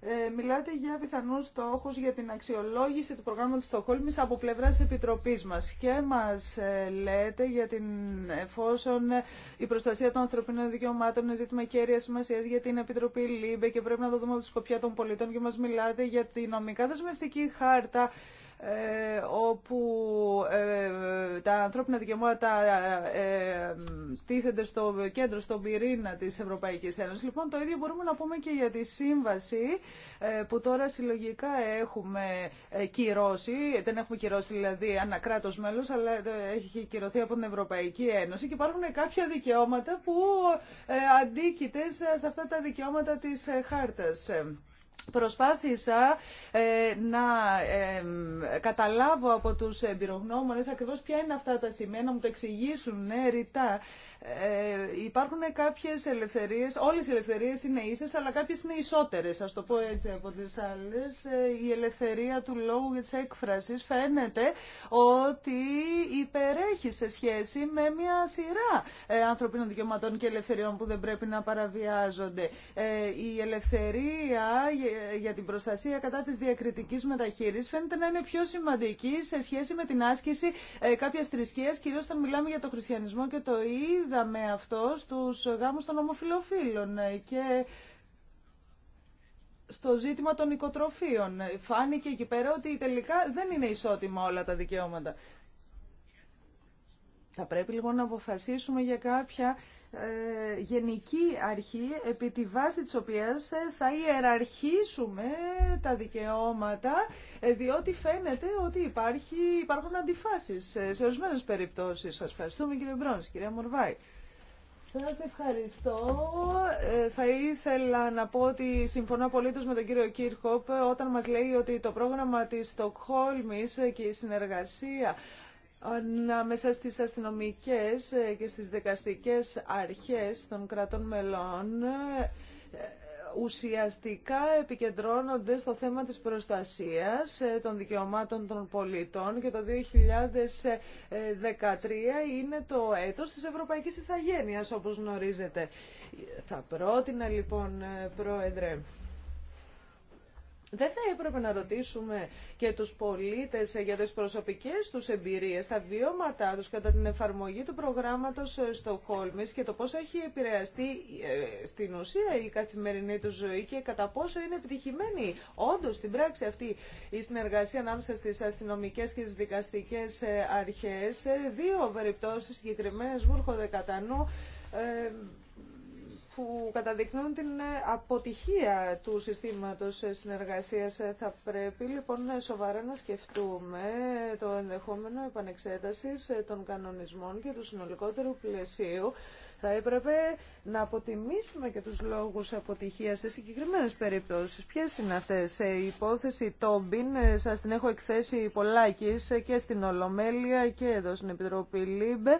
ε, μιλάτε για πιθανούς στόχους για την αξιολόγηση του προγράμματος Στοχόλμης από πλευράς Επιτροπής μας και μας ε, λέτε για την εφόσον η προστασία των ανθρωπίνων δικαιωμάτων είναι ζήτημα κέρια σημασία για την Επιτροπή ΛΥΜΠΕ και πρέπει να το δούμε από τη σκοπιά των πολιτών και μας μιλάτε για την νομικά δεσμευτική χάρτα ε, όπου ε, τα ανθρώπινα δικαιώματα ε, τίθενται στο κέντρο, στον πυρήνα της Ευρωπαϊκής Ένωσης. Λοιπόν, το ίδιο μπορούμε να πούμε και για τη σύμβαση που τώρα συλλογικά έχουμε κυρώσει, δεν έχουμε κυρώσει δηλαδή ανακράτος μέλος, αλλά έχει κυρωθεί από την Ευρωπαϊκή Ένωση και υπάρχουν κάποια δικαιώματα που αντίκειται σε αυτά τα δικαιώματα της χάρτας. Προσπάθησα ε, να καταλάβω από τους εμπειρογνώμονες ακριβώς ποια είναι αυτά τα σημεία, να μου το εξηγήσουν ναι, ρητά. Ε, υπάρχουν κάποιες ελευθερίες, όλες οι ελευθερίες είναι ίσες, αλλά κάποιες είναι ισότερες, ας το πω έτσι από τις άλλες. Ε, η ελευθερία του λόγου και της έκφρασης φαίνεται ότι υπερέχει σε σχέση με μια σειρά ανθρωπίνων δικαιωματών και ελευθεριών που δεν πρέπει να παραβιάζονται. Η ελευθερία για την προστασία κατά της διακριτικής μεταχείρισης φαίνεται να είναι πιο σημαντική σε σχέση με την άσκηση ε, κάποιας θρησκείας, κυρίως όταν μιλάμε για το χριστιανισμό και το είδαμε αυτό στους γάμους των ομοφιλοφίλων ε, και στο ζήτημα των οικοτροφίων. Ε, φάνηκε εκεί πέρα ότι τελικά δεν είναι ισότιμα όλα τα δικαιώματα. Θα πρέπει λοιπόν να αποφασίσουμε για κάποια ε, γενική αρχή επί τη βάση της οποίας ε, θα ιεραρχήσουμε τα δικαιώματα ε, διότι φαίνεται ότι υπάρχει, υπάρχουν αντιφάσεις σε ορισμένε περιπτώσεις. Σας ευχαριστούμε κύριε Μπρόνς, κυρία Μορβάη. Σας ευχαριστώ. θα ήθελα να πω ότι συμφωνώ απολύτως με τον κύριο Κίρχοπ όταν μας λέει ότι το πρόγραμμα της Στοκχόλμης και η συνεργασία ανάμεσα στις αστυνομικές ε, και στις δικαστικές αρχές των κρατών μελών ε, ουσιαστικά επικεντρώνονται στο θέμα της προστασίας ε, των δικαιωμάτων των πολιτών και το 2013 είναι το έτος της Ευρωπαϊκής Ιθαγένειας όπως γνωρίζετε. Θα πρότεινα λοιπόν, Πρόεδρε, δεν θα έπρεπε να ρωτήσουμε και τους πολίτες για τις προσωπικές τους εμπειρίες, τα βιώματά τους κατά την εφαρμογή του προγράμματος ε, χόλμης και το πώς έχει επηρεαστεί ε, στην ουσία η καθημερινή του ζωή και κατά πόσο είναι επιτυχημένη όντως στην πράξη αυτή η συνεργασία ανάμεσα στις αστυνομικές και στις δικαστικές ε, αρχές. Δύο περιπτώσεις συγκεκριμένες μου που καταδεικνύουν την αποτυχία του συστήματος συνεργασίας. Θα πρέπει λοιπόν σοβαρά να σκεφτούμε το ενδεχόμενο επανεξέτασης των κανονισμών και του συνολικότερου πλαισίου. Θα έπρεπε να αποτιμήσουμε και τους λόγους αποτυχίας σε συγκεκριμένες περιπτώσεις. Ποιες είναι αυτές. Ε, η υπόθεση Τόμπιν, ε, σας την έχω εκθέσει πολλάκις ε, και στην Ολομέλεια και εδώ στην Επιτροπή Λίμπε.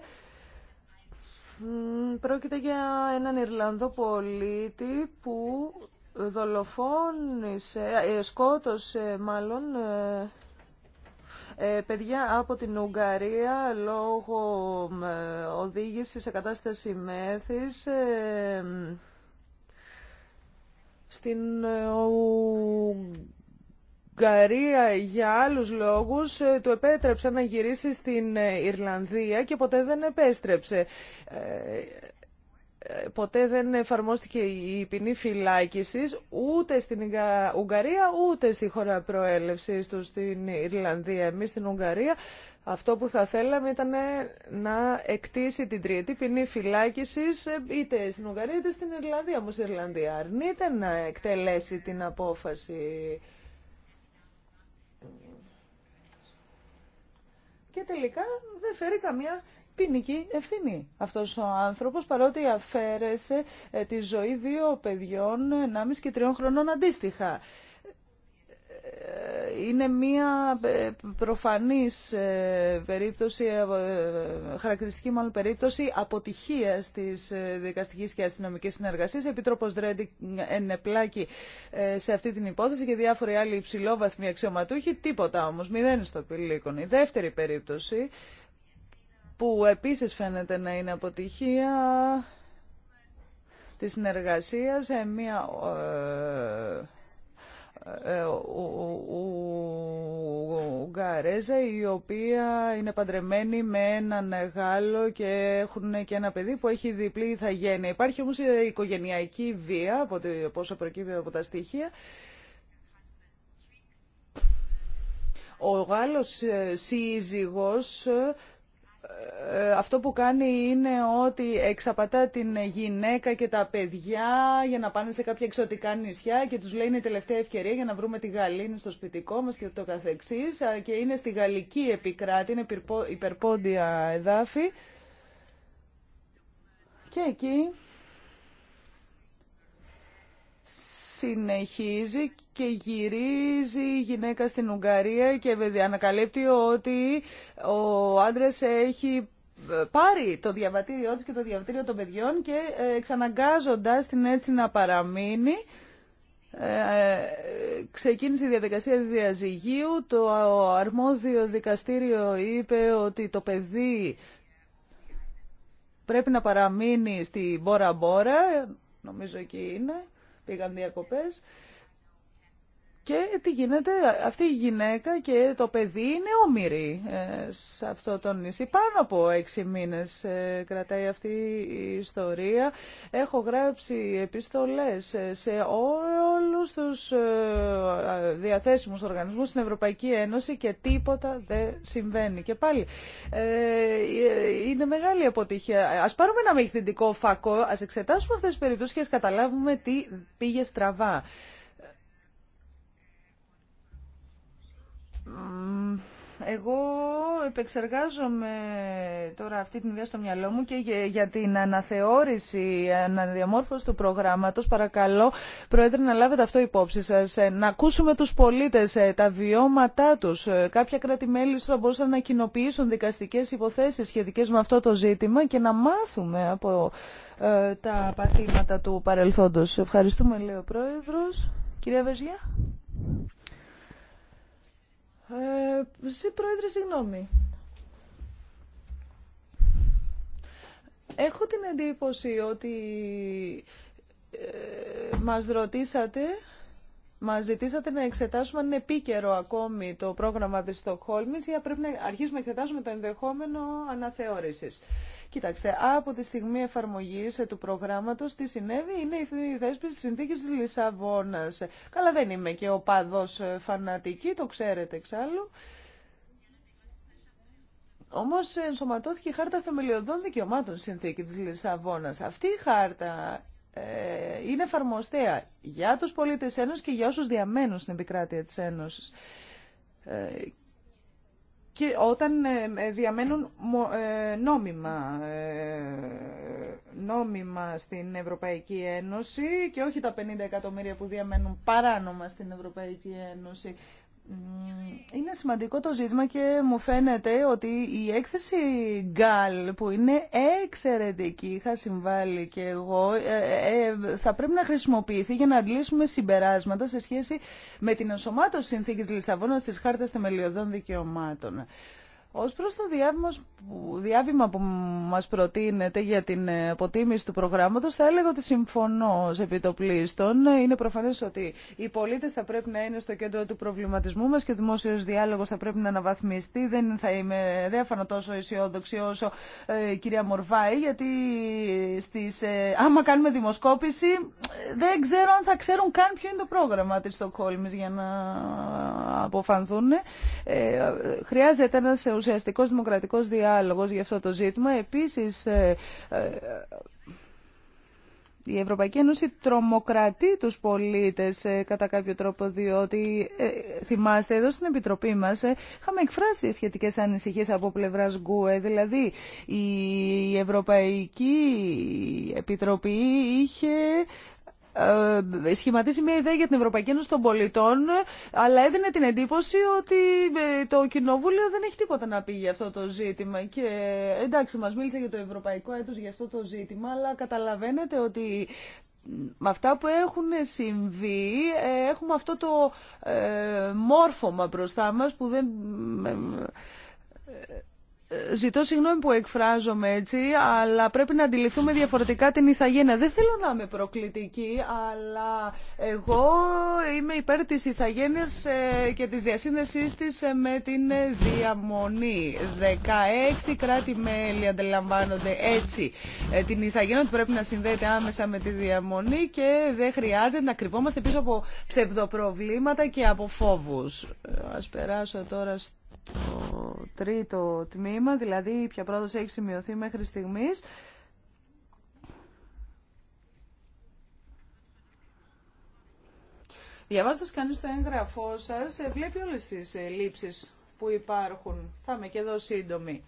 Πρόκειται για έναν Ιρλανδό πολίτη που δολοφόνησε, ε, σκότωσε μάλλον ε, ε, παιδιά από την Ουγγαρία λόγω οδήγησης σε κατάσταση μέθης στην Ουγγαρία Ουγγαρία για άλλους λόγους ε, του επέτρεψε να γυρίσει στην ε, Ιρλανδία και ποτέ δεν επέστρεψε. Ε, ποτέ δεν εφαρμόστηκε η ποινή φυλάκιση ούτε στην Ουγγαρία ούτε στη χώρα προέλευση του στην Ιρλανδία. Εμεί στην Ουγγαρία αυτό που θα θέλαμε ήταν να εκτίσει την τριετή ποινή φυλάκιση είτε στην Ουγγαρία είτε στην Ιρλανδία. Όμω η Ιρλανδία αρνείται να εκτελέσει την απόφαση και τελικά δεν φέρει καμία ποινική ευθύνη. Αυτός ο άνθρωπος παρότι αφαίρεσε ε, τη ζωή δύο παιδιών 1,5 και 3 χρονών αντίστοιχα είναι μία ε, προφανής ε, περίπτωση, ε, χαρακτηριστική μάλλον περίπτωση αποτυχίας της δικαστικής και αστυνομικής συνεργασίας. Επίτροπος Δρέντι πλάκη σε αυτή την υπόθεση και διάφοροι άλλοι υψηλόβαθμοι αξιωματούχοι. Τίποτα όμως, μηδέν στο πηλίκον. Η δεύτερη περίπτωση που επίσης φαίνεται να είναι αποτυχία της συνεργασίας ε, Ουγγαρέζα η οποία είναι παντρεμένη με έναν Γάλλο και έχουν και ένα παιδί που έχει διπλή ηθαγένεια. Υπάρχει όμως οικογενειακή βία από πόσο προκύπτει από τα στοιχεία. Ο Γάλλος ε, σύζυγος ε, αυτό που κάνει είναι ότι εξαπατά την γυναίκα και τα παιδιά για να πάνε σε κάποια εξωτικά νησιά και τους λέει είναι η τελευταία ευκαιρία για να βρούμε τη γαλήνη στο σπιτικό μας και το καθεξής και είναι στη γαλλική επικράτη, είναι υπερπόντια εδάφη και εκεί συνεχίζει και γυρίζει η γυναίκα στην Ουγγαρία και ανακαλύπτει ότι ο άντρας έχει ε, πάρει το διαβατήριό της και το διαβατήριο των παιδιών και ε, εξαναγκάζοντας την έτσι να παραμείνει ε, ξεκίνησε η διαδικασία διαζυγίου. Το αρμόδιο δικαστήριο είπε ότι το παιδί πρέπει να παραμείνει στη Μπόρα Μπόρα, νομίζω εκεί είναι πήγαν διακοπές και τι γίνεται, αυτή η γυναίκα και το παιδί είναι όμοιροι ε, σε αυτό το νησί. Πάνω από έξι μήνες ε, κρατάει αυτή η ιστορία. Έχω γράψει επιστολές ε, σε όλους τους διαθέσιμους οργανισμούς στην Ευρωπαϊκή Ένωση και τίποτα δεν συμβαίνει. Και πάλι, είναι μεγάλη αποτυχία. Ας πάρουμε ένα μεγεθυντικό φακό, ας εξετάσουμε αυτές τις περιπτώσεις και ας καταλάβουμε τι πήγε στραβά. εγώ επεξεργάζομαι τώρα αυτή την ιδέα στο μυαλό μου και για την αναθεώρηση, αναδιαμόρφωση του προγράμματος. Παρακαλώ, Πρόεδρε, να λάβετε αυτό υπόψη σας. Ε, να ακούσουμε τους πολίτες, ε, τα βιώματά τους. Ε, κάποια κράτη-μέλη θα μπορούσαν να κοινοποιήσουν δικαστικές υποθέσεις σχετικές με αυτό το ζήτημα και να μάθουμε από τα παθήματα του παρελθόντος. Ευχαριστούμε, λέει ο Πρόεδρος. Κυρία Βεζιά. Ε, πρόεδρε, συγγνώμη. Έχω την εντύπωση ότι ε, μας ρωτήσατε Μα ζητήσατε να εξετάσουμε αν είναι επίκαιρο ακόμη το πρόγραμμα τη Στοχόλμη ή αν πρέπει να αρχίσουμε να εξετάσουμε το ενδεχόμενο αναθεώρηση. Κοιτάξτε, από τη στιγμή εφαρμογή του προγράμματο, τι συνέβη είναι η θέσπιση τη συνθήκη τη Λισαβόνα. Καλά, δεν είμαι και ο παδό ε, φανατική, το ξέρετε εξάλλου. Όμω ενσωματώθηκε η Χάρτα Θεμελιωδών Δικαιωμάτων συνθήκη τη Λισαβόνα. Αυτή η χάρτα ε, είναι εφαρμοστέα για τους πολίτες Ένωσης και για όσους διαμένουν στην επικράτεια της Ένωσης. Ε, και όταν ε, διαμένουν νόμιμα, νόμιμα στην Ευρωπαϊκή Ένωση και όχι τα 50 εκατομμύρια που διαμένουν παράνομα στην Ευρωπαϊκή Ένωση. Είναι σημαντικό το ζήτημα και μου φαίνεται ότι η έκθεση Γκάλ που είναι εξαιρετική, είχα συμβάλει και εγώ, ε, ε, ε, θα πρέπει να χρησιμοποιηθεί για να αντλήσουμε συμπεράσματα σε σχέση με την ενσωμάτωση συνθήκης Λισαβόνα στις χάρτες θεμελιωδών δικαιωμάτων. Ω προ το διάβημα που μα προτείνεται για την ε, αποτίμηση του προγράμματο, θα έλεγα ότι συμφωνώ σε επιτοπλίστων. Είναι προφανέ ότι οι πολίτε θα πρέπει να είναι στο κέντρο του προβληματισμού μα και ο δημόσιος διάλογος θα πρέπει να αναβαθμιστεί. Δεν θα είμαι δέφανο τόσο αισιόδοξη όσο ε, η κυρία Μορβάη, γιατί στις, ε, άμα κάνουμε δημοσκόπηση δεν ξέρω αν θα ξέρουν καν ποιο είναι το πρόγραμμα τη Στοκχόλμη για να αποφανθούν. Ε, ε, χρειάζεται ουσιαστικός δημοκρατικός διάλογος για αυτό το ζήτημα. Επίσης, ε, ε, η Ευρωπαϊκή Ένωση τρομοκρατεί τους πολίτες ε, κατά κάποιο τρόπο διότι θυμάστε εδώ στην Επιτροπή μας είχαμε εκφράσει σχετικές ανησυχίες από πλευράς Γκουε δηλαδή η Ευρωπαϊκή Επιτροπή είχε ε, σχηματίσει μια ιδέα για την Ευρωπαϊκή Ένωση των Πολιτών, αλλά έδινε την εντύπωση ότι ε, το Κοινοβούλιο δεν έχει τίποτα να πει για αυτό το ζήτημα. Και εντάξει, μας μίλησε για το Ευρωπαϊκό Έτος για αυτό το ζήτημα, αλλά καταλαβαίνετε ότι με αυτά που έχουν συμβεί ε, έχουμε αυτό το μόρφωμα μπροστά μας που δεν Ζητώ συγγνώμη που εκφράζομαι έτσι, αλλά πρέπει να αντιληφθούμε διαφορετικά την Ιθαγένεια. Δεν θέλω να είμαι προκλητική, αλλά εγώ είμαι υπέρ της Ιθαγένειας ε, και της διασύνδεσής της ε, με την ε, διαμονή. 16 κράτη-μέλη αντιλαμβάνονται έτσι την Ιθαγένεια, ότι πρέπει να συνδέεται άμεσα με τη διαμονή και δεν χρειάζεται να κρυβόμαστε πίσω από ψευδοπροβλήματα και από φόβους. Ας περάσω τώρα στο το τρίτο τμήμα, δηλαδή ποια πρόοδος έχει σημειωθεί μέχρι στιγμής. Διαβάζοντας κανείς το έγγραφό σας, ε, βλέπει όλες τις ε, λήψεις που υπάρχουν. Θα είμαι και εδώ σύντομη.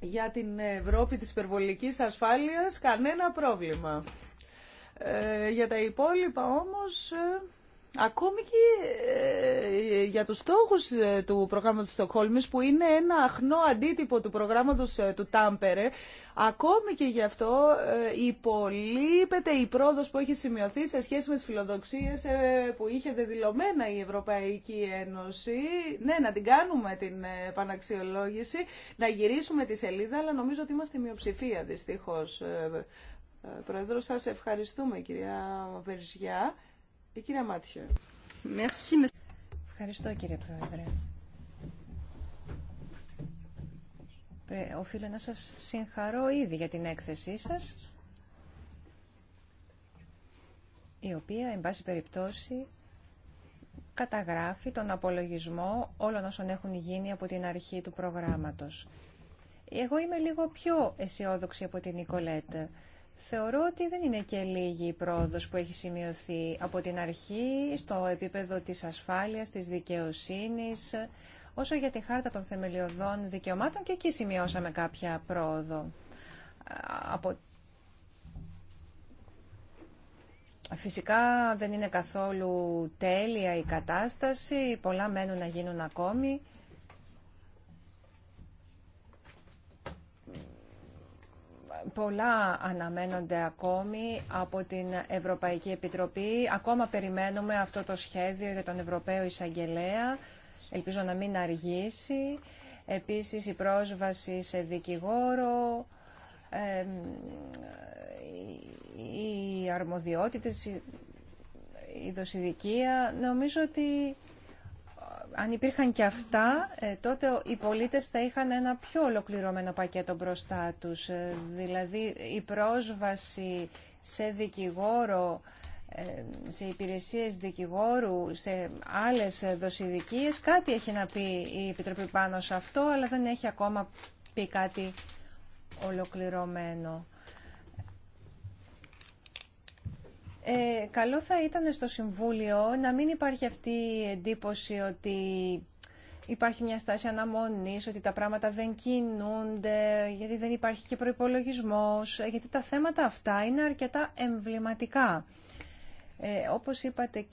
Για την Ευρώπη της υπερβολικής ασφάλειας, κανένα πρόβλημα. Ε, για τα υπόλοιπα όμως ακόμη και ε, για τους στόχους ε, του προγράμματος Στοκχόλμης που είναι ένα αχνό αντίτυπο του προγράμματος ε, του Τάμπερε ακόμη και γι' αυτό υπολείπεται η πρόοδος που έχει σημειωθεί σε σχέση με τις φιλοδοξίες που είχε δεδηλωμένα η Ευρωπαϊκή Ένωση ναι να την κάνουμε την επαναξιολόγηση να γυρίσουμε τη σελίδα αλλά νομίζω ότι είμαστε μειοψηφία δυστυχώς Πρόεδρο, σας ευχαριστούμε κυρία Βερισιά. Η Μάτιο.
Ευχαριστώ κύριε Πρόεδρε. Οφείλω να σας συγχαρώ ήδη για την έκθεσή σας, η οποία, εν πάση περιπτώσει, καταγράφει τον απολογισμό όλων όσων έχουν γίνει από την αρχή του προγράμματος. Εγώ είμαι λίγο πιο αισιόδοξη από την Νικολέτ. Θεωρώ ότι δεν είναι και λίγη η πρόοδος που έχει σημειωθεί από την αρχή στο επίπεδο της ασφάλειας, της δικαιοσύνης, όσο για τη χάρτα των θεμελιωδών δικαιωμάτων και εκεί σημειώσαμε κάποια πρόοδο. Από... Φυσικά δεν είναι καθόλου τέλεια η κατάσταση, πολλά μένουν να γίνουν ακόμη. πολλά αναμένονται ακόμη από την Ευρωπαϊκή Επιτροπή. Ακόμα περιμένουμε αυτό το σχέδιο για τον Ευρωπαίο Εισαγγελέα. Ελπίζω να μην αργήσει. Επίσης η πρόσβαση σε δικηγόρο, οι αρμοδιότητες, η δοσηδικία. Νομίζω ότι αν υπήρχαν και αυτά, ε, τότε οι πολίτες θα είχαν ένα πιο ολοκληρωμένο πακέτο μπροστά τους. Ε, δηλαδή η πρόσβαση σε δικηγόρο, ε, σε υπηρεσίες δικηγόρου, σε άλλες δοσιδικίες. Κάτι έχει να πει η Επιτροπή πάνω σε αυτό, αλλά δεν έχει ακόμα πει κάτι ολοκληρωμένο. Ε, καλό θα ήταν στο Συμβούλιο να μην υπάρχει αυτή η εντύπωση ότι υπάρχει μια στάση αναμονής, ότι τα πράγματα δεν κινούνται, γιατί δεν υπάρχει και προϋπολογισμός, ε, γιατί τα θέματα αυτά είναι αρκετά εμβληματικά. Ε, όπως είπατε,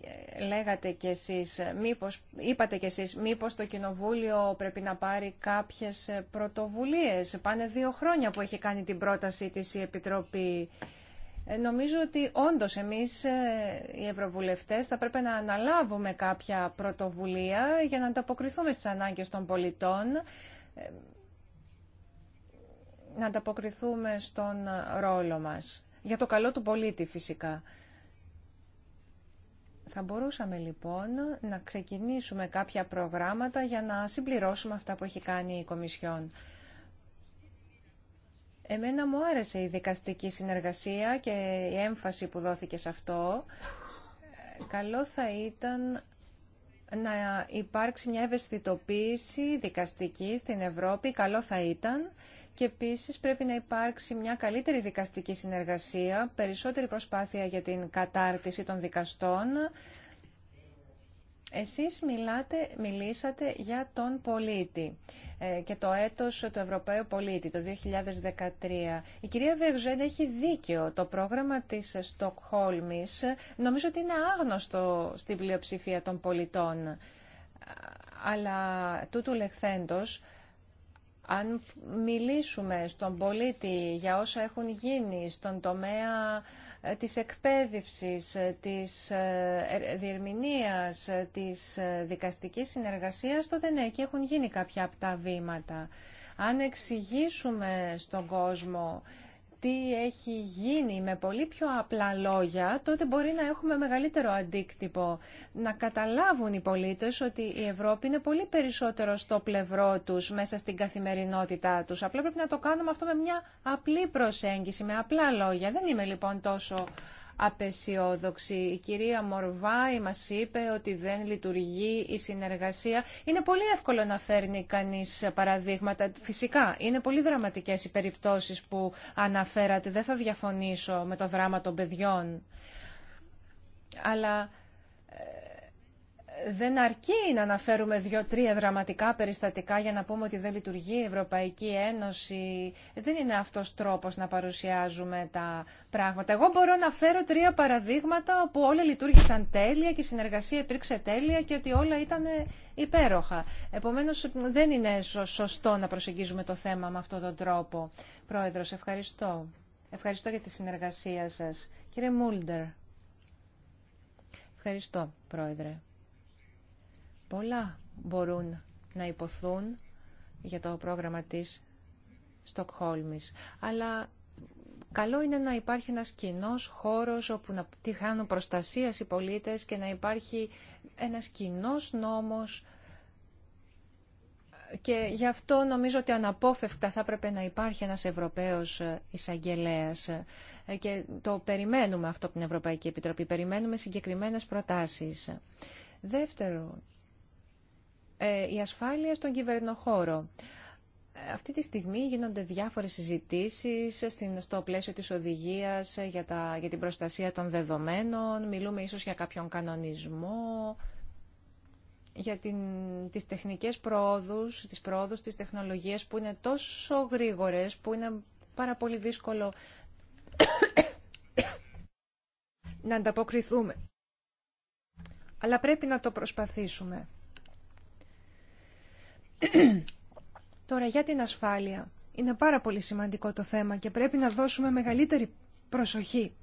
λέγατε κι εσείς, μήπως, είπατε κι εσείς, μήπως το Κοινοβούλιο πρέπει να πάρει κάποιες πρωτοβουλίες. Πάνε δύο χρόνια που έχει κάνει την πρόταση της η Επιτροπή ε, νομίζω ότι όντως εμείς ε, οι Ευρωβουλευτές θα πρέπει να αναλάβουμε κάποια πρωτοβουλία για να ανταποκριθούμε στις ανάγκες των πολιτών, ε, να ανταποκριθούμε στον ρόλο μας. Για το καλό του πολίτη φυσικά. Θα μπορούσαμε λοιπόν να ξεκινήσουμε κάποια προγράμματα για να συμπληρώσουμε αυτά που έχει κάνει η Κομισιόν. Εμένα μου άρεσε η δικαστική συνεργασία και η έμφαση που δόθηκε σε αυτό. Καλό θα ήταν να υπάρξει μια ευαισθητοποίηση δικαστική στην Ευρώπη. Καλό θα ήταν. Και επίσης πρέπει να υπάρξει μια καλύτερη δικαστική συνεργασία, περισσότερη προσπάθεια για την κατάρτιση των δικαστών, εσείς μιλάτε, μιλήσατε για τον πολίτη ε, και το έτος του Ευρωπαίου Πολίτη, το 2013. Η κυρία Βεγζέν έχει δίκιο. Το πρόγραμμα της Στοκχόλμης ε, νομίζω ότι είναι άγνωστο στην πλειοψηφία των πολιτών. Αλλά τούτου λεχθέντος, αν μιλήσουμε στον πολίτη για όσα έχουν γίνει στον τομέα της εκπαίδευσης, της ε, διερμηνίας, της ε, δικαστικής συνεργασίας, τότε ναι, και έχουν γίνει κάποια από τα βήματα. Αν εξηγήσουμε στον κόσμο τι έχει γίνει με πολύ πιο απλά λόγια, τότε μπορεί να έχουμε μεγαλύτερο αντίκτυπο. Να καταλάβουν οι πολίτες ότι η Ευρώπη είναι πολύ περισσότερο στο πλευρό τους μέσα στην καθημερινότητά τους. Απλά πρέπει να το κάνουμε αυτό με μια απλή προσέγγιση, με απλά λόγια. Δεν είμαι λοιπόν τόσο απεσιόδοξη. Η κυρία Μορβάη μας είπε ότι δεν λειτουργεί η συνεργασία. Είναι πολύ εύκολο να φέρνει κανείς παραδείγματα. Φυσικά, είναι πολύ δραματικές οι περιπτώσεις που αναφέρατε. Δεν θα διαφωνήσω με το δράμα των παιδιών. Αλλά ε, δεν αρκεί να αναφέρουμε δύο-τρία δραματικά περιστατικά για να πούμε ότι δεν λειτουργεί η Ευρωπαϊκή Ένωση. Δεν είναι αυτός τρόπος να παρουσιάζουμε τα πράγματα. Εγώ μπορώ να φέρω τρία παραδείγματα όπου όλα λειτουργήσαν τέλεια και η συνεργασία υπήρξε τέλεια και ότι όλα ήταν υπέροχα. Επομένως δεν είναι σωστό να προσεγγίζουμε το θέμα με αυτόν τον τρόπο. Πρόεδρος, ευχαριστώ. Ευχαριστώ για τη συνεργασία σας. Κύριε Μούλντερ. Ευχαριστώ, Πρόεδρε. Πολλά μπορούν να υποθούν για το πρόγραμμα της Στοκχόλμης. Αλλά καλό είναι να υπάρχει ένας κοινό χώρος όπου να τυχάνουν προστασίας οι πολίτες και να υπάρχει ένας κοινό νόμος και γι' αυτό νομίζω ότι αναπόφευκτα θα έπρεπε να υπάρχει ένας Ευρωπαίος εισαγγελέα. και το περιμένουμε αυτό από την Ευρωπαϊκή Επιτροπή, περιμένουμε συγκεκριμένες προτάσεις. Δεύτερο ε, η ασφάλεια στον κυβερνοχώρο. Ε, αυτή τη στιγμή γίνονται διάφορες συζητήσεις στο πλαίσιο της οδηγίας για, για την προστασία των δεδομένων. Μιλούμε ίσως για κάποιον κανονισμό, για την, τις τεχνικές πρόοδους, τις πρόοδους, τις τεχνολογίες που είναι τόσο γρήγορες, που είναι πάρα πολύ δύσκολο να ανταποκριθούμε. Αλλά πρέπει να το προσπαθήσουμε. Τώρα για την ασφάλεια. Είναι πάρα πολύ σημαντικό το θέμα και πρέπει να δώσουμε μεγαλύτερη προσοχή.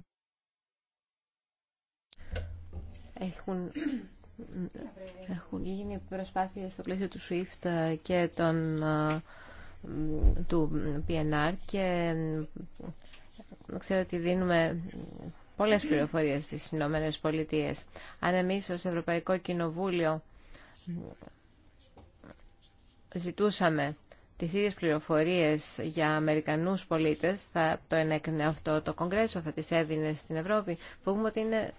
Έχουν, έχουν γίνει
προσπάθειες στο πλαίσιο του SWIFT και των, του PNR και ξέρω ότι δίνουμε πολλές πληροφορίες στις Ηνωμένες Πολιτείες. Αν εμείς ως Ευρωπαϊκό Κοινοβούλιο ζητούσαμε τις ίδιες πληροφορίες για Αμερικανούς πολίτες, θα το ενέκρινε αυτό το Κογκρέσο, θα τις έδινε στην Ευρώπη. πούμε ότι είναι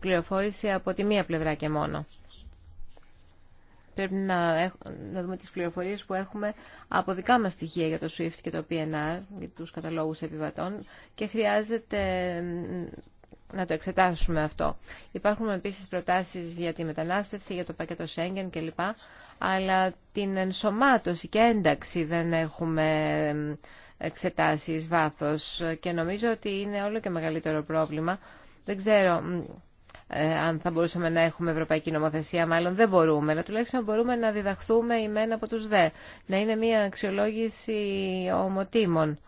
πληροφόρηση από τη μία πλευρά και μόνο. Πρέπει να, να δούμε τις πληροφορίες που έχουμε από δικά μας στοιχεία για το SWIFT και το PNR, για τους καταλόγους επιβατών και χρειάζεται να το εξετάσουμε αυτό. Υπάρχουν επίσης προτάσεις για τη μετανάστευση, για το πακέτο Σέγγεν κλπ. Αλλά την ενσωμάτωση και ένταξη δεν έχουμε εξετάσει βάθος και νομίζω ότι είναι όλο και μεγαλύτερο πρόβλημα. Δεν ξέρω ε, αν θα μπορούσαμε να έχουμε ευρωπαϊκή νομοθεσία, μάλλον δεν μπορούμε, αλλά τουλάχιστον μπορούμε να διδαχθούμε ημένα από τους δε. Να είναι μια αξιολόγηση ομοτήμων.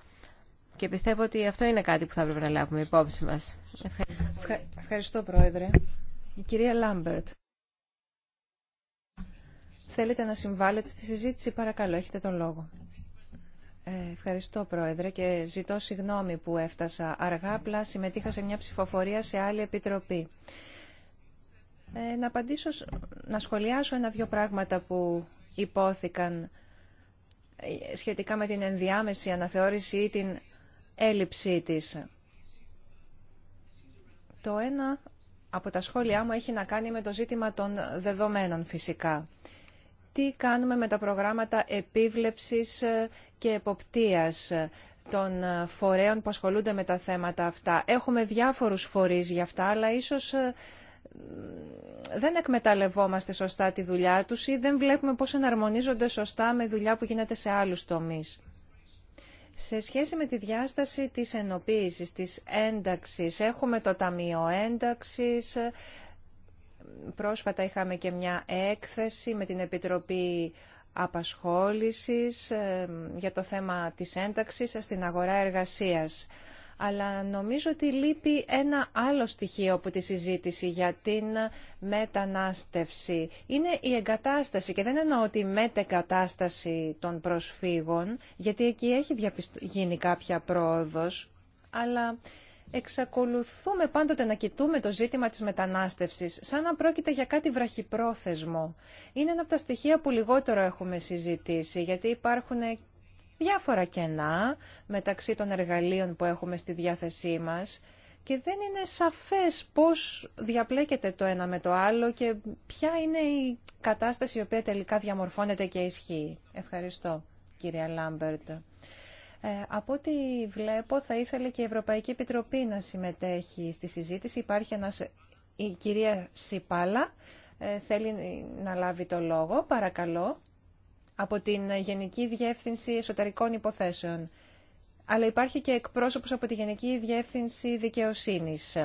Και πιστεύω ότι αυτό είναι κάτι που θα πρέπει να λάβουμε υπόψη μας.
Ευχαριστώ, Πρόεδρε. Η κυρία Λάμπερτ. Θέλετε να συμβάλλετε στη συζήτηση, παρακαλώ, έχετε τον λόγο. Ε, ευχαριστώ, Πρόεδρε, και ζητώ συγγνώμη που έφτασα αργά, απλά συμμετείχα σε μια ψηφοφορία σε άλλη επιτροπή. Ε, να απαντήσω, να σχολιάσω ένα-δυο πράγματα που υπόθηκαν ε, σχετικά με την ενδιάμεση αναθεώρηση ή την έλλειψή της. Το ένα από τα σχόλιά μου έχει να κάνει με το ζήτημα των δεδομένων φυσικά. Τι κάνουμε με τα προγράμματα επίβλεψης και εποπτείας των φορέων που ασχολούνται με τα θέματα αυτά. Έχουμε διάφορους φορείς για αυτά, αλλά ίσως ε, δεν εκμεταλλευόμαστε σωστά τη δουλειά τους ή δεν βλέπουμε πώς εναρμονίζονται σωστά με δουλειά που γίνεται σε άλλους τομείς. Σε σχέση με τη διάσταση της ενοποίησης, της ένταξης, έχουμε το Ταμείο Ένταξης, πρόσφατα είχαμε και μια έκθεση με την Επιτροπή Απασχόλησης ε, για το θέμα της ένταξης στην αγορά εργασίας αλλά νομίζω ότι λείπει ένα άλλο στοιχείο από τη συζήτηση για την μετανάστευση. Είναι η εγκατάσταση και δεν εννοώ η μετεκατάσταση των προσφύγων, γιατί εκεί έχει γίνει κάποια πρόοδος, αλλά εξακολουθούμε πάντοτε να κοιτούμε το ζήτημα της μετανάστευσης σαν να πρόκειται για κάτι βραχυπρόθεσμο. Είναι ένα από τα στοιχεία που λιγότερο έχουμε συζητήσει, γιατί υπάρχουν διάφορα κενά μεταξύ των εργαλείων που έχουμε στη διάθεσή μας και δεν είναι σαφές πώς διαπλέκεται το ένα με το άλλο και ποια είναι η κατάσταση η οποία τελικά διαμορφώνεται και ισχύει. Ευχαριστώ, κυρία Λάμπερτ. Ε, από ό,τι βλέπω θα ήθελε και η Ευρωπαϊκή Επιτροπή να συμμετέχει στη συζήτηση. Υπάρχει ένας... η κυρία Σιπάλα ε, θέλει να λάβει το λόγο. Παρακαλώ από την Γενική Διεύθυνση Εσωτερικών Υποθέσεων. Αλλά υπάρχει και εκπρόσωπος από τη Γενική Διεύθυνση Δικαιοσύνης.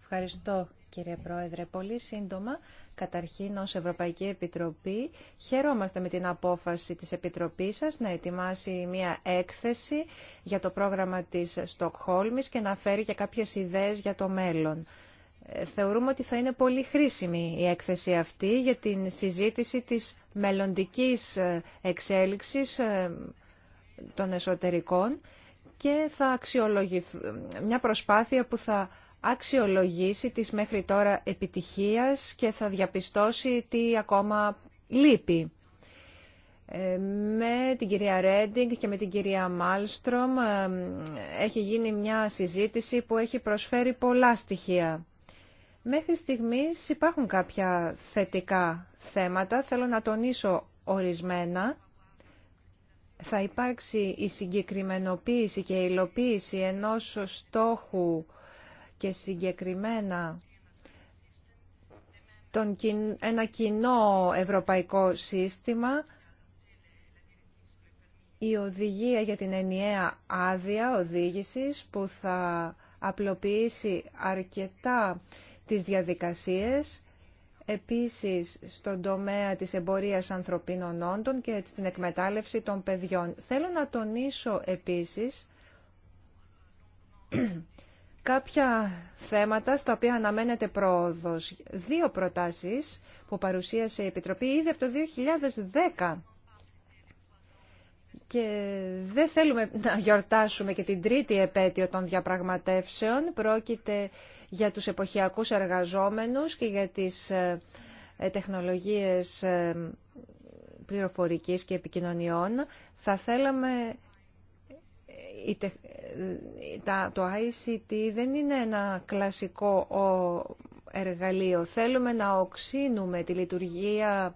Ευχαριστώ κύριε Πρόεδρε. Πολύ σύντομα, καταρχήν ως Ευρωπαϊκή Επιτροπή, χαιρόμαστε με την απόφαση της Επιτροπής σας να ετοιμάσει μια έκθεση για το πρόγραμμα της Στοκχόλμης και να φέρει και κάποιες ιδέες για το μέλλον θεωρούμε ότι θα είναι πολύ χρήσιμη η έκθεση αυτή για την συζήτηση της μελλοντικής ε, εξέλιξης ε, των εσωτερικών και θα αξιολογηθ... μια προσπάθεια που θα αξιολογήσει τις μέχρι τώρα επιτυχίας και θα διαπιστώσει τι ακόμα λείπει. Ε, με την κυρία Ρέντινγκ και με την κυρία Μάλστρομ έχει γίνει μια συζήτηση που έχει προσφέρει πολλά στοιχεία. Μέχρι στιγμής υπάρχουν κάποια θετικά θέματα. Θέλω να τονίσω ορισμένα. Θα υπάρξει η συγκεκριμενοποίηση και η υλοποίηση ενός στόχου και συγκεκριμένα ένα κοινό ευρωπαϊκό σύστημα. Η οδηγία για την ενιαία άδεια οδήγησης που θα απλοποιήσει αρκετά τις διαδικασίες, επίσης στον τομέα της εμπορίας ανθρωπίνων όντων και στην εκμετάλλευση των παιδιών. Θέλω να τονίσω επίσης κάποια θέματα στα οποία αναμένεται πρόοδος. Δύο προτάσεις που παρουσίασε η Επιτροπή ήδη από το 2010 και δεν θέλουμε να γιορτάσουμε και την τρίτη επέτειο των διαπραγματεύσεων. Πρόκειται για τους εποχιακούς εργαζόμενους και για τις ε, ε, τεχνολογίες ε, πληροφορικής και επικοινωνιών. Θα θέλαμε... Το ICT δεν είναι ένα κλασικό εργαλείο. Θέλουμε να οξύνουμε τη λειτουργία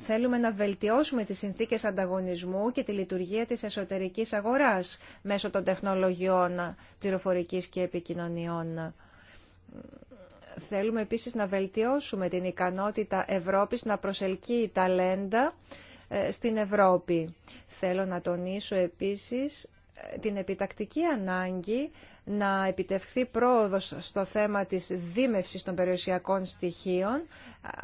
θέλουμε να βελτιώσουμε τις συνθήκες ανταγωνισμού και τη λειτουργία της εσωτερικής αγοράς μέσω των τεχνολογιών πληροφορικής και επικοινωνιών. Θέλουμε επίσης να βελτιώσουμε την ικανότητα Ευρώπης να προσελκύει ταλέντα ε, στην Ευρώπη. Θέλω να τονίσω επίσης την επιτακτική ανάγκη να επιτευχθεί πρόοδος στο θέμα της δίμευσης των περιουσιακών στοιχείων,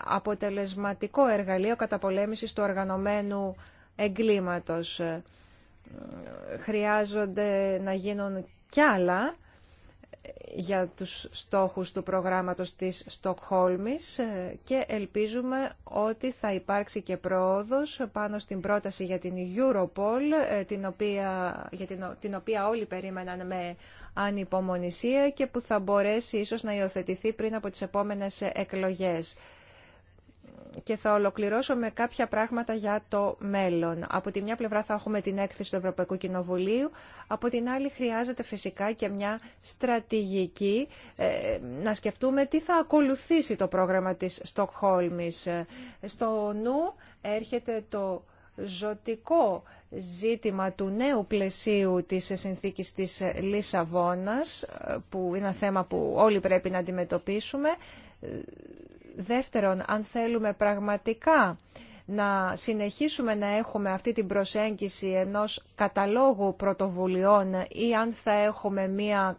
αποτελεσματικό εργαλείο καταπολέμησης του οργανωμένου εγκλήματος. Χρειάζονται να γίνουν κι άλλα για τους στόχους του προγράμματος της Στοκχόλμης ε, και ελπίζουμε ότι θα υπάρξει και πρόοδος πάνω στην πρόταση για την Europol, ε, την οποία, για την, οποία όλοι περίμεναν με ανυπομονησία και που θα μπορέσει ίσως να υιοθετηθεί πριν από τις επόμενες εκλογές και θα ολοκληρώσω με κάποια πράγματα για το μέλλον. Από τη μια πλευρά θα έχουμε την έκθεση του Ευρωπαϊκού Κοινοβουλίου, από την άλλη χρειάζεται φυσικά και μια στρατηγική ε, να σκεφτούμε τι θα ακολουθήσει το πρόγραμμα της Στοκχόλμης. Ε, στο νου έρχεται το ζωτικό ζήτημα του νέου πλαισίου της συνθήκης της Λισαβόνας, ε, που είναι ένα θέμα που όλοι πρέπει να αντιμετωπίσουμε Δεύτερον, αν θέλουμε πραγματικά να συνεχίσουμε να έχουμε αυτή την προσέγγιση ενός καταλόγου πρωτοβουλειών ή αν θα έχουμε μία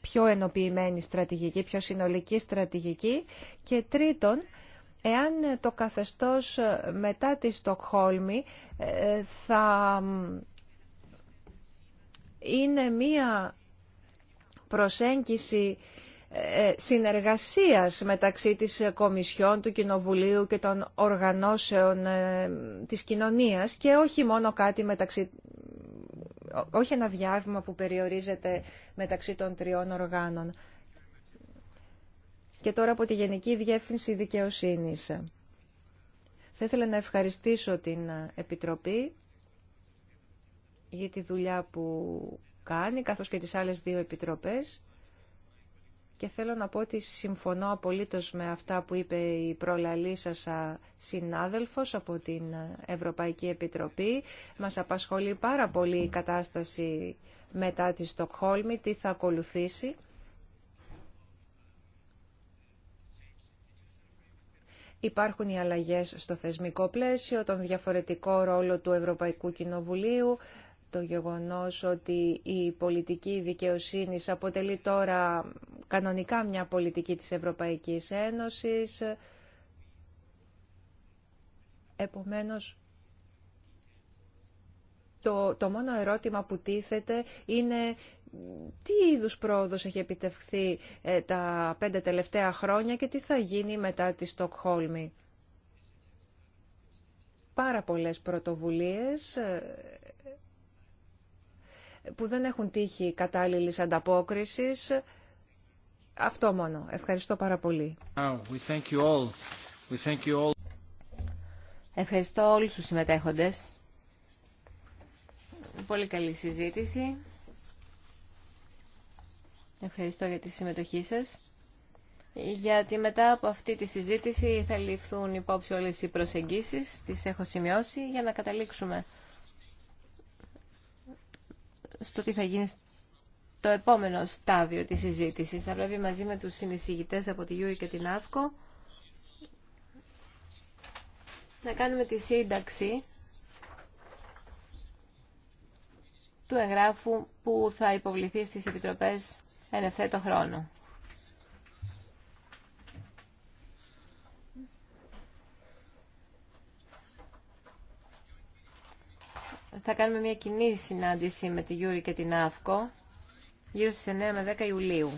πιο ενοποιημένη στρατηγική, πιο συνολική στρατηγική. Και τρίτον, εάν το καθεστώς μετά τη Στοκχόλμη ε, θα είναι μία προσέγγιση ε, συνεργασίας μεταξύ της Κομισιόν, του Κοινοβουλίου και των οργανώσεων ε, της κοινωνίας και όχι μόνο κάτι μεταξύ όχι ένα διάβημα που περιορίζεται μεταξύ των τριών οργάνων. Και τώρα από τη Γενική Διεύθυνση Δικαιοσύνης. Θα ήθελα να ευχαριστήσω την Επιτροπή για τη δουλειά που κάνει, καθώς και τις άλλες δύο επιτροπές και θέλω να πω ότι συμφωνώ απολύτως με αυτά που είπε η προλαλή σας συνάδελφος από την Ευρωπαϊκή Επιτροπή. Μας απασχολεί πάρα πολύ η κατάσταση μετά τη Στοκχόλμη, τι θα ακολουθήσει. Υπάρχουν οι αλλαγές στο θεσμικό πλαίσιο, τον διαφορετικό ρόλο του Ευρωπαϊκού Κοινοβουλίου, το γεγονός ότι η πολιτική δικαιοσύνης αποτελεί τώρα κανονικά μια πολιτική της Ευρωπαϊκής Ένωσης. Επομένως, το, το μόνο ερώτημα που τίθεται είναι τι είδους πρόοδος έχει επιτευχθεί ε, τα πέντε τελευταία χρόνια και τι θα γίνει μετά τη Στοκχόλμη. Πάρα πολλές πρωτοβουλίες ε, που δεν έχουν τύχει κατάλληλης ανταπόκρισης. Αυτό μόνο. Ευχαριστώ πάρα πολύ. Ευχαριστώ
όλους τους συμμετέχοντες. Πολύ καλή συζήτηση. Ευχαριστώ για τη συμμετοχή σας. Γιατί μετά από αυτή τη συζήτηση θα ληφθούν υπόψη όλες οι προσεγγίσεις, τις έχω σημειώσει, για να καταλήξουμε στο τι θα γίνει το επόμενο στάδιο της συζήτησης. Θα πρέπει μαζί με τους συνεισηγητές από τη Γιούρη και την ΑΦΚΟ να κάνουμε τη σύνταξη του εγγράφου που θα υποβληθεί στις Επιτροπές εν ευθέτω χρόνο. θα κάνουμε μια κοινή συνάντηση με τη Γιούρη και την ΑΦΚΟ γύρω στις 9 με 10 Ιουλίου.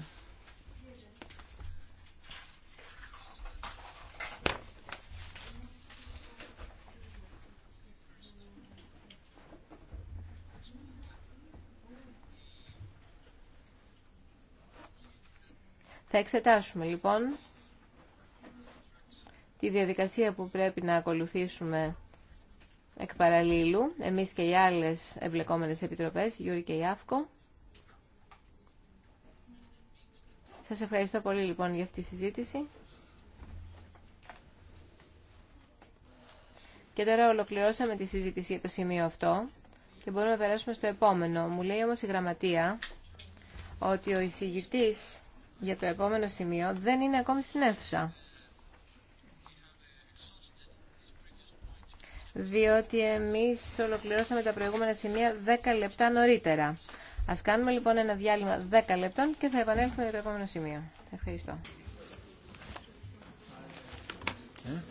Θα εξετάσουμε λοιπόν τη διαδικασία που πρέπει να ακολουθήσουμε εκ παραλίλου, εμείς και οι άλλες εμπλεκόμενες επιτροπές, Γιούρι και Ιάφκο. Σας ευχαριστώ πολύ λοιπόν για αυτή τη συζήτηση. Και τώρα ολοκληρώσαμε τη συζήτηση για το σημείο αυτό και μπορούμε να περάσουμε στο επόμενο. Μου λέει όμως η γραμματεία ότι ο εισηγητής για το επόμενο σημείο δεν είναι ακόμη στην αίθουσα. διότι εμείς ολοκληρώσαμε τα προηγούμενα σημεία 10 λεπτά νωρίτερα. Ας κάνουμε λοιπόν ένα διάλειμμα 10 λεπτών και θα επανέλθουμε για το επόμενο σημείο. Ευχαριστώ. Ε?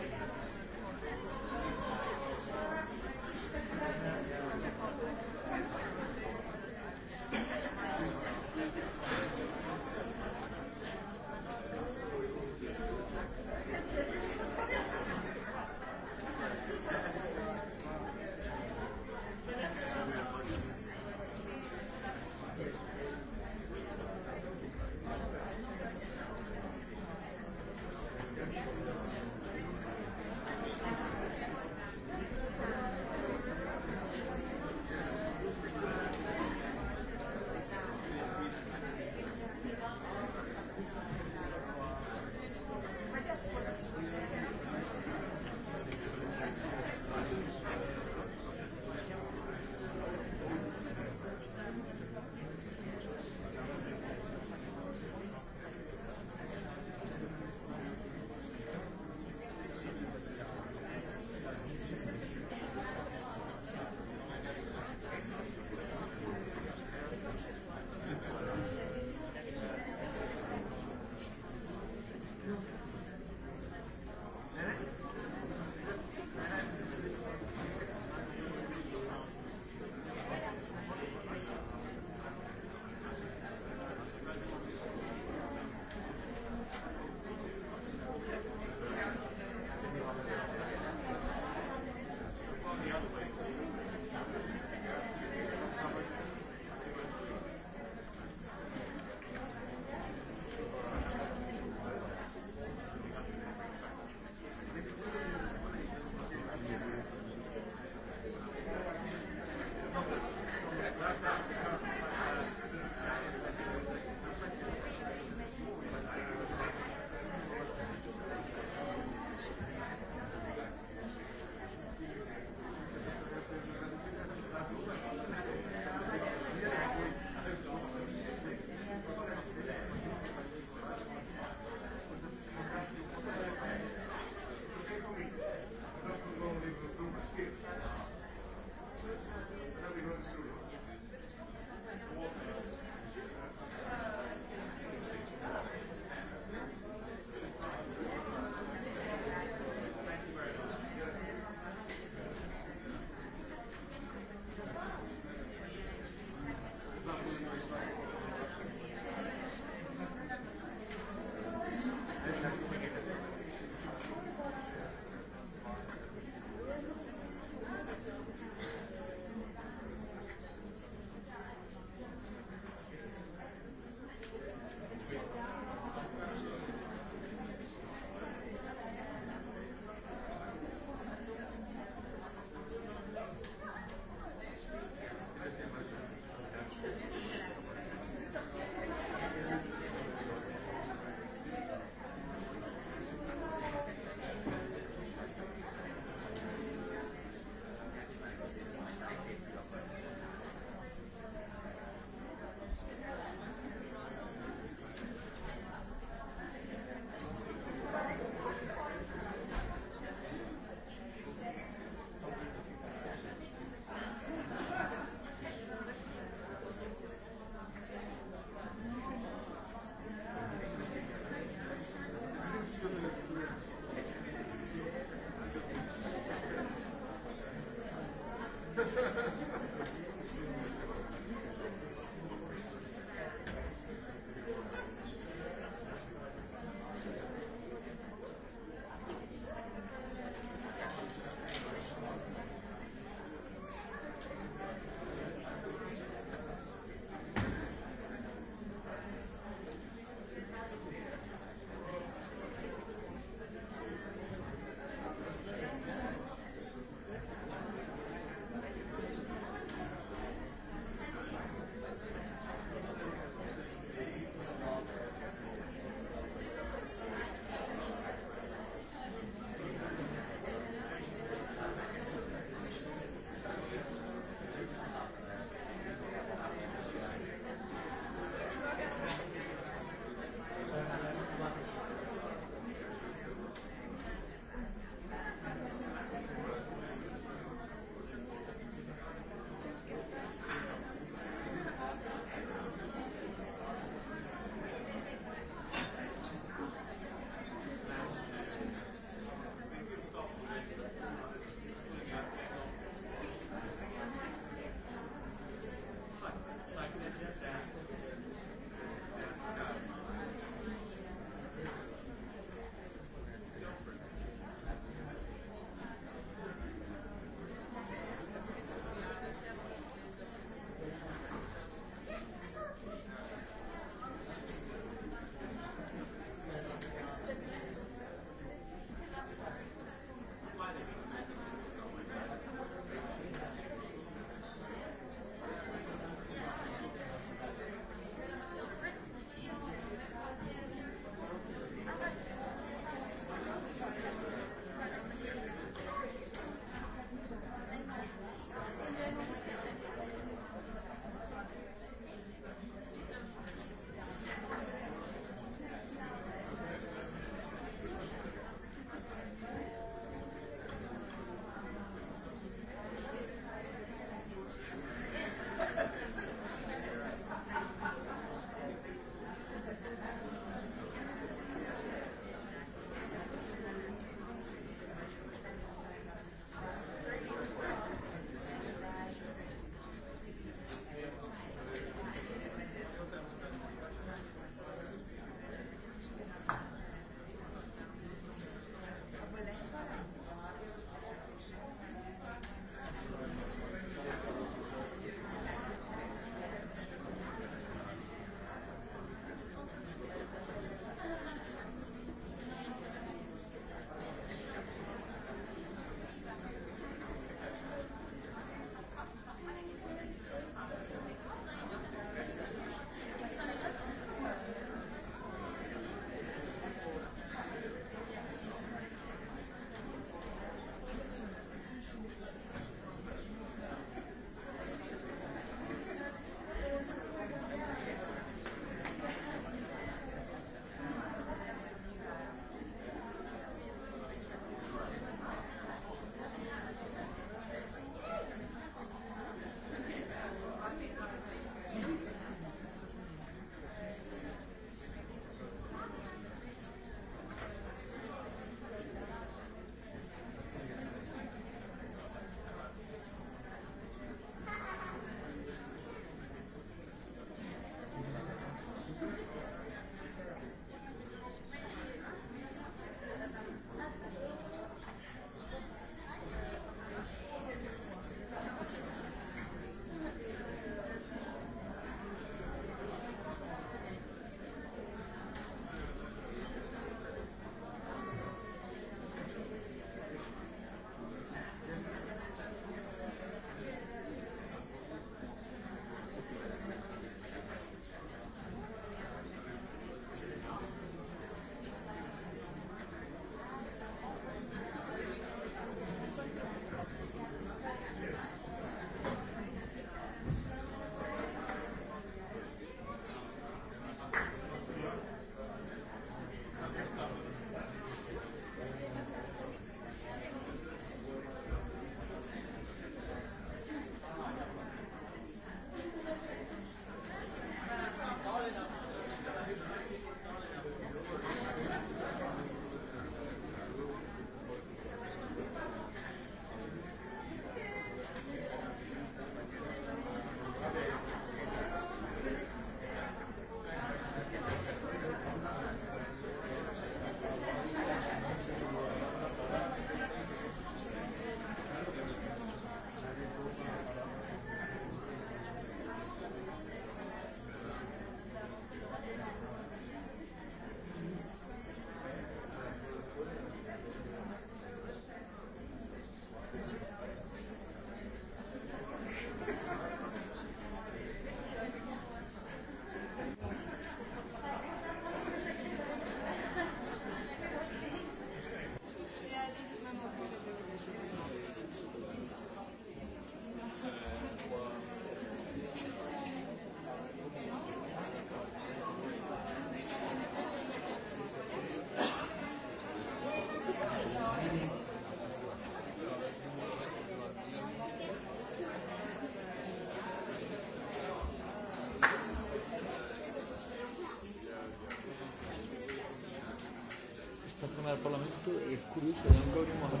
Esta zona del Parlamento es curioso, es un cabrón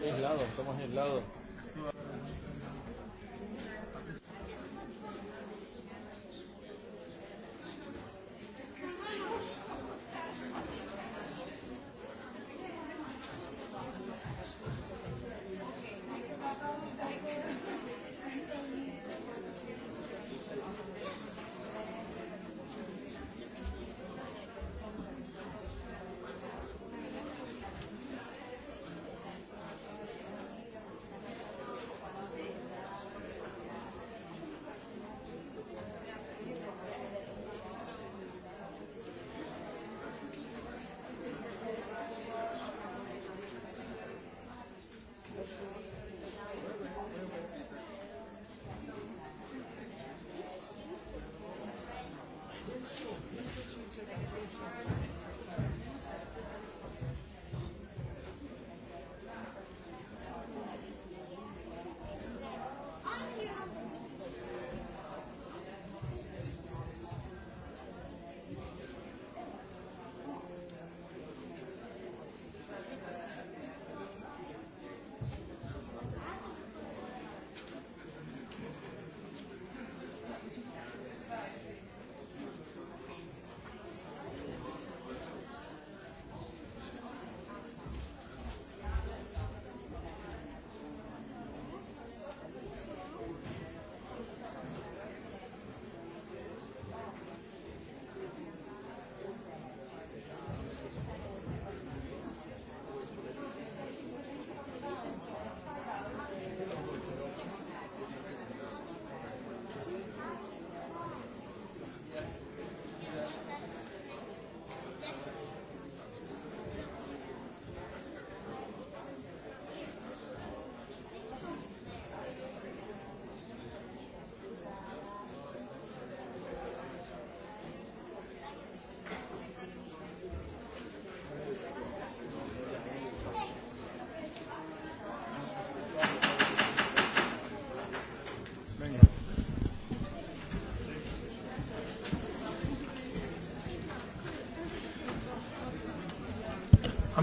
aislado, estamos aislados.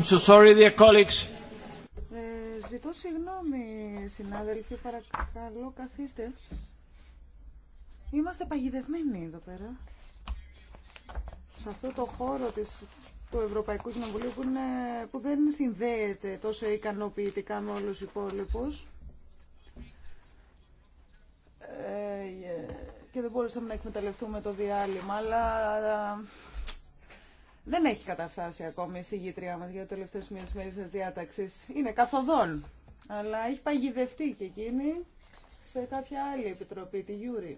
I'm ε,
ζητώ συγγνώμη, συνάδελφοι, παρακαλώ καθίστε. Είμαστε παγιδευμένοι εδώ πέρα. Σε αυτό το χώρο της, του Ευρωπαϊκού Συμβουλίου που, είναι, δεν συνδέεται τόσο ικανοποιητικά με όλους τους υπόλοιπους. Ε, ε, και δεν μπορούσαμε να εκμεταλλευτούμε το διάλειμμα, αλλά δεν έχει καταφτάσει ακόμη η συγγήτριά μας για το τελευταίο σημείο της μέρης Είναι καθοδόν, αλλά έχει παγιδευτεί και εκείνη σε κάποια άλλη επιτροπή, τη Γιούρη.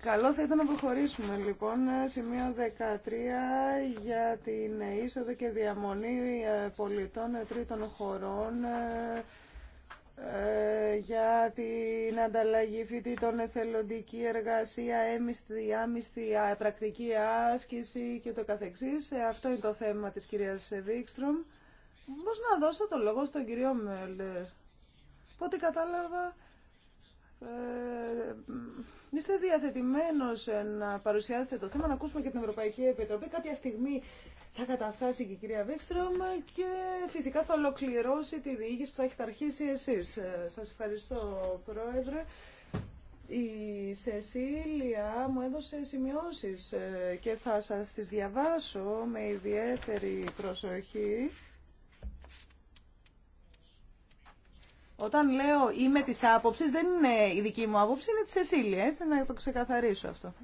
Καλό θα ήταν να προχωρήσουμε λοιπόν σημείο 13 για την είσοδο και διαμονή ε, πολιτών ε, τρίτων χωρών ε, ε, για την ανταλλαγή φοιτητών, εθελοντική εργασία, έμισθη, άμισθη, πρακτική άσκηση και το καθεξής. Ε, αυτό είναι το θέμα της κυρίας Βίκστρομ. Μπορώ να δώσω το λόγο στον κύριο Μέλτερ. Πότε κατάλαβα ε, είστε διαθετημένος να παρουσιάσετε το θέμα, να ακούσουμε και την Ευρωπαϊκή Επιτροπή. Κάποια στιγμή θα καταφτάσει και η κυρία Βίξτρομ και φυσικά θα ολοκληρώσει τη διοίκηση που θα έχετε αρχίσει εσείς. Ε, σας ευχαριστώ, Πρόεδρε. Η Σεσίλια μου έδωσε σημειώσεις ε, και θα σας τις διαβάσω με ιδιαίτερη προσοχή. Όταν λέω είμαι τη άποψη, δεν είναι η δική μου άποψη, είναι τη Εσίλια, έτσι, να το ξεκαθαρίσω αυτό.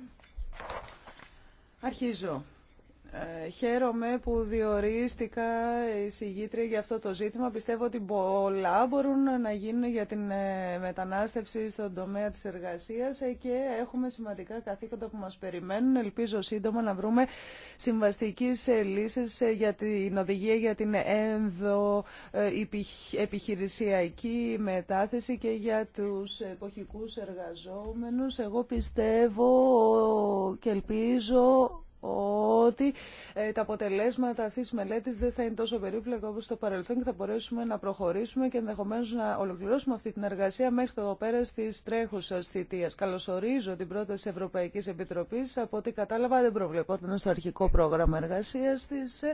Αρχίζω. Ε, χαίρομαι που διορίστηκα εισηγήτρια για αυτό το ζήτημα. Πιστεύω ότι πολλά μπορούν να γίνουν για την ε, μετανάστευση στον τομέα της εργασίας ε, και έχουμε σημαντικά καθήκοντα που μας περιμένουν. Ελπίζω σύντομα να βρούμε συμβαστικές λύσεις για την οδηγία για την επιχειρησιακή μετάθεση και για τους εποχικούς εργαζόμενους. Εγώ πιστεύω και ελπίζω ότι ε, τα αποτελέσματα αυτής της μελέτης δεν θα είναι τόσο περίπλοκα όπως στο παρελθόν και θα μπορέσουμε να προχωρήσουμε και ενδεχομένω να ολοκληρώσουμε αυτή την εργασία μέχρι το πέρα τη τρέχουσα θητεία. Καλωσορίζω την πρόταση Ευρωπαϊκή Επιτροπή. Από ό,τι κατάλαβα, δεν προβλεπόταν στο αρχικό πρόγραμμα εργασία τη. Ε,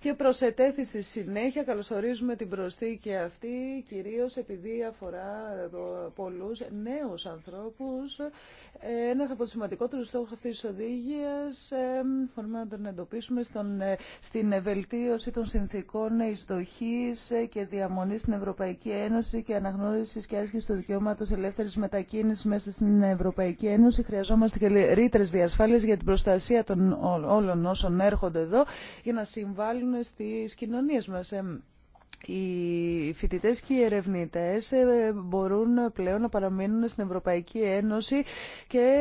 και προσετέθη στη συνέχεια. Καλωσορίζουμε την προσθήκη αυτή, κυρίως επειδή αφορά ε, πολλούς νέους ανθρώπους. Ένας από τους σημαντικότερους στόχους αυτής της οδηγίας, ε, μπορούμε να τον εντοπίσουμε στον, ε, στην ευελτίωση των συνθήκων εισδοχής και διαμονής στην Ευρωπαϊκή Ένωση και αναγνώρισης και άσκηση του δικαιώματος ελεύθερης μετακίνησης μέσα στην Ευρωπαϊκή Ένωση. Χρειαζόμαστε και ρήτρες διασφάλειες για την προστασία των όλων όσων έρχονται εδώ για να συμβάλλουν στις κοινωνίες μας. Ε, οι φοιτητές και οι ερευνητές ε, μπορούν πλέον να παραμείνουν στην Ευρωπαϊκή Ένωση και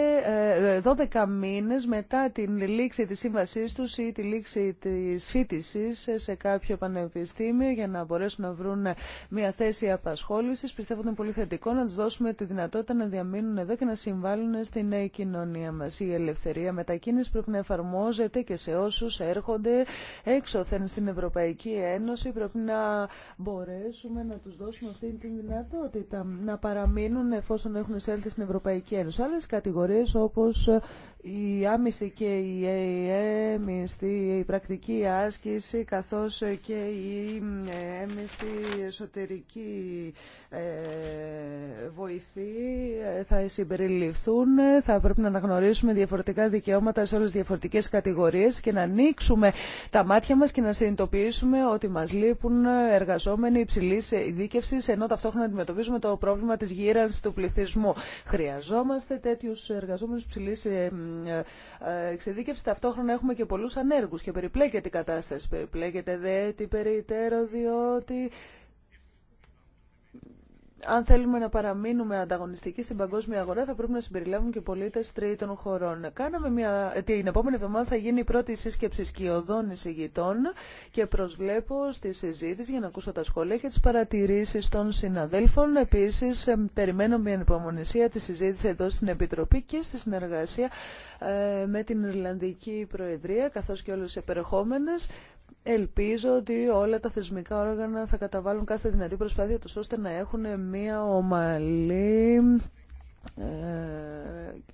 12 ε, μήνες μετά την λήξη της σύμβασής τους ή τη λήξη της φοιτησής σε κάποιο πανεπιστήμιο για να μπορέσουν να βρουν μια θέση απασχόλησης. Πιστεύω ότι είναι πολύ θετικό να τους δώσουμε τη δυνατότητα να διαμείνουν εδώ και να συμβάλλουν στην κοινωνία μας. Η ελευθερία μετακίνηση πρέπει να εφαρμόζεται και σε όσους έρχονται έξωθεν στην Ευρωπαϊκή Ένωση πρέπει να μπορέσουμε να τους δώσουμε αυτή τη δυνατότητα να παραμείνουν εφόσον έχουν εισέλθει στην Ευρωπαϊκή Ένωση. Άλλες κατηγορίες όπως η άμυστη και η έμυστη, η πρακτική άσκηση καθώς και η ε, έμυστη εσωτερική ε, βοηθή ε, θα συμπεριληφθούν. Θα πρέπει να αναγνωρίσουμε διαφορετικά δικαιώματα σε όλες τις διαφορετικές κατηγορίες και να ανοίξουμε τα μάτια μας και να συνειδητοποιήσουμε ότι μας λείπουν εργαζόμενοι υψηλής ειδίκευση ενώ ταυτόχρονα αντιμετωπίζουμε το πρόβλημα της γύρανσης του πληθυσμού. Χρειαζόμαστε τέτοιους εργαζόμενους υψηλής εξειδίκευση ταυτόχρονα έχουμε και πολλούς ανέργους και περιπλέκεται η κατάσταση, περιπλέκεται δε τι περιττέρω διότι αν θέλουμε να παραμείνουμε ανταγωνιστικοί στην παγκόσμια αγορά, θα πρέπει να συμπεριλάβουμε και πολίτε τρίτων χωρών. Κάναμε μια... Την επόμενη εβδομάδα θα γίνει η πρώτη σύσκεψη σκιωδών εισηγητών και προσβλέπω στη συζήτηση για να ακούσω τα σχόλια και τι παρατηρήσει των συναδέλφων. Επίση, περιμένω μια ανυπομονησία τη συζήτηση εδώ στην Επιτροπή και στη συνεργασία ε, με την Ιρλανδική Προεδρία, καθώ και όλε τι επερχόμενε. Ελπίζω ότι όλα τα θεσμικά όργανα θα καταβάλουν κάθε δυνατή προσπάθεια τους ώστε να έχουν μια ομαλή ε,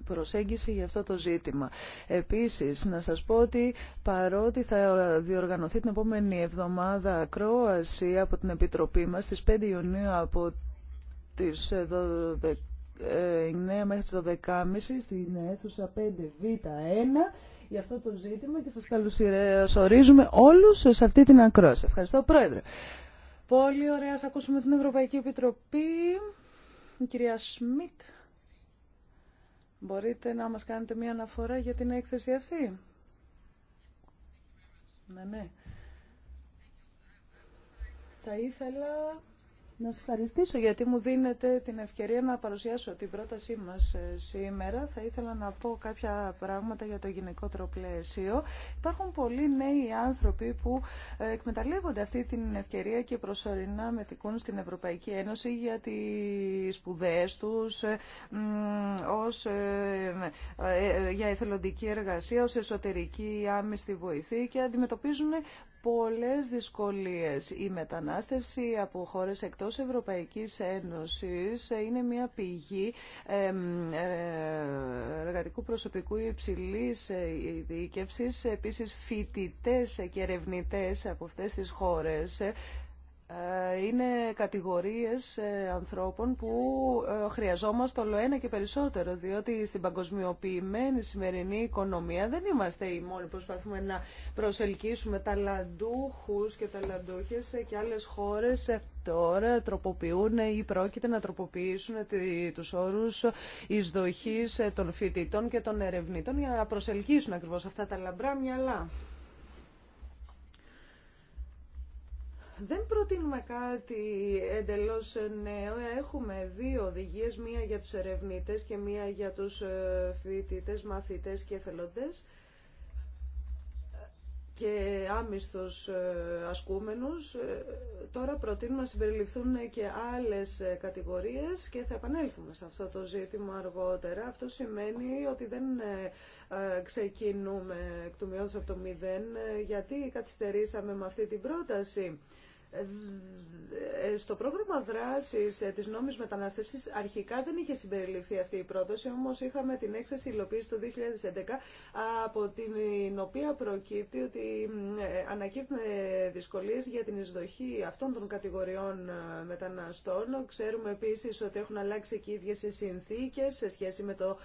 προσέγγιση για αυτό το ζήτημα. Επίσης, να σας πω ότι παρότι θα διοργανωθεί την επόμενη εβδομάδα ακρόαση από την Επιτροπή μας στις 5 Ιουνίου από τις 9 ε, μέχρι τις 12.30 στην αίθουσα 5Β1 για αυτό το ζήτημα και σας καλωσορίζουμε όλους σε αυτή την ακρόαση. Ευχαριστώ, Πρόεδρε. Πολύ ωραία, σας ακούσουμε την Ευρωπαϊκή Επιτροπή. κυρία Σμιτ, μπορείτε να μας κάνετε μία αναφορά για την έκθεση αυτή. Ναι, ναι. Θα ήθελα να σας ευχαριστήσω γιατί μου δίνετε την ευκαιρία να παρουσιάσω την πρότασή μας ε, σήμερα. Θα ήθελα να πω κάποια πράγματα για το γυναικότερο πλαίσιο. Υπάρχουν πολλοί νέοι άνθρωποι που ε, εκμεταλλεύονται αυτή την ευκαιρία και προσωρινά μετικούν στην Ευρωπαϊκή Ένωση για τις σπουδές τους, ε, ως, για εθελοντική εργασία, ως εσωτερική άμυστη βοηθή και αντιμετωπίζουν πολλές δυσκολίες. Η μετανάστευση από χώρες εκτός Ευρωπαϊκής Ένωσης είναι μια πηγή ε, εργατικού προσωπικού υψηλής ε, ειδίκευσης, επίσης φοιτητές και ερευνητές από αυτές τις χώρες ε, είναι κατηγορίες ε, ανθρώπων που ε, χρειαζόμαστε όλο ένα και περισσότερο διότι στην παγκοσμιοποιημένη σημερινή οικονομία δεν είμαστε οι μόνοι που προσπαθούμε να προσελκύσουμε ταλαντούχους και ταλαντούχες και άλλες χώρες τώρα τροποποιούν ή πρόκειται να τροποποιήσουν τους όρους εισδοχής των φοιτητών και των ερευνητών για να προσελκύσουν ακριβώς αυτά τα λαμπρά μυαλά. Δεν προτείνουμε κάτι εντελώς νέο. Έχουμε δύο οδηγίες, μία για τους ερευνητές και μία για τους ε, φοιτητές, μαθητές και εθελοντές και άμυστος ε, ασκούμενους. Ε, τώρα προτείνουμε να συμπεριληφθούν και άλλες κατηγορίες και θα επανέλθουμε σε αυτό το ζήτημα αργότερα. Αυτό σημαίνει ότι δεν ξεκινούμε εκ του από το μηδέν γιατί καθυστερήσαμε με αυτή την πρόταση. Ε, στο πρόγραμμα δράσης ε, της νόμης μετανάστευσης αρχικά δεν είχε συμπεριληφθεί αυτή η πρόταση, όμως είχαμε την έκθεση υλοποίηση το 2011, από την οποία προκύπτει ότι ε, ανακύπτουν δυσκολίες για την εισδοχή αυτών των κατηγοριών μεταναστών. Ξέρουμε επίσης ότι έχουν αλλάξει και οι ίδιες οι συνθήκες σε σχέση με το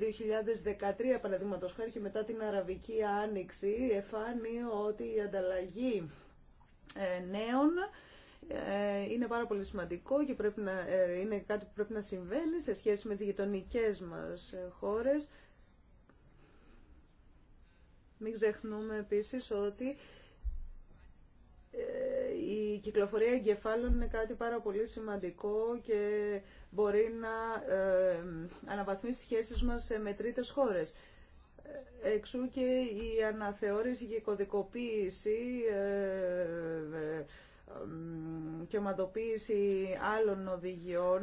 2013, παραδείγματο χάρη, μετά την Αραβική Άνοιξη, εφάνει ότι η ανταλλαγή ε, νέων ε, είναι πάρα πολύ σημαντικό και πρέπει να, ε, είναι κάτι που πρέπει να συμβαίνει σε σχέση με τις γειτονικέ μας χώρες. Μην ξεχνούμε επίσης ότι η κυκλοφορία εγκεφάλων είναι κάτι πάρα πολύ σημαντικό και μπορεί να αναβαθμίσει σχέσεις μας με τρίτες χώρες. Εξού και η αναθεώρηση και η κωδικοποίηση ε, ε, και ομαδοποίηση άλλων οδηγιών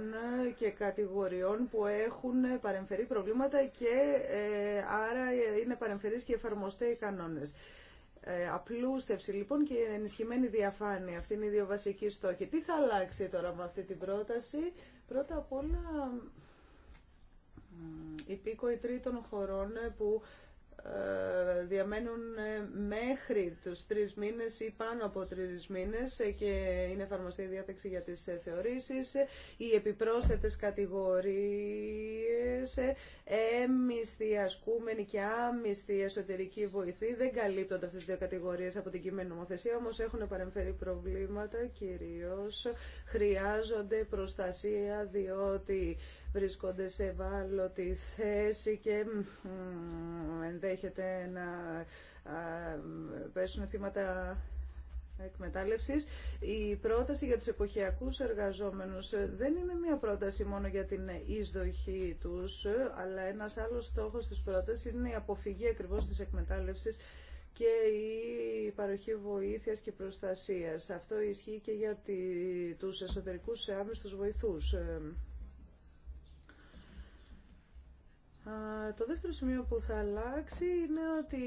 και κατηγοριών που έχουν παρεμφερεί προβλήματα και ε, άρα είναι παρεμφερείς και εφαρμοστεί οι κανόνες. απλούστευση λοιπόν και ενισχυμένη διαφάνεια. Αυτή είναι η δύο βασικοί στόχοι. Τι θα αλλάξει τώρα με αυτή την πρόταση. Πρώτα απ' όλα υπήκοοι τρίτων χωρών που ε, διαμένουν ε, μέχρι τους τρεις μήνες ή πάνω από τρεις μήνες ε, και είναι εφαρμοστή η διάταξη για τις θεωρήσεις. Οι επιπρόσθετες κατηγορίες, έμισθη και άμισθη εσωτερική βοηθή δεν καλύπτονται αυτές τις δύο κατηγορίες από την κειμένη νομοθεσία, όμως έχουν παρεμφέρει προβλήματα, κυρίως χρειάζονται προστασία διότι βρίσκονται σε ευάλωτη θέση και ενδέχεται να πέσουν θύματα εκμετάλλευσης. Η πρόταση για τους εποχιακούς εργαζόμενους δεν είναι μια πρόταση μόνο για την εισδοχή τους, αλλά ένας άλλος στόχος της πρότασης είναι η αποφυγή ακριβώς της εκμετάλλευσης και η παροχή βοήθειας και προστασίας. Αυτό ισχύει και για τους εσωτερικούς άμεστους βοηθούς Το δεύτερο σημείο που θα αλλάξει είναι ότι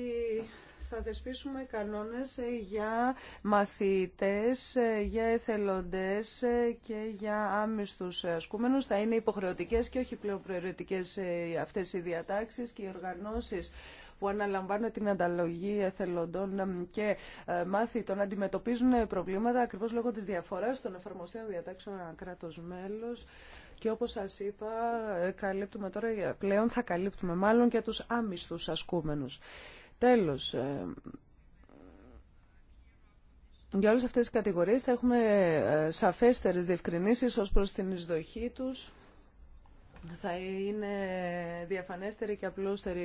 θα δεσπίσουμε κανόνες για μαθητές, για εθελοντές και για άμυστους ασκούμενους. Θα είναι υποχρεωτικές και όχι πλέον προαιρετικές ε, αυτές οι διατάξεις και οι οργανώσεις που αναλαμβάνουν την ανταλλογή εθελοντών και ε, μάθητων αντιμετωπίζουν προβλήματα ακριβώς λόγω της διαφοράς των εφαρμοστέων διατάξεων κράτος μέλος. Και όπως σας είπα, ε, καλύπτουμε τώρα, ε, πλέον θα καλύπτουμε μάλλον και τους άμυστους ασκούμενους. Τέλος, ε, για όλες αυτές τις κατηγορίες θα έχουμε σαφέστερες διευκρινήσεις ως προς την εισδοχή τους θα είναι διαφανέστερη και απλούστερη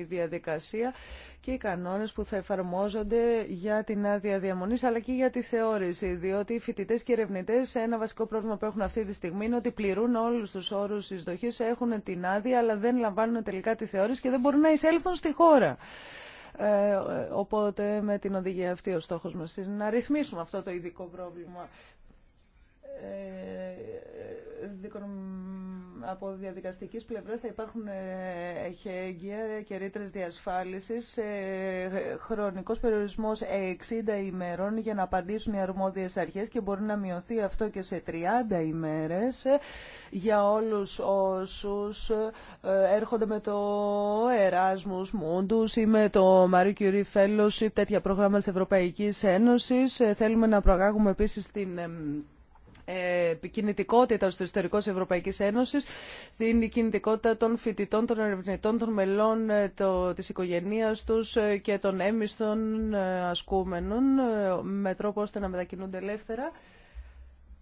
η διαδικασία και οι κανόνες που θα εφαρμόζονται για την άδεια διαμονής αλλά και για τη θεώρηση, διότι οι φοιτητές και ερευνητέ ένα βασικό πρόβλημα που έχουν αυτή τη στιγμή είναι ότι πληρούν όλους τους όρους εισδοχής, έχουν την άδεια αλλά δεν λαμβάνουν τελικά τη θεώρηση και δεν μπορούν να εισέλθουν στη χώρα. Ε, οπότε με την οδηγία αυτή ο στόχος μας είναι να ρυθμίσουμε αυτό το ειδικό πρόβλημα. Ε, από διαδικαστικής πλευράς θα υπάρχουν ε, εχέγγυα και ρήτρες διασφάλισης, ε, χρονικός περιορισμός 60 ημερών για να απαντήσουν οι αρμόδιες αρχές και μπορεί να μειωθεί αυτό και σε 30 ημέρες ε, για όλους όσους έρχονται με το Erasmus Mundus ή με το Marie Curie Fellowship, τέτοια πρόγραμμα της Ευρωπαϊκής Ένωσης. Θέλουμε να προαγάγουμε επίσης την κινητικότητα στο ιστορικού της Ευρωπαϊκής Ένωσης, την κινητικότητα των φοιτητών, των ερευνητών, των μελών ε, το, της οικογένειας τους ε, και των έμιστων ε, ασκούμενων με τρόπο ώστε να μετακινούνται ελεύθερα.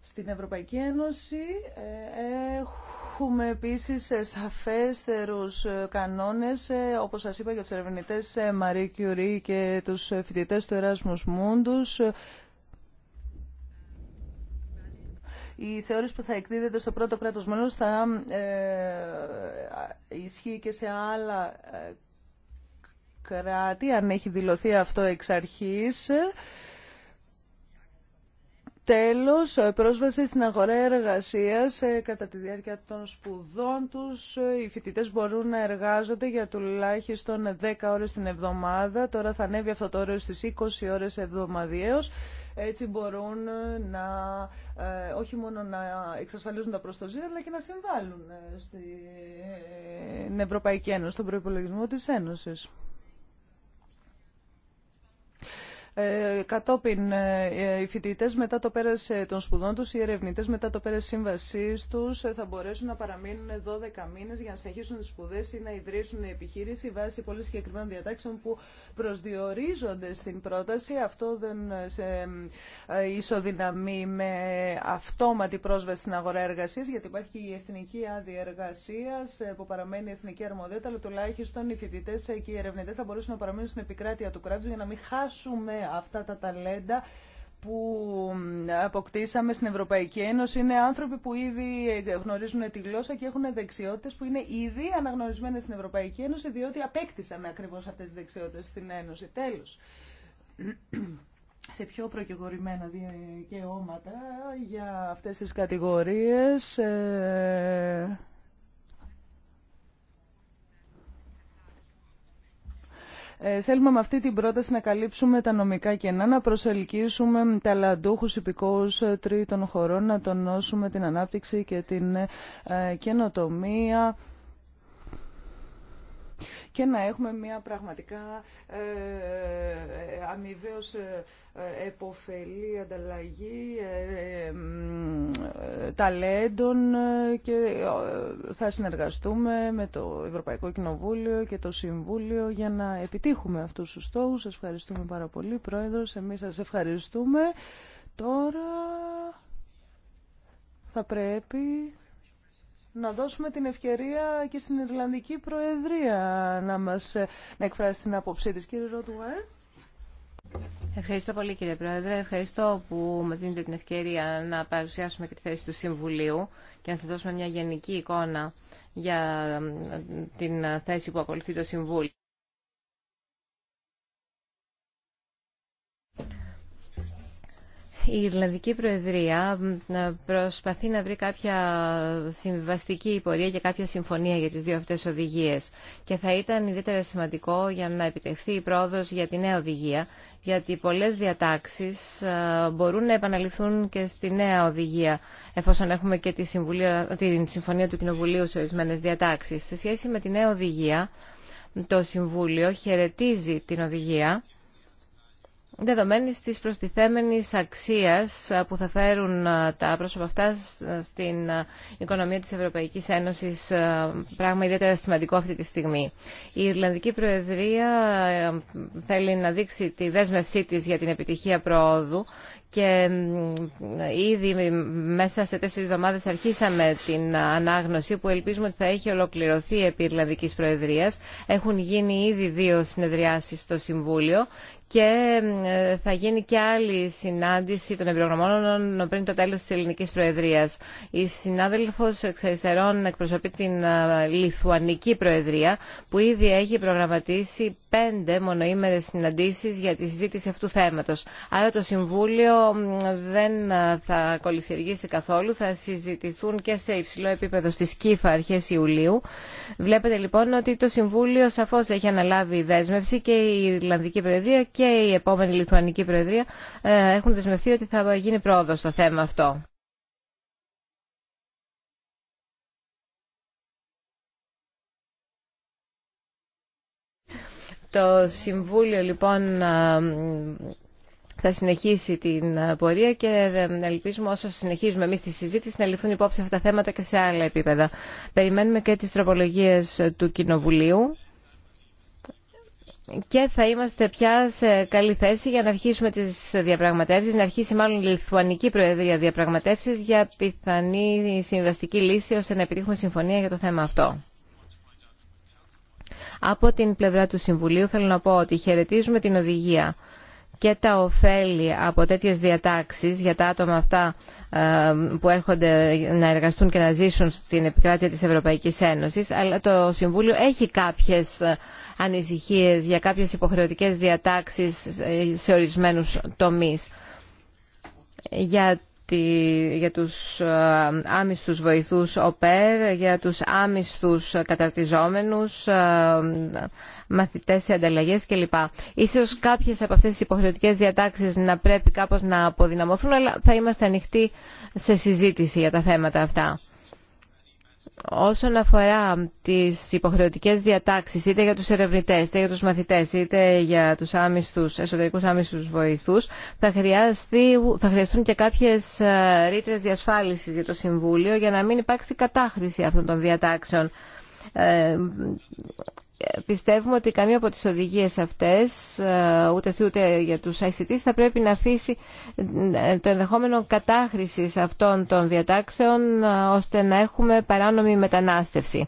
Στην Ευρωπαϊκή Ένωση έχουμε επίσης σαφέστερους κανόνες, όπως σας είπα για τους ερευνητές Marie Curie και τους φοιτητές του Erasmus Mundus, η θεώρηση που θα εκδίδεται στο πρώτο κράτος μέλος θα ε, ισχύει και σε άλλα ε, κράτη, αν έχει δηλωθεί αυτό εξ αρχής. Τέλος, ε, πρόσβαση στην αγορά εργασίας κατά τη διάρκεια των σπουδών τους. Οι φοιτητές μπορούν να εργάζονται για τουλάχιστον 10 ώρες την εβδομάδα. Τώρα θα ανέβει αυτό το όριο στις 20 ώρες εβδομαδιαίως. Έτσι μπορούν ε, να, ε, όχι μόνο να εξασφαλίζουν τα προστοζήρα, αλλά και να συμβάλλουν ε, στην Ευρωπαϊκή Ένωση, στον προπολογισμό της Ένωσης. Ε, κατόπιν ε, οι φοιτητέ μετά το πέρας ε, των σπουδών τους, οι ερευνητές μετά το πέρας σύμβασής τους θα μπορέσουν να παραμείνουν 12 μήνες για να συνεχίσουν τις σπουδές ή να ιδρύσουν επιχείρηση βάσει πολύ συγκεκριμένων διατάξεων που προσδιορίζονται στην πρόταση. Αυτό δεν σε ισοδυναμεί με αυτόματη πρόσβαση στην αγορά εργασίας γιατί υπάρχει και η εθνική άδεια εργασία που παραμένει η εθνική αρμοδιότητα αλλά τουλάχιστον οι φοιτητέ και οι ερευνητέ θα μπορέσουν να παραμείνουν στην επικράτεια του κράτου για να μην χάσουμε αυτά τα ταλέντα που αποκτήσαμε στην Ευρωπαϊκή Ένωση είναι άνθρωποι που ήδη γνωρίζουν τη γλώσσα και έχουν δεξιότητες που είναι ήδη αναγνωρισμένες στην Ευρωπαϊκή Ένωση διότι απέκτησαν ακριβώς αυτές τις δεξιότητες στην Ένωση. Τέλος, σε πιο προκεγορημένα δικαιώματα για αυτές τις κατηγορίες... Ε, Ε, θέλουμε με αυτή την πρόταση να καλύψουμε τα νομικά κενά, να προσελκύσουμε ταλαντούχου υπηκόου ε, τρίτων χωρών, να τονώσουμε την ανάπτυξη και την ε, καινοτομία, και να έχουμε μια πραγματικά ε, ε αμοιβαίως ε, ε, εποφελή ανταλλαγή ταλέντων και θα συνεργαστούμε με το Ευρωπαϊκό Κοινοβούλιο και το Συμβούλιο για να επιτύχουμε αυτούς τους στόχους. Σας ευχαριστούμε πάρα πολύ, Πρόεδρος. Εμείς σας ευχαριστούμε. Τώρα θα πρέπει να δώσουμε την ευκαιρία και στην Ιρλανδική Προεδρία να μας ε, να εκφράσει την άποψή της. Κύριε Ρότουαρ.
Ευχαριστώ πολύ κύριε Πρόεδρε. Ευχαριστώ που με δίνετε την ευκαιρία να παρουσιάσουμε και τη θέση του Συμβουλίου και να σας δώσουμε μια γενική εικόνα για ε, την θέση που ακολουθεί το Συμβούλιο. η Ιρλανδική Προεδρία προσπαθεί να βρει κάποια συμβιβαστική πορεία και κάποια συμφωνία για τις δύο αυτές οδηγίες και θα ήταν ιδιαίτερα σημαντικό για να επιτευχθεί η πρόοδος για τη νέα οδηγία γιατί πολλές διατάξεις ε, μπορούν να επαναληφθούν και στη νέα οδηγία εφόσον έχουμε και τη, τη συμφωνία του Κοινοβουλίου σε ορισμένε διατάξεις. Σε σχέση με τη νέα οδηγία, το Συμβούλιο χαιρετίζει την οδηγία δεδομένης της προστιθέμενης αξίας ε, που θα φέρουν ε, τα πρόσωπα αυτά ε, στην οικονομία της Ευρωπαϊκής Ένωσης, πράγμα ιδιαίτερα σημαντικό αυτή τη στιγμή. Η Ιρλανδική Προεδρία θέλει να δείξει τη δέσμευσή της για την επιτυχία προόδου και ήδη μέσα σε τέσσερις εβδομάδες αρχίσαμε την ανάγνωση που ελπίζουμε ότι θα έχει ολοκληρωθεί επί Ιρλανδικής Προεδρίας. Έχουν γίνει ήδη δύο συνεδριάσεις στο Συμβούλιο και ε, θα γίνει και άλλη συνάντηση των εμπειρογνωμόνων πριν το τέλος της ελληνικής προεδρίας. Η συνάδελφος εξ αριστερών εκπροσωπεί την ε, Λιθουανική Προεδρία που ήδη έχει προγραμματίσει πέντε μονοήμερες συναντήσεις για τη συζήτηση αυτού θέματος. Άρα το Συμβούλιο δεν ε, θα κολλησιεργήσει καθόλου, θα συζητηθούν και σε υψηλό επίπεδο στη Σκύφα αρχές Ιουλίου. Βλέπετε λοιπόν ότι το Συμβούλιο σαφώς έχει αναλάβει δέσμευση και η Ιρλανδική Προεδρία και η επόμενη Λιθουανική Προεδρία ε, έχουν δεσμευτεί ότι θα γίνει πρόοδο στο θέμα αυτό. Το Συμβούλιο λοιπόν ε, θα συνεχίσει την ε, πορεία και ελπίζουμε όσο συνεχίζουμε εμείς τη συζήτηση να ληφθούν υπόψη αυτά τα θέματα και σε άλλα επίπεδα. Περιμένουμε και τις τροπολογίες του Κοινοβουλίου και θα είμαστε πια σε καλή θέση για να αρχίσουμε τις διαπραγματεύσει, να αρχίσει μάλλον η Λιθουανική Προεδρία διαπραγματεύσεις για πιθανή συμβαστική λύση ώστε να επιτύχουμε συμφωνία για το θέμα αυτό. Από την πλευρά του Συμβουλίου θέλω να πω ότι χαιρετίζουμε την οδηγία και τα ωφέλη από τέτοιες διατάξεις για τα άτομα αυτά που έρχονται να εργαστούν και να ζήσουν στην επικράτεια της Ευρωπαϊκής Ένωσης αλλά το Συμβούλιο έχει κάποιες ε, ανησυχίες για κάποιες υποχρεωτικές διατάξεις σε ορισμένους τομείς. Για για τους ε, άμυστους βοηθούς ΟΠΕΡ, για τους άμυστους καταρτιζόμενους, ε, μαθητές σε ανταλλαγές κλπ. Ίσως κάποιες από αυτές τις υποχρεωτικές διατάξεις να πρέπει κάπως να αποδυναμωθούν, αλλά θα είμαστε ανοιχτοί σε συζήτηση για τα θέματα αυτά. Όσον αφορά τις υποχρεωτικές διατάξεις είτε για τους ερευνητές, είτε για τους μαθητές, είτε για τους άμυστους, εσωτερικούς άμυστους βοηθούς, θα, θα χρειαστούν και κάποιες ε, ρήτρες διασφάλισης για το Συμβούλιο για να μην υπάρξει κατάχρηση αυτών των διατάξεων. Ε, πιστεύουμε ότι καμία από τις οδηγίες αυτές, ε, ούτε αυτή ούτε για τους ICT, θα πρέπει να αφήσει ε, το ενδεχόμενο κατάχρησης αυτών των διατάξεων, ε, ώστε να έχουμε παράνομη μετανάστευση.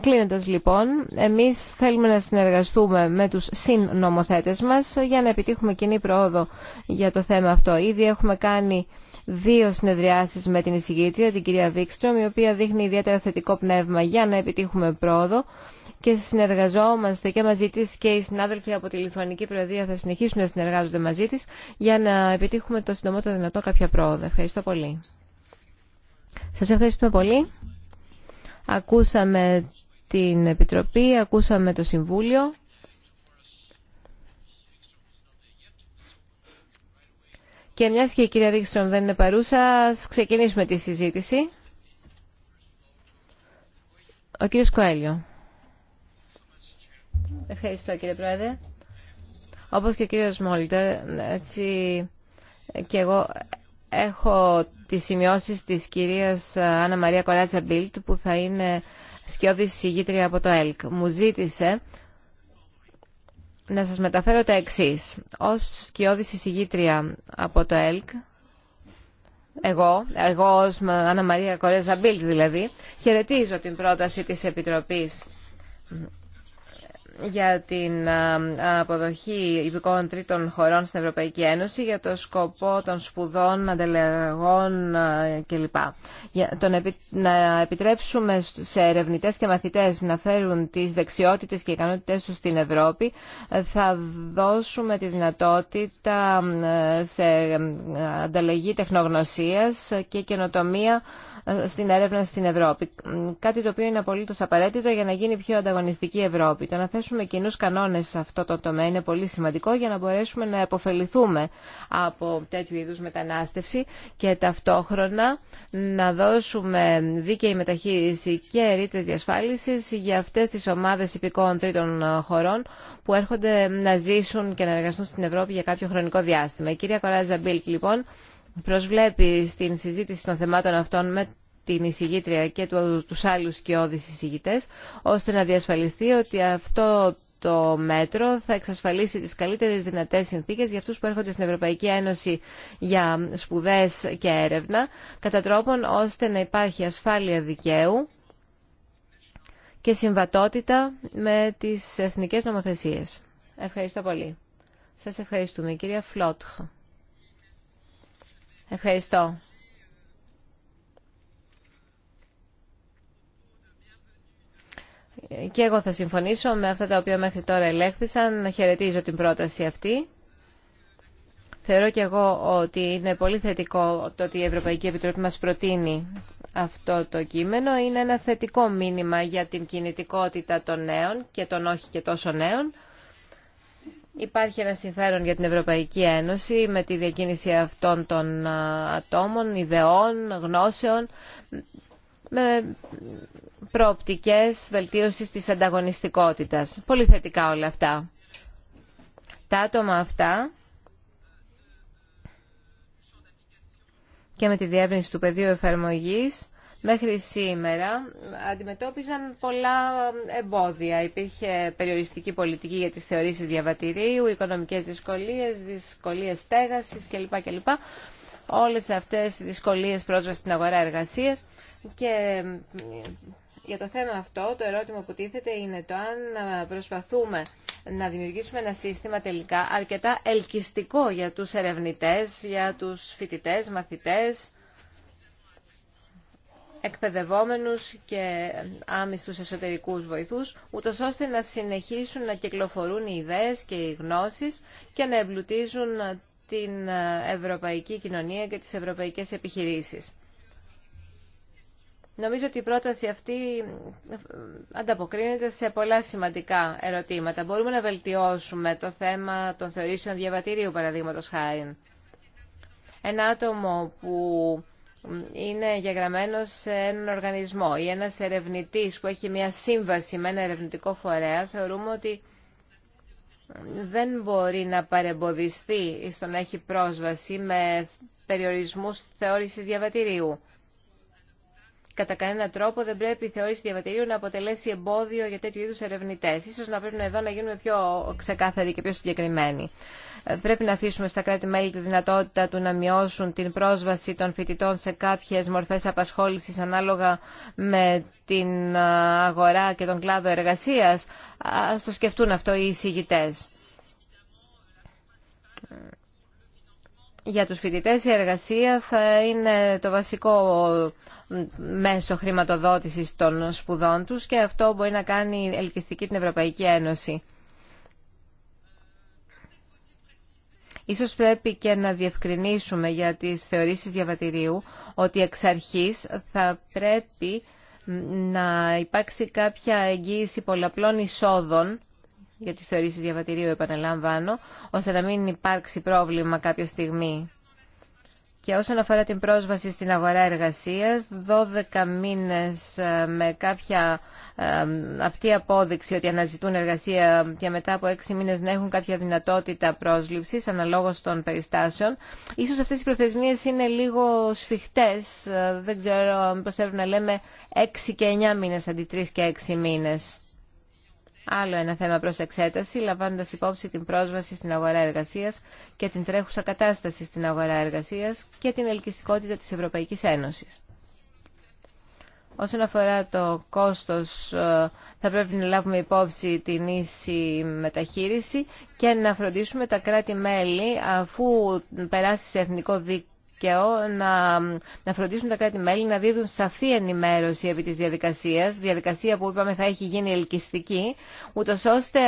Κλείνοντας λοιπόν, εμείς θέλουμε να συνεργαστούμε με τους συνομοθέτες μας για να επιτύχουμε κοινή πρόοδο για το θέμα αυτό. Ήδη έχουμε κάνει δύο συνεδριάσεις με την εισηγήτρια, την κυρία Βίξτρομ, η οποία δείχνει ιδιαίτερα θετικό πνεύμα για να επιτύχουμε πρόοδο και συνεργαζόμαστε και μαζί της και οι συνάδελφοι από τη Λιθουανική Προεδρία θα συνεχίσουν να συνεργάζονται μαζί της για να επιτύχουμε το συντομότερο δυνατό κάποια πρόοδο. Ευχαριστώ πολύ. Σας ευχαριστούμε πολύ. Ακούσαμε την Επιτροπή, ακούσαμε το Συμβούλιο. Και μια και η κυρία Βίξτρομ δεν είναι παρούσα, ξεκινήσουμε τη συζήτηση. Ο κύριος Κοέλιο. Ευχαριστώ κύριε Πρόεδρε. Όπως και ο κύριος Μόλτερ, έτσι και εγώ Έχω τις σημειώσεις της κυρίας Άννα Μαρία Κοράτσα Μπίλτ που θα είναι σκιώδη συγγήτρια από το ΕΛΚ. Μου ζήτησε να σας μεταφέρω τα έξη. Ως σκιώδη συγγήτρια από το ΕΛΚ, εγώ, εγώ ως Άννα Μαρία Κορέτσα Μπίλτ δηλαδή, χαιρετίζω την πρόταση της Επιτροπής για την ε, αποδοχή υπηκών τρίτων χωρών στην Ευρωπαϊκή Ένωση για το σκοπό των σπουδών, ανταλλαγών ε, κλπ. Για τον, να επιτρέψουμε σε ερευνητές και μαθητές να φέρουν τις δεξιότητες και ικανότητές τους στην Ευρώπη ε, θα δώσουμε τη δυνατότητα σε ανταλλαγή τεχνογνωσίας και καινοτομία στην έρευνα στην Ευρώπη. Κάτι το οποίο είναι απολύτω απαραίτητο για να γίνει πιο ανταγωνιστική η Ευρώπη. Το να θέσουμε κοινού κανόνε σε αυτό το τομέα είναι πολύ σημαντικό για να μπορέσουμε να επωφεληθούμε από τέτοιου είδου μετανάστευση και ταυτόχρονα να δώσουμε δίκαιη μεταχείριση και ρήτρε διασφάλιση για αυτέ τι ομάδε υπηκών τρίτων χωρών που έρχονται να ζήσουν και να εργαστούν στην Ευρώπη για κάποιο χρονικό διάστημα. Η κυρία Κοράζα Μπίλκ λοιπόν προσβλέπει στην συζήτηση των θεμάτων αυτών με την εισηγήτρια και τους άλλους σκιώδεις εισηγητές, ώστε να διασφαλιστεί ότι αυτό το μέτρο θα εξασφαλίσει τις καλύτερες δυνατές συνθήκες για αυτούς που έρχονται στην Ευρωπαϊκή Ένωση για σπουδές και έρευνα, κατά τρόπον ώστε να υπάρχει ασφάλεια δικαίου και συμβατότητα με τις εθνικές νομοθεσίες. Ευχαριστώ πολύ. Σας ευχαριστούμε, κυρία Φλότχ. Ευχαριστώ. Και εγώ θα συμφωνήσω με αυτά τα οποία μέχρι τώρα ελέγχθησαν. Να χαιρετίζω την πρόταση αυτή. Θεωρώ και εγώ ότι είναι πολύ θετικό το ότι η Ευρωπαϊκή Επιτροπή μας προτείνει αυτό το κείμενο. Είναι ένα θετικό μήνυμα για την κινητικότητα των νέων και των όχι και τόσο νέων. Υπάρχει ένα συμφέρον για την Ευρωπαϊκή Ένωση με τη διακίνηση αυτών των ατόμων, ιδεών, γνώσεων, με προοπτικές βελτίωσης της ανταγωνιστικότητας. Πολύ θετικά όλα αυτά. Τα άτομα αυτά και με τη διεύρυνση του πεδίου εφαρμογής Μέχρι σήμερα αντιμετώπιζαν πολλά εμπόδια. Υπήρχε περιοριστική πολιτική για τις θεωρήσεις διαβατηρίου, οικονομικές δυσκολίες, δυσκολίες στέγασης κλπ. κλπ. Όλες αυτές οι δυσκολίες πρόσβαση στην αγορά εργασίας και για το θέμα αυτό το ερώτημα που τίθεται είναι το αν προσπαθούμε να δημιουργήσουμε ένα σύστημα τελικά αρκετά ελκυστικό για τους ερευνητές, για τους φοιτητές, μαθητές, εκπαιδευόμενους και άμυστους εσωτερικούς βοηθούς, ούτως ώστε να συνεχίσουν να κυκλοφορούν οι ιδέες και οι γνώσεις και να εμπλουτίζουν την ευρωπαϊκή κοινωνία και τις ευρωπαϊκές επιχειρήσεις. Νομίζω ότι η πρόταση αυτή ανταποκρίνεται σε πολλά σημαντικά ερωτήματα. Μπορούμε να βελτιώσουμε το θέμα των θεωρήσεων διαβατηρίου, παραδείγματο χάρη. Ένα άτομο που είναι γεγραμμένος σε έναν οργανισμό ή ένας ερευνητής που έχει μια σύμβαση με ένα ερευνητικό φορέα, θεωρούμε ότι δεν μπορεί να παρεμποδιστεί στο να έχει πρόσβαση με περιορισμούς θεώρησης διαβατηρίου κατά κανένα τρόπο δεν πρέπει η θεώρηση διαβατηρίου να αποτελέσει εμπόδιο για τέτοιου είδου ερευνητέ. σω να πρέπει εδώ να γίνουμε πιο ξεκάθαροι και πιο συγκεκριμένοι. Ε, πρέπει να αφήσουμε στα κράτη-μέλη τη δυνατότητα του να μειώσουν την πρόσβαση των φοιτητών σε κάποιε μορφέ απασχόληση ανάλογα με την ε, αγορά και τον κλάδο εργασία. Α το σκεφτούν αυτό οι εισηγητέ. για τους φοιτητές η εργασία θα είναι το βασικό μέσο χρηματοδότησης των σπουδών τους και αυτό μπορεί να κάνει ελκυστική την Ευρωπαϊκή Ένωση. Ίσως πρέπει και να διευκρινίσουμε για τις θεωρήσεις διαβατηρίου ότι εξ αρχής θα πρέπει να υπάρξει κάποια εγγύηση πολλαπλών εισόδων για τις θεωρήσεις διαβατηρίου, επαναλαμβάνω, ώστε να μην υπάρξει πρόβλημα κάποια στιγμή. Και όσον αφορά την πρόσβαση στην αγορά εργασίας, 12 μήνες ε, με κάποια ε, αυτή απόδειξη ότι αναζητούν εργασία και μετά από 6 μήνες να έχουν κάποια δυνατότητα πρόσληψης αναλόγως των περιστάσεων. Ίσως αυτές οι προθεσμίες είναι λίγο σφιχτές. Ε, δεν ξέρω πώς έπρεπε να λέμε 6 και 9 μήνες αντί 3 και 6 μήνες. Άλλο ένα θέμα προς εξέταση, λαμβάνοντας υπόψη την πρόσβαση στην αγορά εργασίας και την τρέχουσα κατάσταση στην αγορά εργασίας και την ελκυστικότητα της Ευρωπαϊκής Ένωσης. Όσον αφορά το κόστος, ε, θα πρέπει να λάβουμε υπόψη την ίση μεταχείριση και να φροντίσουμε τα κράτη-μέλη, αφού περάσει σε εθνικό δίκτυο να, να φροντίσουν τα κράτη-μέλη να δίδουν σαφή ενημέρωση επί της διαδικασίας, διαδικασία που είπαμε θα έχει γίνει ελκυστική, ούτω ώστε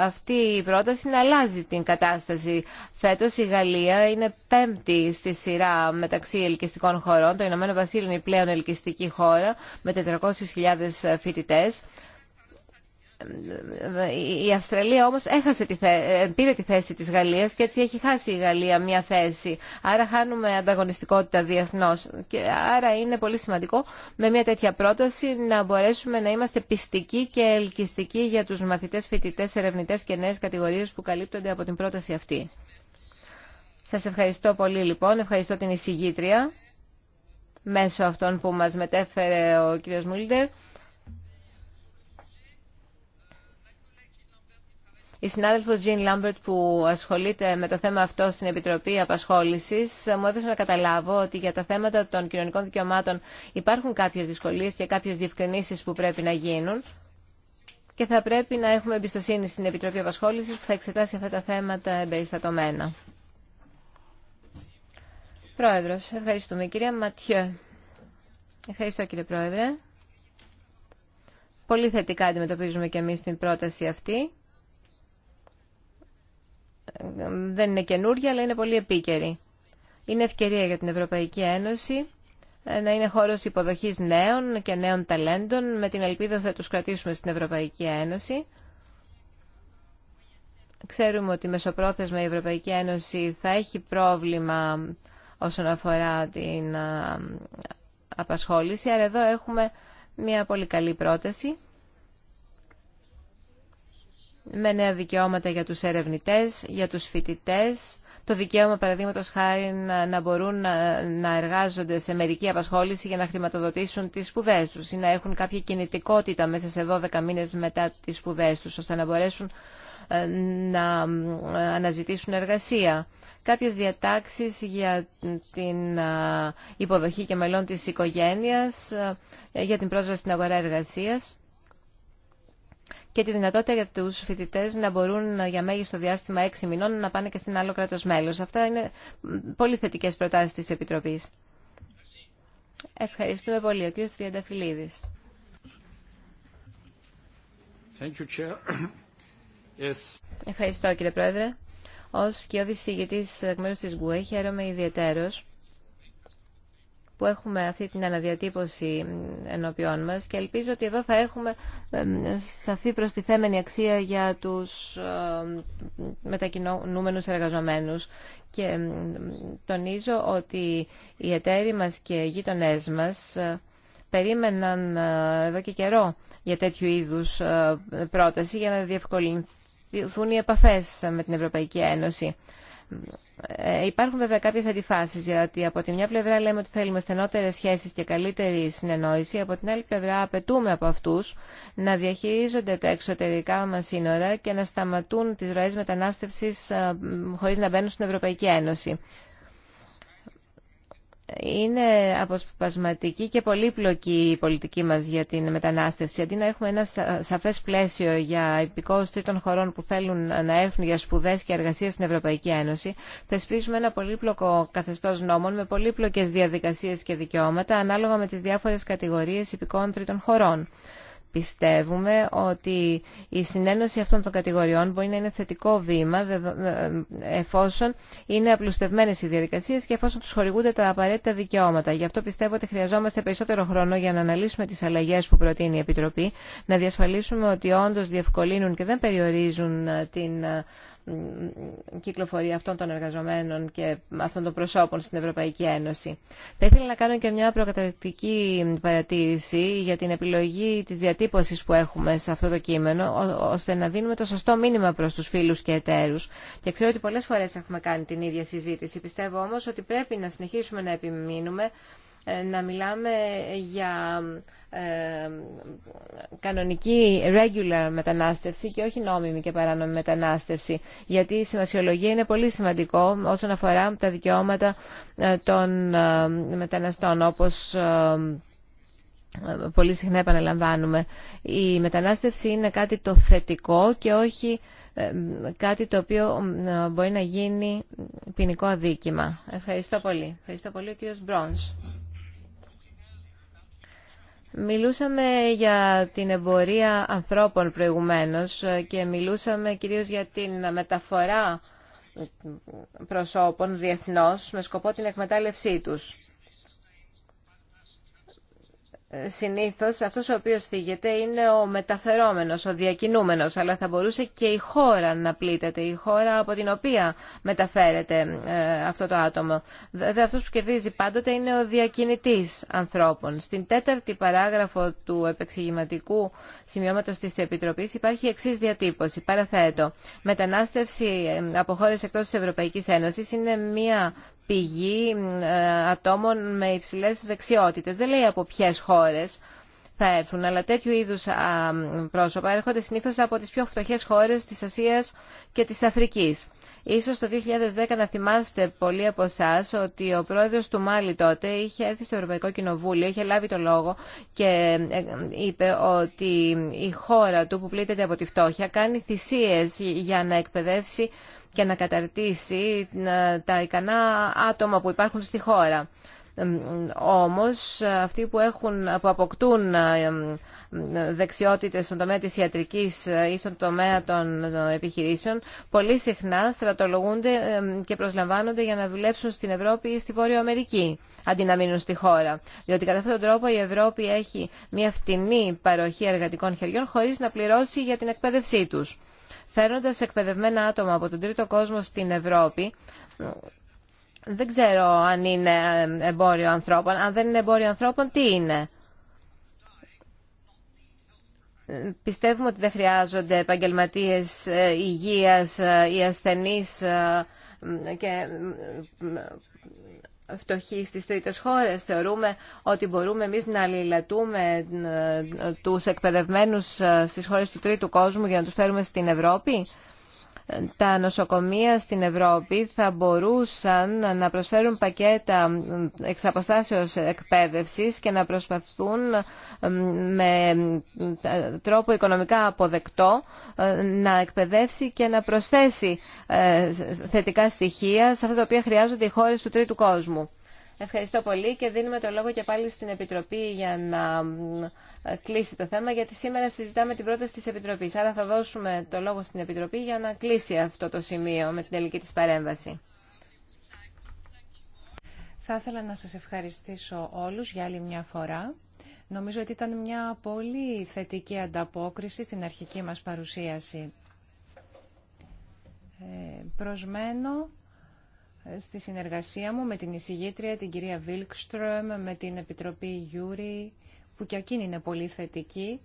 αυτή η πρόταση να αλλάζει την κατάσταση. Φέτος η Γαλλία είναι πέμπτη στη σειρά μεταξύ ελκυστικών χωρών. Το Ηνωμένο Βασίλειο είναι η πλέον ελκυστική χώρα με 400.000 φοιτητέ. Ε, η Αυστραλία όμως έχασε τη ε, πήρε τη θέση της Γαλλίας και έτσι έχει χάσει η Γαλλία μια θέση. Άρα χάνουμε ανταγωνιστικότητα διεθνώς. Και άρα είναι πολύ σημαντικό με μια τέτοια πρόταση να μπορέσουμε να είμαστε πιστικοί και ελκυστικοί για τους μαθητές, φοιτητές, ερευνητές και νέες κατηγορίες που καλύπτονται από την πρόταση αυτή. Σας ευχαριστώ πολύ λοιπόν, ευχαριστώ την εισηγήτρια μέσω αυτών που μας μετέφερε ο κ. Μούλντερ. Η συνάδελφος Jean Lambert που ασχολείται με το θέμα αυτό στην Επιτροπή Απασχόλησης μου έδωσε να καταλάβω ότι για τα θέματα των κοινωνικών δικαιωμάτων υπάρχουν κάποιες δυσκολίες και κάποιες διευκρινήσεις που πρέπει να γίνουν και θα πρέπει να έχουμε εμπιστοσύνη στην Επιτροπή Απασχόλησης που θα εξετάσει αυτά τα θέματα εμπεριστατωμένα. Πρόεδρος, ευχαριστούμε. Κυρία Ματιέ. Ευχαριστώ κύριε Πρόεδρε. Πολύ θετικά αντιμετωπίζουμε και εμείς την πρόταση αυτή δεν είναι καινούργια, αλλά είναι πολύ επίκαιρη. Είναι ευκαιρία για την Ευρωπαϊκή Ένωση ε, να είναι χώρος υποδοχής νέων και νέων ταλέντων. Με την ελπίδα θα τους κρατήσουμε στην Ευρωπαϊκή Ένωση. Ξέρουμε ότι μεσοπρόθεσμα η Ευρωπαϊκή Ένωση θα έχει πρόβλημα όσον αφορά την ε, απασχόληση, αλλά εδώ έχουμε μια πολύ καλή πρόταση με νέα δικαιώματα για τους ερευνητές, για τους φοιτητές, το δικαίωμα παραδείγματο χάρη να μπορούν να εργάζονται σε μερική απασχόληση για να χρηματοδοτήσουν τι σπουδέ του ή να έχουν κάποια κινητικότητα μέσα σε 12 μήνε μετά τι σπουδέ του, ώστε να μπορέσουν ε, να ε, αναζητήσουν εργασία. Κάποιες διατάξεις για την ε, υποδοχή και μελών της οικογένειας, για την πρόσβαση στην αγορά εργασίας και τη δυνατότητα για του φοιτητέ να μπορούν για μέγιστο διάστημα έξι μηνών να πάνε και στην άλλο κράτο μέλο. Αυτά είναι πολύ θετικέ προτάσει τη Επιτροπή. Ευχαριστούμε πολύ. Ο κ. Τριανταφυλλίδη. Ευχαριστώ κύριε Πρόεδρε. Ω και ο εκ μέρου τη ΓΚΟΕ χαίρομαι ιδιαίτερω που έχουμε αυτή την αναδιατύπωση ενώπιών μας και ελπίζω ότι εδώ θα έχουμε σαφή προστιθέμενη αξία για τους ε, μετακινούμενους εργαζομένους και τονίζω ότι οι εταίροι μας και οι γείτονές μας ε, περίμεναν ε, εδώ και καιρό για τέτοιου είδους πρόταση για να διευκολυνθούν οι επαφές με την Ευρωπαϊκή Ένωση. Ε, υπάρχουν βέβαια κάποιες αντιφάσεις, γιατί από τη μια πλευρά λέμε ότι θέλουμε στενότερες σχέσεις και καλύτερη συνεννόηση, από την άλλη πλευρά απαιτούμε από αυτούς να διαχειρίζονται τα εξωτερικά μας σύνορα και να σταματούν τις ροέ μετανάστευση ε, χωρίς να μπαίνουν στην Ευρωπαϊκή Ένωση είναι αποσπασματική και πολύπλοκη η πολιτική μας για την μετανάστευση. Αντί να έχουμε ένα σαφές πλαίσιο για υπηκόους τρίτων χωρών που θέλουν να έρθουν για σπουδές και εργασία στην Ευρωπαϊκή Ένωση, θεσπίσουμε ένα πολύπλοκο καθεστώς νόμων με πολύπλοκες διαδικασίες και δικαιώματα ανάλογα με τις διάφορες κατηγορίες υπηκόων τρίτων χωρών. Πιστεύουμε ότι η συνένωση αυτών των κατηγοριών μπορεί να είναι θετικό βήμα εφόσον είναι απλουστευμένες οι διαδικασίες και εφόσον τους χορηγούνται τα απαραίτητα δικαιώματα. Γι' αυτό πιστεύω ότι χρειαζόμαστε περισσότερο χρόνο για να αναλύσουμε τις αλλαγές που προτείνει η Επιτροπή, να διασφαλίσουμε ότι όντως διευκολύνουν και δεν περιορίζουν ε, την ε, κυκλοφορία αυτών των εργαζομένων και αυτών των προσώπων στην Ευρωπαϊκή Ένωση. Θα ήθελα να κάνω και μια προκαταρκτική παρατήρηση για την επιλογή τη διατύπωση που έχουμε σε αυτό το κείμενο, ώστε να δίνουμε το σωστό μήνυμα προ του φίλου και εταίρου. Και ξέρω ότι πολλέ φορέ έχουμε κάνει την ίδια συζήτηση. Πιστεύω όμω ότι πρέπει να συνεχίσουμε να επιμείνουμε ε, να μιλάμε για ε, κανονική regular μετανάστευση και όχι νόμιμη και παράνομη μετανάστευση γιατί η σημασιολογία είναι πολύ σημαντικό όσον αφορά τα δικαιώματα ε, των μεταναστών όπως πολύ συχνά επαναλαμβάνουμε. Η μετανάστευση είναι κάτι το θετικό και όχι κάτι το οποίο μπορεί να γίνει ποινικό αδίκημα. Ευχαριστώ πολύ. Ευχαριστώ πολύ ο κύριος Μπρόνς. Μιλούσαμε για την εμπορία ανθρώπων προηγουμένως και μιλούσαμε κυρίως για την μεταφορά προσώπων διεθνώς με σκοπό την εκμετάλλευσή τους συνήθως αυτός ο οποίος θίγεται είναι ο μεταφερόμενος, ο διακινούμενος, αλλά θα μπορούσε και η χώρα να πλήττεται, η χώρα από την οποία μεταφέρεται ε, αυτό το άτομο. Βέβαια αυτός που κερδίζει πάντοτε είναι ο διακινητής ανθρώπων. Στην τέταρτη παράγραφο του επεξηγηματικού σημειώματος της Επιτροπής υπάρχει εξή διατύπωση, παραθέτω. Μετανάστευση ε, από χώρες εκτός της Ευρωπαϊκής Ένωσης είναι μια πηγή ε, ατόμων με υψηλές δεξιότητες. Δεν λέει από ποιες χώρες θα έρθουν, αλλά τέτοιου είδους πρόσωπα έρχονται συνήθως από τις πιο φτωχές χώρες της Ασίας και της Αφρικής. Ίσως το 2010 να θυμάστε πολλοί από εσά ότι ο πρόεδρος του Μάλι τότε είχε έρθει στο Ευρωπαϊκό Κοινοβούλιο, είχε λάβει το λόγο και ε, είπε ότι η χώρα του που πλήττεται από τη φτώχεια κάνει θυσίες για να εκπαιδεύσει και να καταρτήσει ε, τα ικανά άτομα που υπάρχουν στη χώρα. Όμως αυτοί που, έχουν, που αποκτούν ε, δεξιότητες στον τομέα της ιατρικής ε, ή στον τομέα των επιχειρήσεων πολύ συχνά στρατολογούνται και προσλαμβάνονται για να δουλέψουν στην Ευρώπη ή στη Βόρεια Αμερική αντί να μείνουν στη χώρα. Διότι κατά αυτόν τον τρόπο η Ευρώπη έχει μια φτηνή παροχή εργατικών χεριών χωρίς να πληρώσει για την εκπαίδευσή τους. Φέροντα εκπαιδευμένα άτομα από τον τρίτο κόσμο στην Ευρώπη, δεν ξέρω αν είναι εμπόριο ανθρώπων. Αν δεν είναι εμπόριο ανθρώπων, τι είναι. Πιστεύουμε ότι δεν χρειάζονται επαγγελματίες ε, υγείας ή ε, ασθενείς ε, και φτωχοί στις τρίτες χώρες. Θεωρούμε ότι μπορούμε εμείς να αλληλετούμε ε, ε, τους εκπαιδευμένους ε, στις χώρες του τρίτου κόσμου για να τους φέρουμε στην Ευρώπη τα νοσοκομεία στην Ευρώπη θα μπορούσαν να προσφέρουν πακέτα εξαποστάσεως εκπαίδευσης και να προσπαθούν με τρόπο οικονομικά αποδεκτό ε, να εκπαιδεύσει και να προσθέσει ε, θετικά στοιχεία σε αυτά τα οποία χρειάζονται οι χώρες του τρίτου κόσμου. Ευχαριστώ πολύ και δίνουμε το λόγο και πάλι στην Επιτροπή για να κλείσει το θέμα, γιατί σήμερα συζητάμε την πρόταση της Επιτροπής. Άρα θα δώσουμε το λόγο στην Επιτροπή για να κλείσει αυτό το σημείο με
την τελική της παρέμβαση. Θα ήθελα να σας ευχαριστήσω όλους για άλλη μια φορά. Νομίζω ότι ήταν μια πολύ θετική ανταπόκριση στην αρχική μας παρουσίαση. Ε, προσμένω στη συνεργασία μου με την εισηγήτρια, την κυρία Βίλκστρομ, με την Επιτροπή Γιούρι, που και εκείνη είναι πολύ θετική.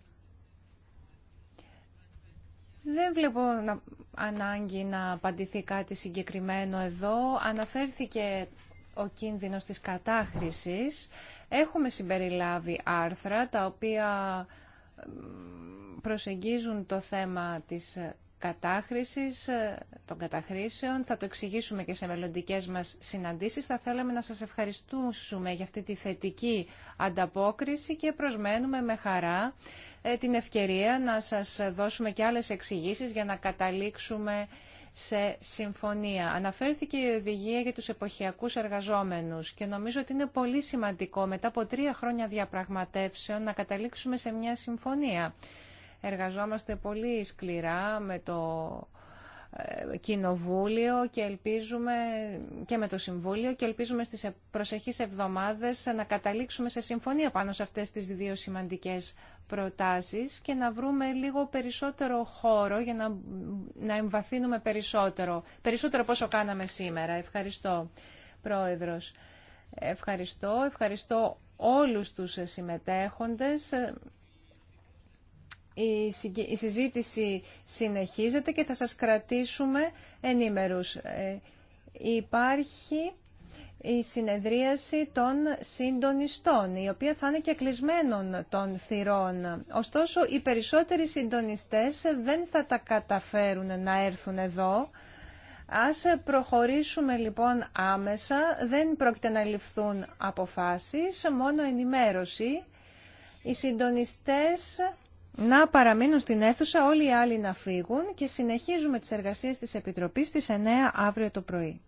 Δεν βλέπω να, ανάγκη να απαντηθεί κάτι συγκεκριμένο εδώ. Αναφέρθηκε ο κίνδυνος της κατάχρησης. Έχουμε συμπεριλάβει άρθρα τα οποία προσεγγίζουν το θέμα της κατάχρησης, ε, των καταχρήσεων. Θα το εξηγήσουμε και σε μελλοντικέ μας συναντήσεις. Θα θέλαμε να σας ευχαριστούμε για αυτή τη θετική ανταπόκριση και προσμένουμε με χαρά ε, την ευκαιρία να σας δώσουμε και άλλες εξηγήσει για να καταλήξουμε σε συμφωνία. Αναφέρθηκε η οδηγία για τους εποχιακούς εργαζόμενους και νομίζω ότι είναι πολύ σημαντικό μετά από τρία χρόνια διαπραγματεύσεων να καταλήξουμε σε μια συμφωνία. Εργαζόμαστε πολύ σκληρά με το ε, Κοινοβούλιο και ελπίζουμε και με το Συμβούλιο και ελπίζουμε στις προσεχείς εβδομάδες να καταλήξουμε σε συμφωνία πάνω σε αυτές τις δύο σημαντικές προτάσεις και να βρούμε λίγο περισσότερο χώρο για να, να εμβαθύνουμε περισσότερο, περισσότερο πόσο κάναμε σήμερα. Ευχαριστώ, Πρόεδρος. Ευχαριστώ, ευχαριστώ όλους τους συμμετέχοντες η συζήτηση συνεχίζεται και θα σας κρατήσουμε ενήμερους. Ε, υπάρχει η συνεδρίαση των συντονιστών, η οποία θα είναι και κλεισμένων των θυρών. Ωστόσο, οι περισσότεροι συντονιστές δεν θα τα καταφέρουν να έρθουν εδώ. Ας προχωρήσουμε λοιπόν άμεσα, δεν πρόκειται να ληφθούν αποφάσεις, μόνο ενημέρωση. Οι συντονιστές να παραμείνουν στην αίθουσα, όλοι οι άλλοι να φύγουν και συνεχίζουμε τις εργασίες της Επιτροπής στις 9 αύριο το πρωί.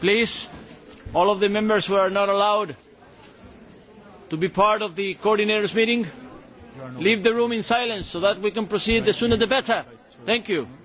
Please, all of the members who are not allowed to be part of the coordinators meeting, leave the room in silence so that we can proceed the sooner the better. Thank you.